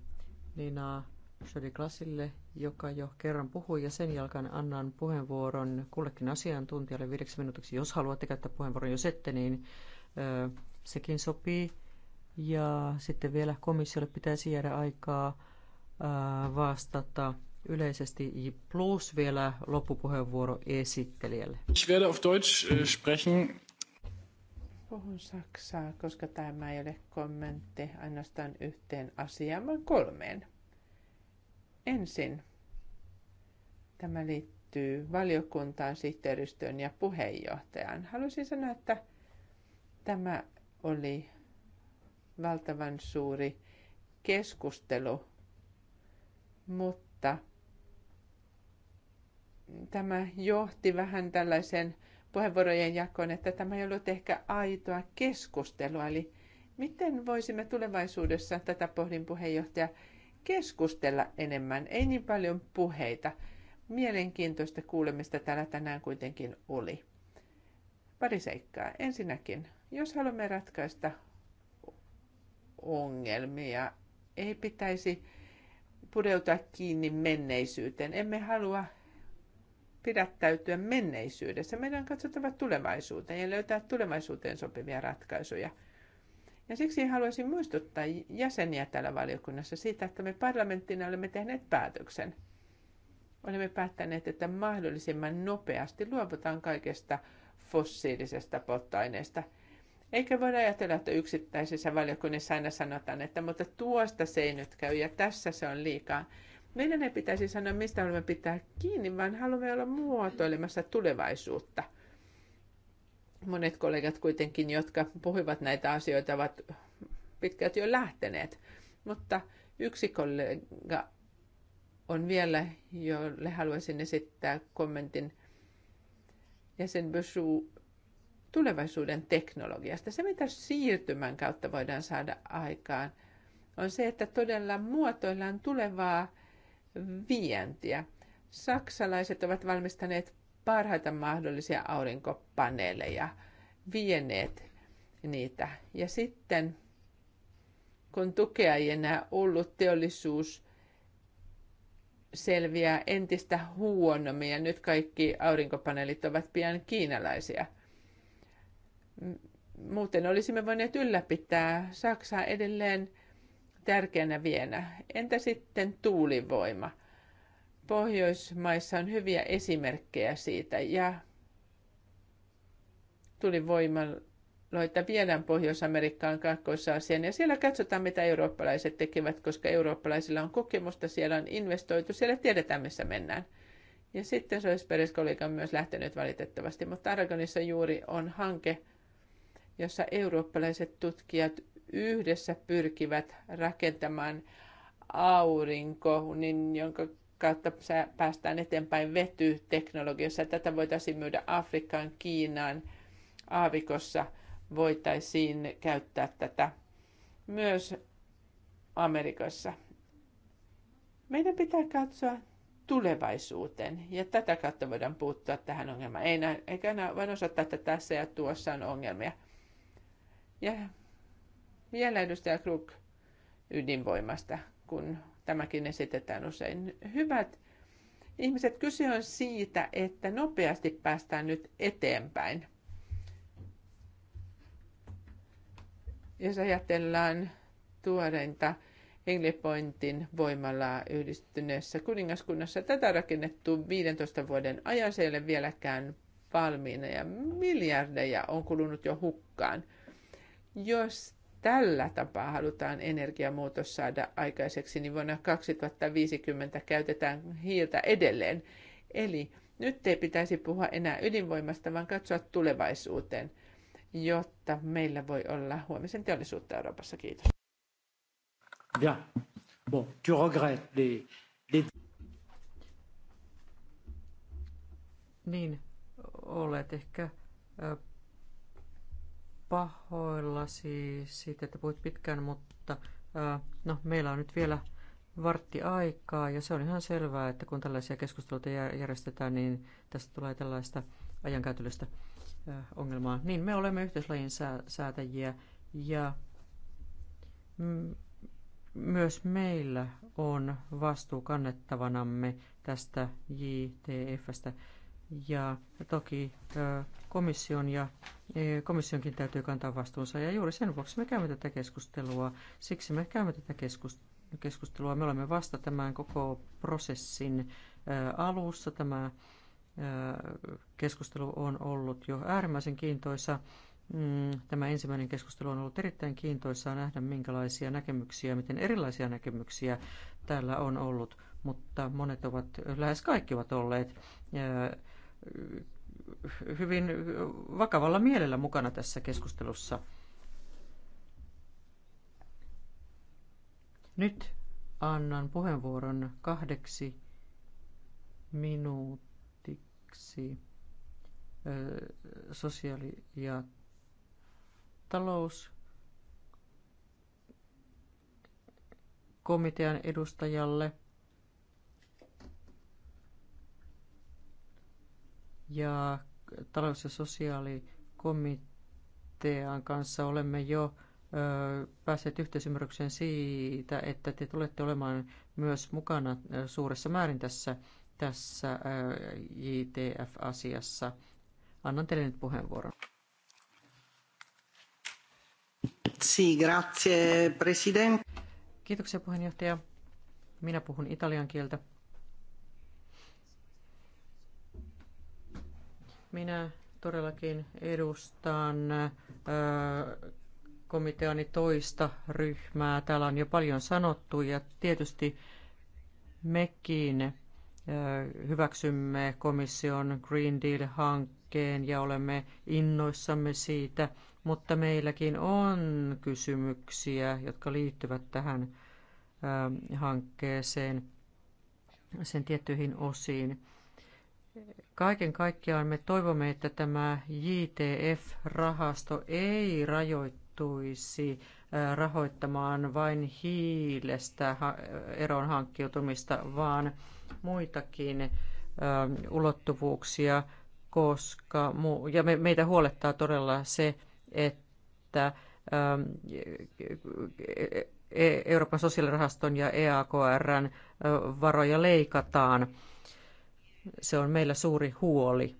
Nina Södiklasille, joka jo kerran puhui, ja sen jälkeen annan puheenvuoron kullekin asiantuntijalle viideksi minuutiksi. Jos haluatte käyttää puheenvuoron, jos ette, niin ö, sekin sopii. Ja sitten vielä komissiolle pitäisi jäädä aikaa ö, vastata yleisesti plus vielä loppupuheenvuoro esittelijälle. Ich werde auf Deutsch äh, sprechen. Puhun saksaa, koska tämä ei ole kommentti ainoastaan yhteen asiaan, vaan kolmeen. Ensin tämä liittyy valiokuntaan, sihteeristöön ja puheenjohtajaan. Haluaisin sanoa, että tämä oli valtavan suuri keskustelu, mutta tämä johti vähän tällaisen puheenvuorojen jakoon, että tämä ei ollut ehkä aitoa keskustelua. Eli miten voisimme tulevaisuudessa, tätä pohdin puheenjohtaja, keskustella enemmän, ei niin paljon puheita. Mielenkiintoista kuulemista täällä tänään kuitenkin oli. Pari seikkaa. Ensinnäkin, jos haluamme ratkaista ongelmia, ei pitäisi pureutua kiinni menneisyyteen. Emme halua pidättäytyä menneisyydessä. Meidän on katsottava tulevaisuuteen ja löytää tulevaisuuteen sopivia ratkaisuja. Ja siksi haluaisin muistuttaa jäseniä täällä valiokunnassa siitä, että me parlamenttina olemme tehneet päätöksen. Olemme päättäneet, että mahdollisimman nopeasti luovutaan kaikesta fossiilisesta polttoaineesta. Eikä voida ajatella, että yksittäisissä valiokunnissa aina sanotaan, että mutta tuosta se ei nyt käy ja tässä se on liikaa. Meidän ei pitäisi sanoa, mistä haluamme pitää kiinni, vaan haluamme olla muotoilemassa tulevaisuutta. Monet kollegat kuitenkin, jotka puhuivat näitä asioita, ovat pitkälti jo lähteneet. Mutta yksi kollega on vielä, jolle haluaisin esittää kommentin. Jäsen Bösu tulevaisuuden teknologiasta. Se, mitä siirtymän kautta voidaan saada aikaan, on se, että todella muotoillaan tulevaa vientiä. Saksalaiset ovat valmistaneet parhaita mahdollisia aurinkopaneeleja, vieneet niitä. Ja sitten, kun tukea ei enää ollut, teollisuus selviää entistä huonommin ja nyt kaikki aurinkopaneelit ovat pian kiinalaisia. Muuten olisimme voineet ylläpitää Saksaa edelleen tärkeänä vienä. Entä sitten tuulivoima? Pohjoismaissa on hyviä esimerkkejä siitä ja tuulivoimaloita viedään Pohjois-Amerikkaan, kaakkois ja siellä katsotaan, mitä eurooppalaiset tekevät, koska eurooppalaisilla on kokemusta, siellä on investoitu, siellä tiedetään, missä mennään. Ja sitten se olisi pereskolika myös lähtenyt valitettavasti, mutta Aragonissa juuri on hanke, jossa eurooppalaiset tutkijat yhdessä pyrkivät rakentamaan niin jonka kautta päästään eteenpäin vetyteknologiassa. Tätä voitaisiin myydä Afrikkaan, Kiinaan, Aavikossa voitaisiin käyttää tätä myös Amerikassa. Meidän pitää katsoa tulevaisuuteen ja tätä kautta voidaan puuttua tähän ongelmaan. Ei näin, eikä näin vain osoittaa, että tässä ja tuossa on ongelmia. Ja vielä edustaja kruk ydinvoimasta, kun tämäkin esitetään usein. Hyvät ihmiset, kyse on siitä, että nopeasti päästään nyt eteenpäin. Jos ajatellaan tuoreinta englipointin voimalaa yhdistyneessä kuningaskunnassa, tätä rakennettu 15 vuoden ajan, se ei ole vieläkään valmiina ja miljardeja on kulunut jo hukkaan. Jos tällä tapaa halutaan energiamuutos saada aikaiseksi, niin vuonna 2050 käytetään hiiltä edelleen. Eli nyt ei pitäisi puhua enää ydinvoimasta, vaan katsoa tulevaisuuteen, jotta meillä voi olla huomisen teollisuutta Euroopassa. Kiitos. Bien. Bon, tu regrettes les, les... Niin, olet ehkä pahoillasi siitä, että puhuit pitkään, mutta no, meillä on nyt vielä vartti aikaa ja se on ihan selvää, että kun tällaisia keskusteluita järjestetään, niin tästä tulee tällaista ajankäytöllistä ongelmaa. Niin, me olemme yhteislajin säätäjiä ja myös meillä on vastuu kannettavanamme tästä JTFstä. Ja toki komission ja komissionkin täytyy kantaa vastuunsa. Ja juuri sen vuoksi me käymme tätä keskustelua. Siksi me käymme tätä keskustelua. Me olemme vasta tämän koko prosessin alussa. Tämä keskustelu on ollut jo äärimmäisen kiintoisa. Mm, tämä ensimmäinen keskustelu on ollut erittäin kiintoisaa nähdä, minkälaisia näkemyksiä, miten erilaisia näkemyksiä täällä on ollut, mutta monet ovat, lähes kaikki ovat olleet hyvin vakavalla mielellä mukana tässä keskustelussa. Nyt annan puheenvuoron kahdeksi minuutiksi sosiaali- ja talouskomitean edustajalle – ja talous- ja sosiaalikomitean kanssa olemme jo päässeet yhteisymmärrykseen siitä, että te tulette olemaan myös mukana suuressa määrin tässä, tässä JTF-asiassa. Annan teille nyt puheenvuoron. Sì, grazie, president. Kiitoksia puheenjohtaja. Minä puhun italian kieltä. Minä todellakin edustan komiteani toista ryhmää. Täällä on jo paljon sanottu ja tietysti mekin hyväksymme komission Green Deal-hankkeen ja olemme innoissamme siitä, mutta meilläkin on kysymyksiä, jotka liittyvät tähän hankkeeseen, sen tiettyihin osiin. Kaiken kaikkiaan me toivomme, että tämä JTF-rahasto ei rajoittuisi rahoittamaan vain hiilestä eron hankkiutumista, vaan muitakin ulottuvuuksia, koska ja meitä huolettaa todella se, että e-, e-, Euroopan sosiaalirahaston ja EAKRn varoja leikataan se on meillä suuri huoli.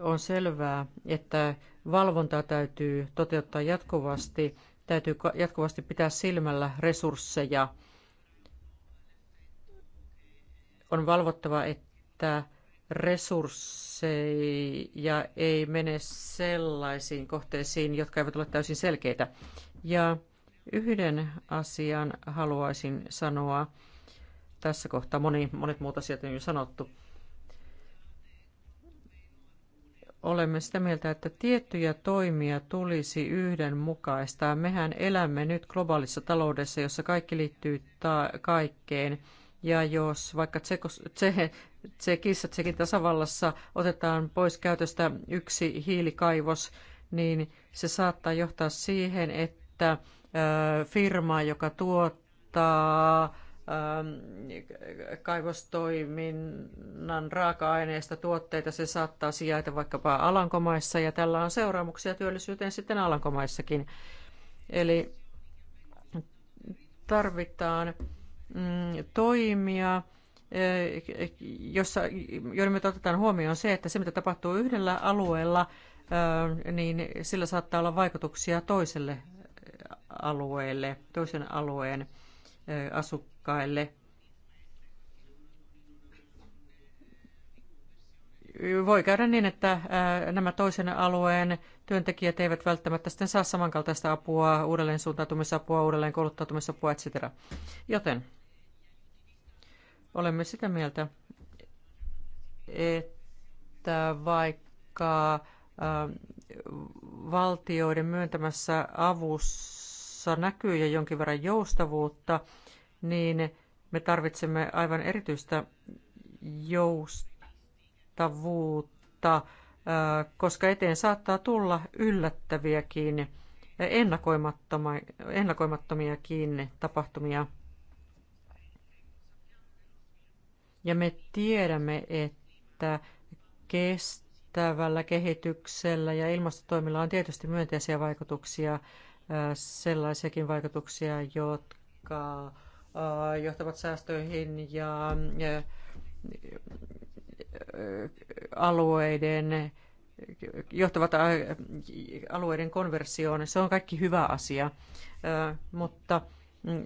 On selvää, että valvontaa täytyy toteuttaa jatkuvasti, täytyy jatkuvasti pitää silmällä resursseja. On valvottava, että resursseja ei mene sellaisiin kohteisiin, jotka eivät ole täysin selkeitä. Ja yhden asian haluaisin sanoa tässä kohtaa. Moni, monet muut asiat on jo sanottu. Olemme sitä mieltä, että tiettyjä toimia tulisi yhdenmukaistaa. Mehän elämme nyt globaalissa taloudessa, jossa kaikki liittyy ta- kaikkeen. Ja jos vaikka Tsekissä, tse, tsekin tasavallassa otetaan pois käytöstä yksi hiilikaivos, niin se saattaa johtaa siihen, että firma, joka tuottaa Ähm, kaivostoiminnan raaka-aineista tuotteita, se saattaa sijaita vaikkapa Alankomaissa ja tällä on seuraamuksia työllisyyteen sitten Alankomaissakin. Eli tarvitaan mm, toimia, eh, jossa, joiden me otetaan huomioon se, että se mitä tapahtuu yhdellä alueella, eh, niin sillä saattaa olla vaikutuksia toiselle alueelle, toisen alueen asukkaille. Voi käydä niin, että nämä toisen alueen työntekijät eivät välttämättä sitten saa samankaltaista apua, uudelleen suuntautumisapua, uudelleen kouluttautumisapua, etc. Joten olemme sitä mieltä, että vaikka valtioiden myöntämässä avussa jossa näkyy jo jonkin verran joustavuutta, niin me tarvitsemme aivan erityistä joustavuutta, koska eteen saattaa tulla yllättäviäkin, ennakoimattomiakin tapahtumia. Ja me tiedämme, että kestävällä kehityksellä ja ilmastotoimilla on tietysti myönteisiä vaikutuksia sellaisiakin vaikutuksia, jotka johtavat säästöihin ja alueiden johtavat alueiden konversioon. Se on kaikki hyvä asia, mutta mm,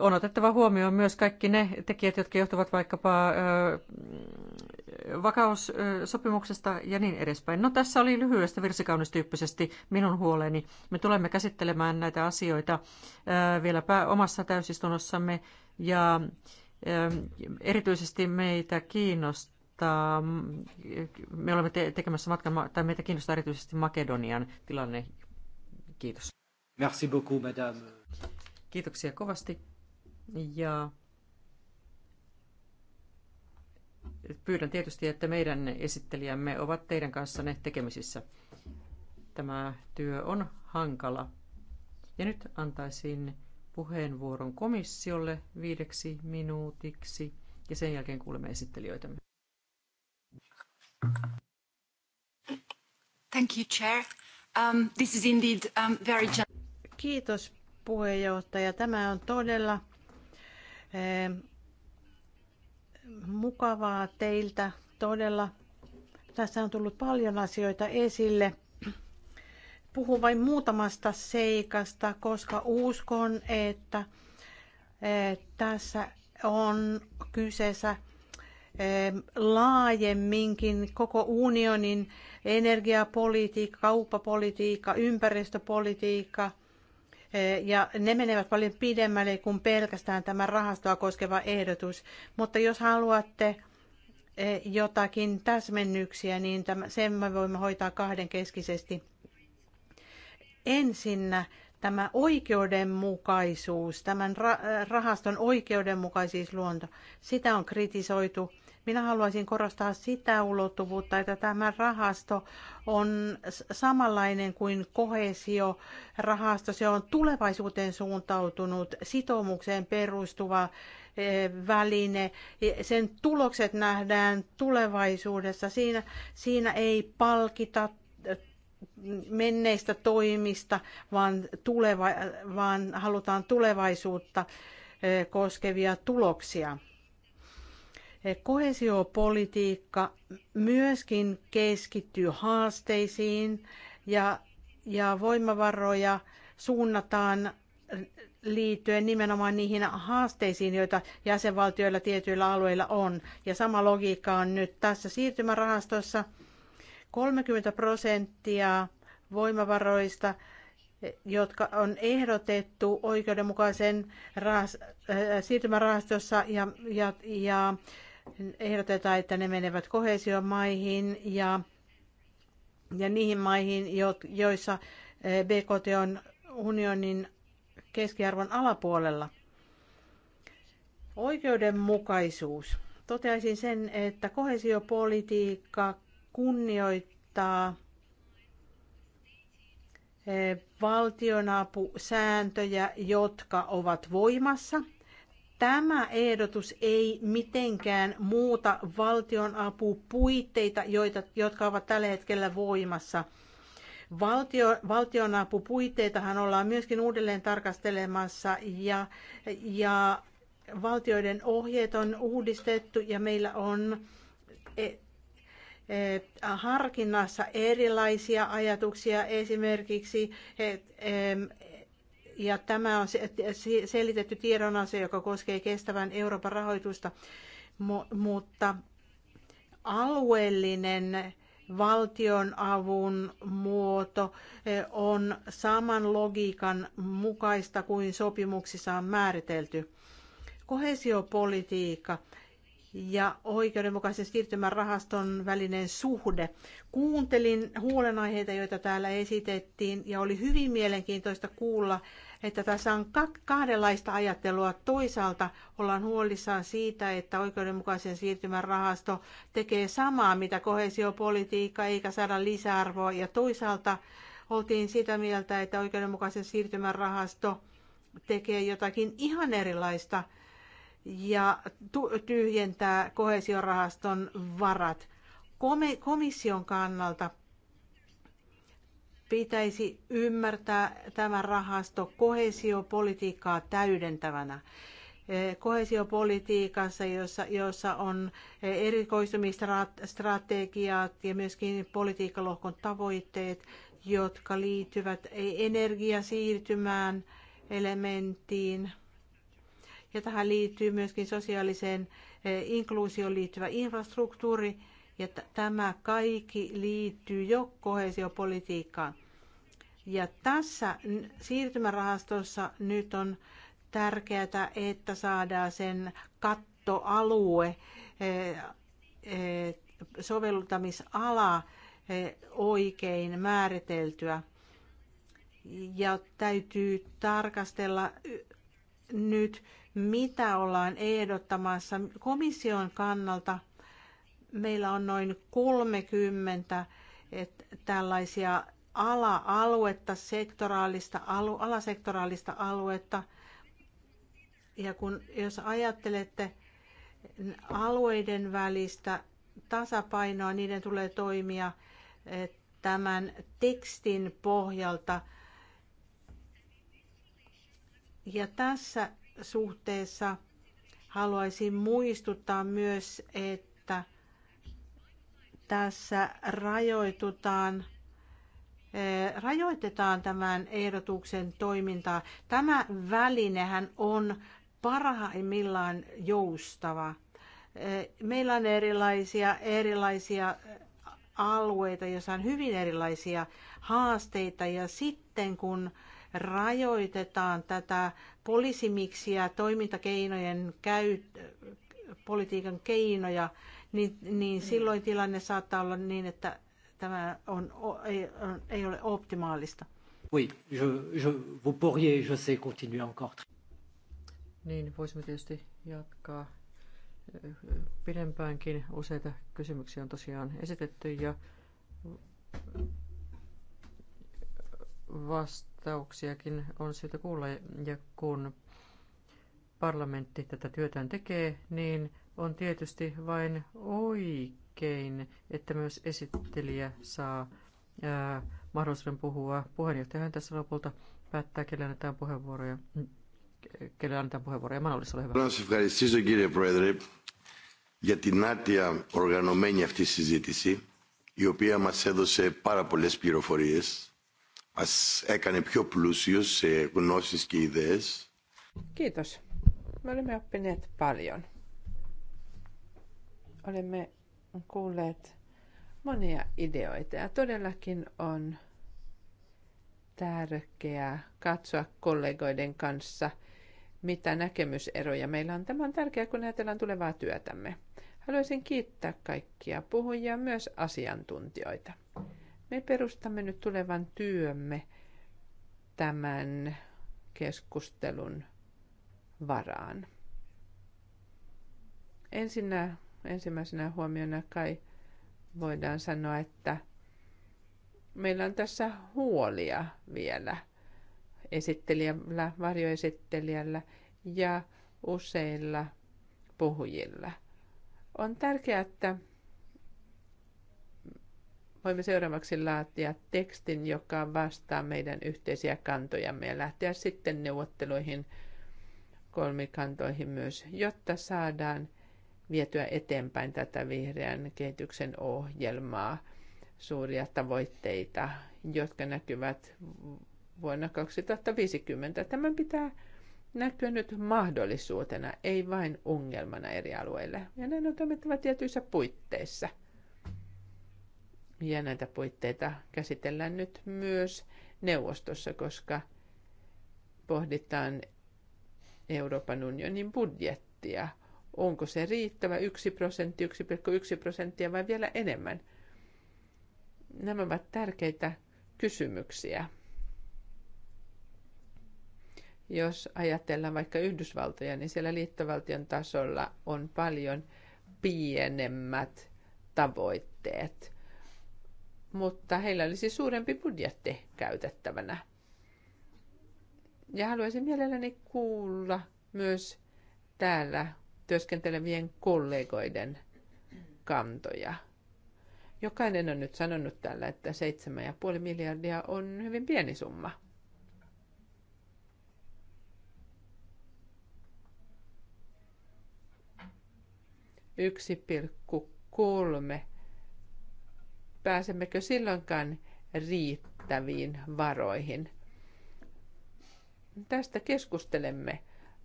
on otettava huomioon myös kaikki ne tekijät, jotka johtuvat vaikkapa vakaussopimuksesta ja niin edespäin. No tässä oli lyhyestä virsikaunis-tyyppisesti minun huoleni. Me tulemme käsittelemään näitä asioita vieläpä omassa täysistunnossamme ja erityisesti meitä kiinnostaa, me olemme tekemässä matkan, tai meitä kiinnostaa erityisesti Makedonian tilanne. Kiitos. Merci beaucoup, madame. Kiitoksia kovasti ja pyydän tietysti, että meidän esittelijämme ovat teidän kanssanne tekemisissä. Tämä työ on hankala. Ja nyt antaisin puheenvuoron komissiolle viideksi minuutiksi ja sen jälkeen kuulemme esittelijöitämme. Thank you, Chair. Um, this is indeed um, very... Kiitos puheenjohtaja. Tämä on todella eh, mukavaa teiltä. Todella tässä on tullut paljon asioita esille. Puhun vain muutamasta seikasta, koska uskon, että eh, tässä on kyseessä eh, laajemminkin koko unionin energiapolitiikka, kauppapolitiikka, ympäristöpolitiikka, Eh, ja ne menevät paljon pidemmälle kuin pelkästään tämä rahastoa koskeva ehdotus. Mutta jos haluatte eh, jotakin täsmennyksiä, niin sen me voimme hoitaa kahden keskisesti. Ensinnä tämä oikeudenmukaisuus, tämän eh, rahaston oikeudenmukaisuusluonto, sitä on kritisoitu minä haluaisin korostaa sitä ulottuvuutta, että tämä rahasto on samanlainen kuin rahasto. Se on tulevaisuuteen suuntautunut, sitoumukseen perustuva eh, väline. Sen tulokset nähdään tulevaisuudessa. Siinä, siinä ei palkita eh, menneistä toimista, vaan, tuleva, vaan halutaan tulevaisuutta eh, koskevia tuloksia. Kohesiopolitiikka myöskin keskittyy haasteisiin ja, ja voimavaroja suunnataan liittyen nimenomaan niihin haasteisiin, joita jäsenvaltioilla tietyillä alueilla on. Ja sama logiikka on nyt tässä siirtymärahastossa. 30 prosenttia voimavaroista, jotka on ehdotettu oikeudenmukaisen rahas, äh, siirtymärahastossa ja, ja, ja ehdotetaan, että ne menevät kohesiomaihin ja, ja niihin maihin, joissa eh, BKT on unionin keskiarvon alapuolella. Oikeudenmukaisuus. Toteaisin sen, että kohesiopolitiikka kunnioittaa eh, valtionapusääntöjä, jotka ovat voimassa – Tämä ehdotus ei mitenkään muuta valtionapupuitteita, joita, jotka ovat tällä hetkellä voimassa. Valtio, valtionapupuitteitahan ollaan myöskin uudelleen tarkastelemassa ja, ja valtioiden ohjeet on uudistettu ja meillä on e, e, harkinnassa erilaisia ajatuksia, esimerkiksi e, e, ja tämä on selitetty tiedonanto, joka koskee kestävän Euroopan rahoitusta, mutta alueellinen valtion avun muoto eh, on saman logiikan mukaista kuin sopimuksissa on määritelty. Kohesiopolitiikka ja oikeudenmukaisen siirtymän rahaston välinen suhde. Kuuntelin huolenaiheita, joita täällä esitettiin, ja oli hyvin mielenkiintoista kuulla että tässä on kahdenlaista ajattelua. Toisaalta ollaan huolissaan siitä, että oikeudenmukaisen siirtymän rahasto tekee samaa, mitä kohesiopolitiikka, eikä saada lisäarvoa. Ja toisaalta oltiin sitä mieltä, että oikeudenmukaisen siirtymän rahasto tekee jotakin ihan erilaista ja tyhjentää kohesiorahaston varat. Komission kannalta pitäisi ymmärtää tämä rahasto kohesiopolitiikkaa täydentävänä. E, kohesiopolitiikassa, jossa, jossa on erikoistumistrategiat ja myöskin politiikkalohkon tavoitteet, jotka liittyvät energiasiirtymään elementtiin. Ja tähän liittyy myöskin sosiaaliseen e, inkluusioon liittyvä infrastruktuuri ja tämä kaikki liittyy jo kohesiopolitiikkaan. Ja tässä siirtymärahastossa nyt on tärkeää, että saadaan sen kattoalue, eh, eh, soveltamisala eh, oikein määriteltyä. Ja täytyy tarkastella nyt, mitä ollaan ehdottamassa komission kannalta – meillä on noin 30 et, tällaisia ala-aluetta, sektoraalista, alu, alasektoraalista aluetta. Ja kun, jos ajattelette alueiden välistä tasapainoa, niiden tulee toimia tämän tekstin pohjalta. Ja tässä suhteessa haluaisin muistuttaa myös, että tässä rajoitutaan eh, rajoitetaan tämän ehdotuksen toimintaa. Tämä välinehän on parhaimmillaan joustava. Eh, meillä on erilaisia, erilaisia alueita, joissa on hyvin erilaisia haasteita ja sitten kun rajoitetaan tätä poliisimiksiä, toimintakeinojen käy, politiikan keinoja, niin, niin silloin tilanne saattaa olla niin, että tämä on, ei, on, ei ole optimaalista. Oui, je, je, vous pourriez, je sais, continuer encore. Niin, voisimme tietysti jatkaa pidempäänkin. Useita kysymyksiä on tosiaan esitetty ja vastauksiakin on syytä kuulla. Ja kun parlamentti tätä työtään tekee, niin on tietysti vain oikein, että myös esittelijä saa ää, mahdollisuuden puhua. Puheenjohtajahan tässä lopulta päättää, kelle annetaan puheenvuoroja. Kelle annetaan puheenvuoroja. Manolis, ole hyvä. ευχαριστήσω κύριε Πρόεδρε για την άτια οργανωμένη αυτή συζήτηση, η οποία μας έδωσε πάρα πολλές πληροφορίες, μας έκανε πιο πλούσιους σε γνώσεις και ιδέες. Kiitos. Me olemme oppineet paljon. Olemme kuulleet monia ideoita ja todellakin on tärkeää katsoa kollegoiden kanssa, mitä näkemyseroja meillä on. Tämä on tärkeää, kun ajatellaan tulevaa työtämme. Haluaisin kiittää kaikkia puhujia, myös asiantuntijoita. Me perustamme nyt tulevan työmme tämän keskustelun varaan. Ensinnä Ensimmäisenä huomiona kai voidaan sanoa, että meillä on tässä huolia vielä esittelijällä, varjoesittelijällä ja useilla puhujilla. On tärkeää, että voimme seuraavaksi laatia tekstin, joka vastaa meidän yhteisiä kantojamme ja lähteä sitten neuvotteluihin kolmikantoihin myös, jotta saadaan – vietyä eteenpäin tätä vihreän kehityksen ohjelmaa, suuria tavoitteita, jotka näkyvät vuonna 2050. Tämän pitää näkyä nyt mahdollisuutena, ei vain ongelmana eri alueille. Ja näin on toimittava tietyissä puitteissa. Ja näitä puitteita käsitellään nyt myös neuvostossa, koska pohditaan Euroopan unionin budjettia – Onko se riittävä 1 prosentti, 1,1 prosenttia vai vielä enemmän? Nämä ovat tärkeitä kysymyksiä. Jos ajatellaan vaikka Yhdysvaltoja, niin siellä liittovaltion tasolla on paljon pienemmät tavoitteet, mutta heillä olisi suurempi budjetti käytettävänä. Ja haluaisin mielelläni kuulla myös täällä työskentelevien kollegoiden kantoja. Jokainen on nyt sanonut tällä, että 7,5 miljardia on hyvin pieni summa. Yksi pilkku kolme. Pääsemmekö silloinkaan riittäviin varoihin? Tästä keskustelemme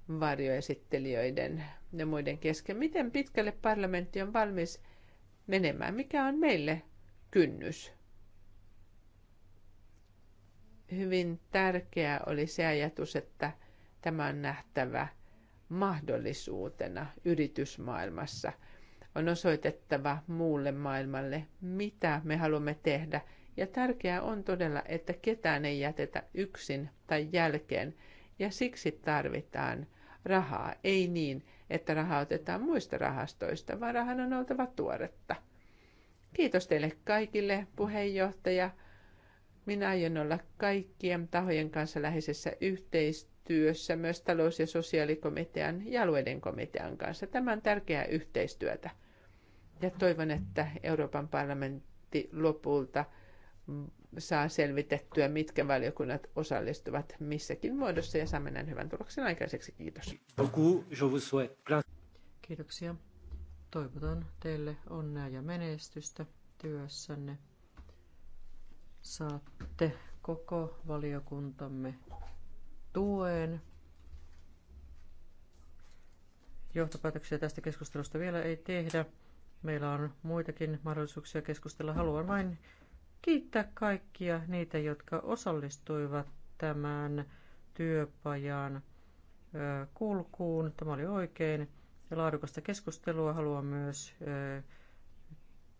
varjoesittelijöiden ja muiden kesken. Miten pitkälle parlamentti on valmis menemään? Mikä on meille kynnys? Hyvin tärkeä oli se ajatus, että tämä on nähtävä mahdollisuutena yritysmaailmassa. On osoitettava muulle maailmalle, mitä me haluamme tehdä. Ja tärkeää on todella, että ketään ei jätetä yksin tai jälkeen. Ja siksi tarvitaan rahaa. Ei niin, että rahaa otetaan muista rahastoista, vaan rahan on oltava tuoretta. Kiitos teille kaikille, puheenjohtaja. Minä aion olla kaikkien tahojen kanssa läheisessä yhteistyössä, myös talous- ja sosiaalikomitean ja alueiden komitean kanssa. Tämä on tärkeää yhteistyötä. Ja toivon, että Euroopan parlamentti lopulta saa selvitettyä, mitkä valiokunnat osallistuvat missäkin muodossa ja saamme näin hyvän tuloksen aikaiseksi. Kiitos. Kiitoksia. Toivotan teille onnea ja menestystä työssänne. Saatte koko valiokuntamme tuen. Johtopäätöksiä tästä keskustelusta vielä ei tehdä. Meillä on muitakin mahdollisuuksia keskustella. Haluan vain kiittää kaikkia niitä, jotka osallistuivat tämän työpajan kulkuun. Tämä oli oikein ja laadukasta keskustelua. Haluan myös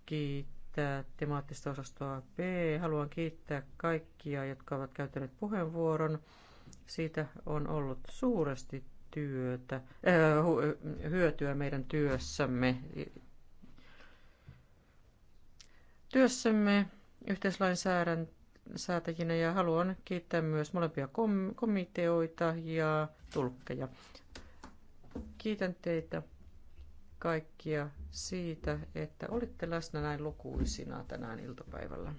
kiittää temaattista osastoa B. Haluan kiittää kaikkia, jotka ovat käyttäneet puheenvuoron. Siitä on ollut suuresti työtä, hyötyä meidän työssämme. Työssämme yhteislainsäätäjinä ja haluan kiittää myös molempia kom- komiteoita ja tulkkeja. Kiitän teitä kaikkia siitä, että olitte läsnä näin lukuisina tänään iltapäivällä.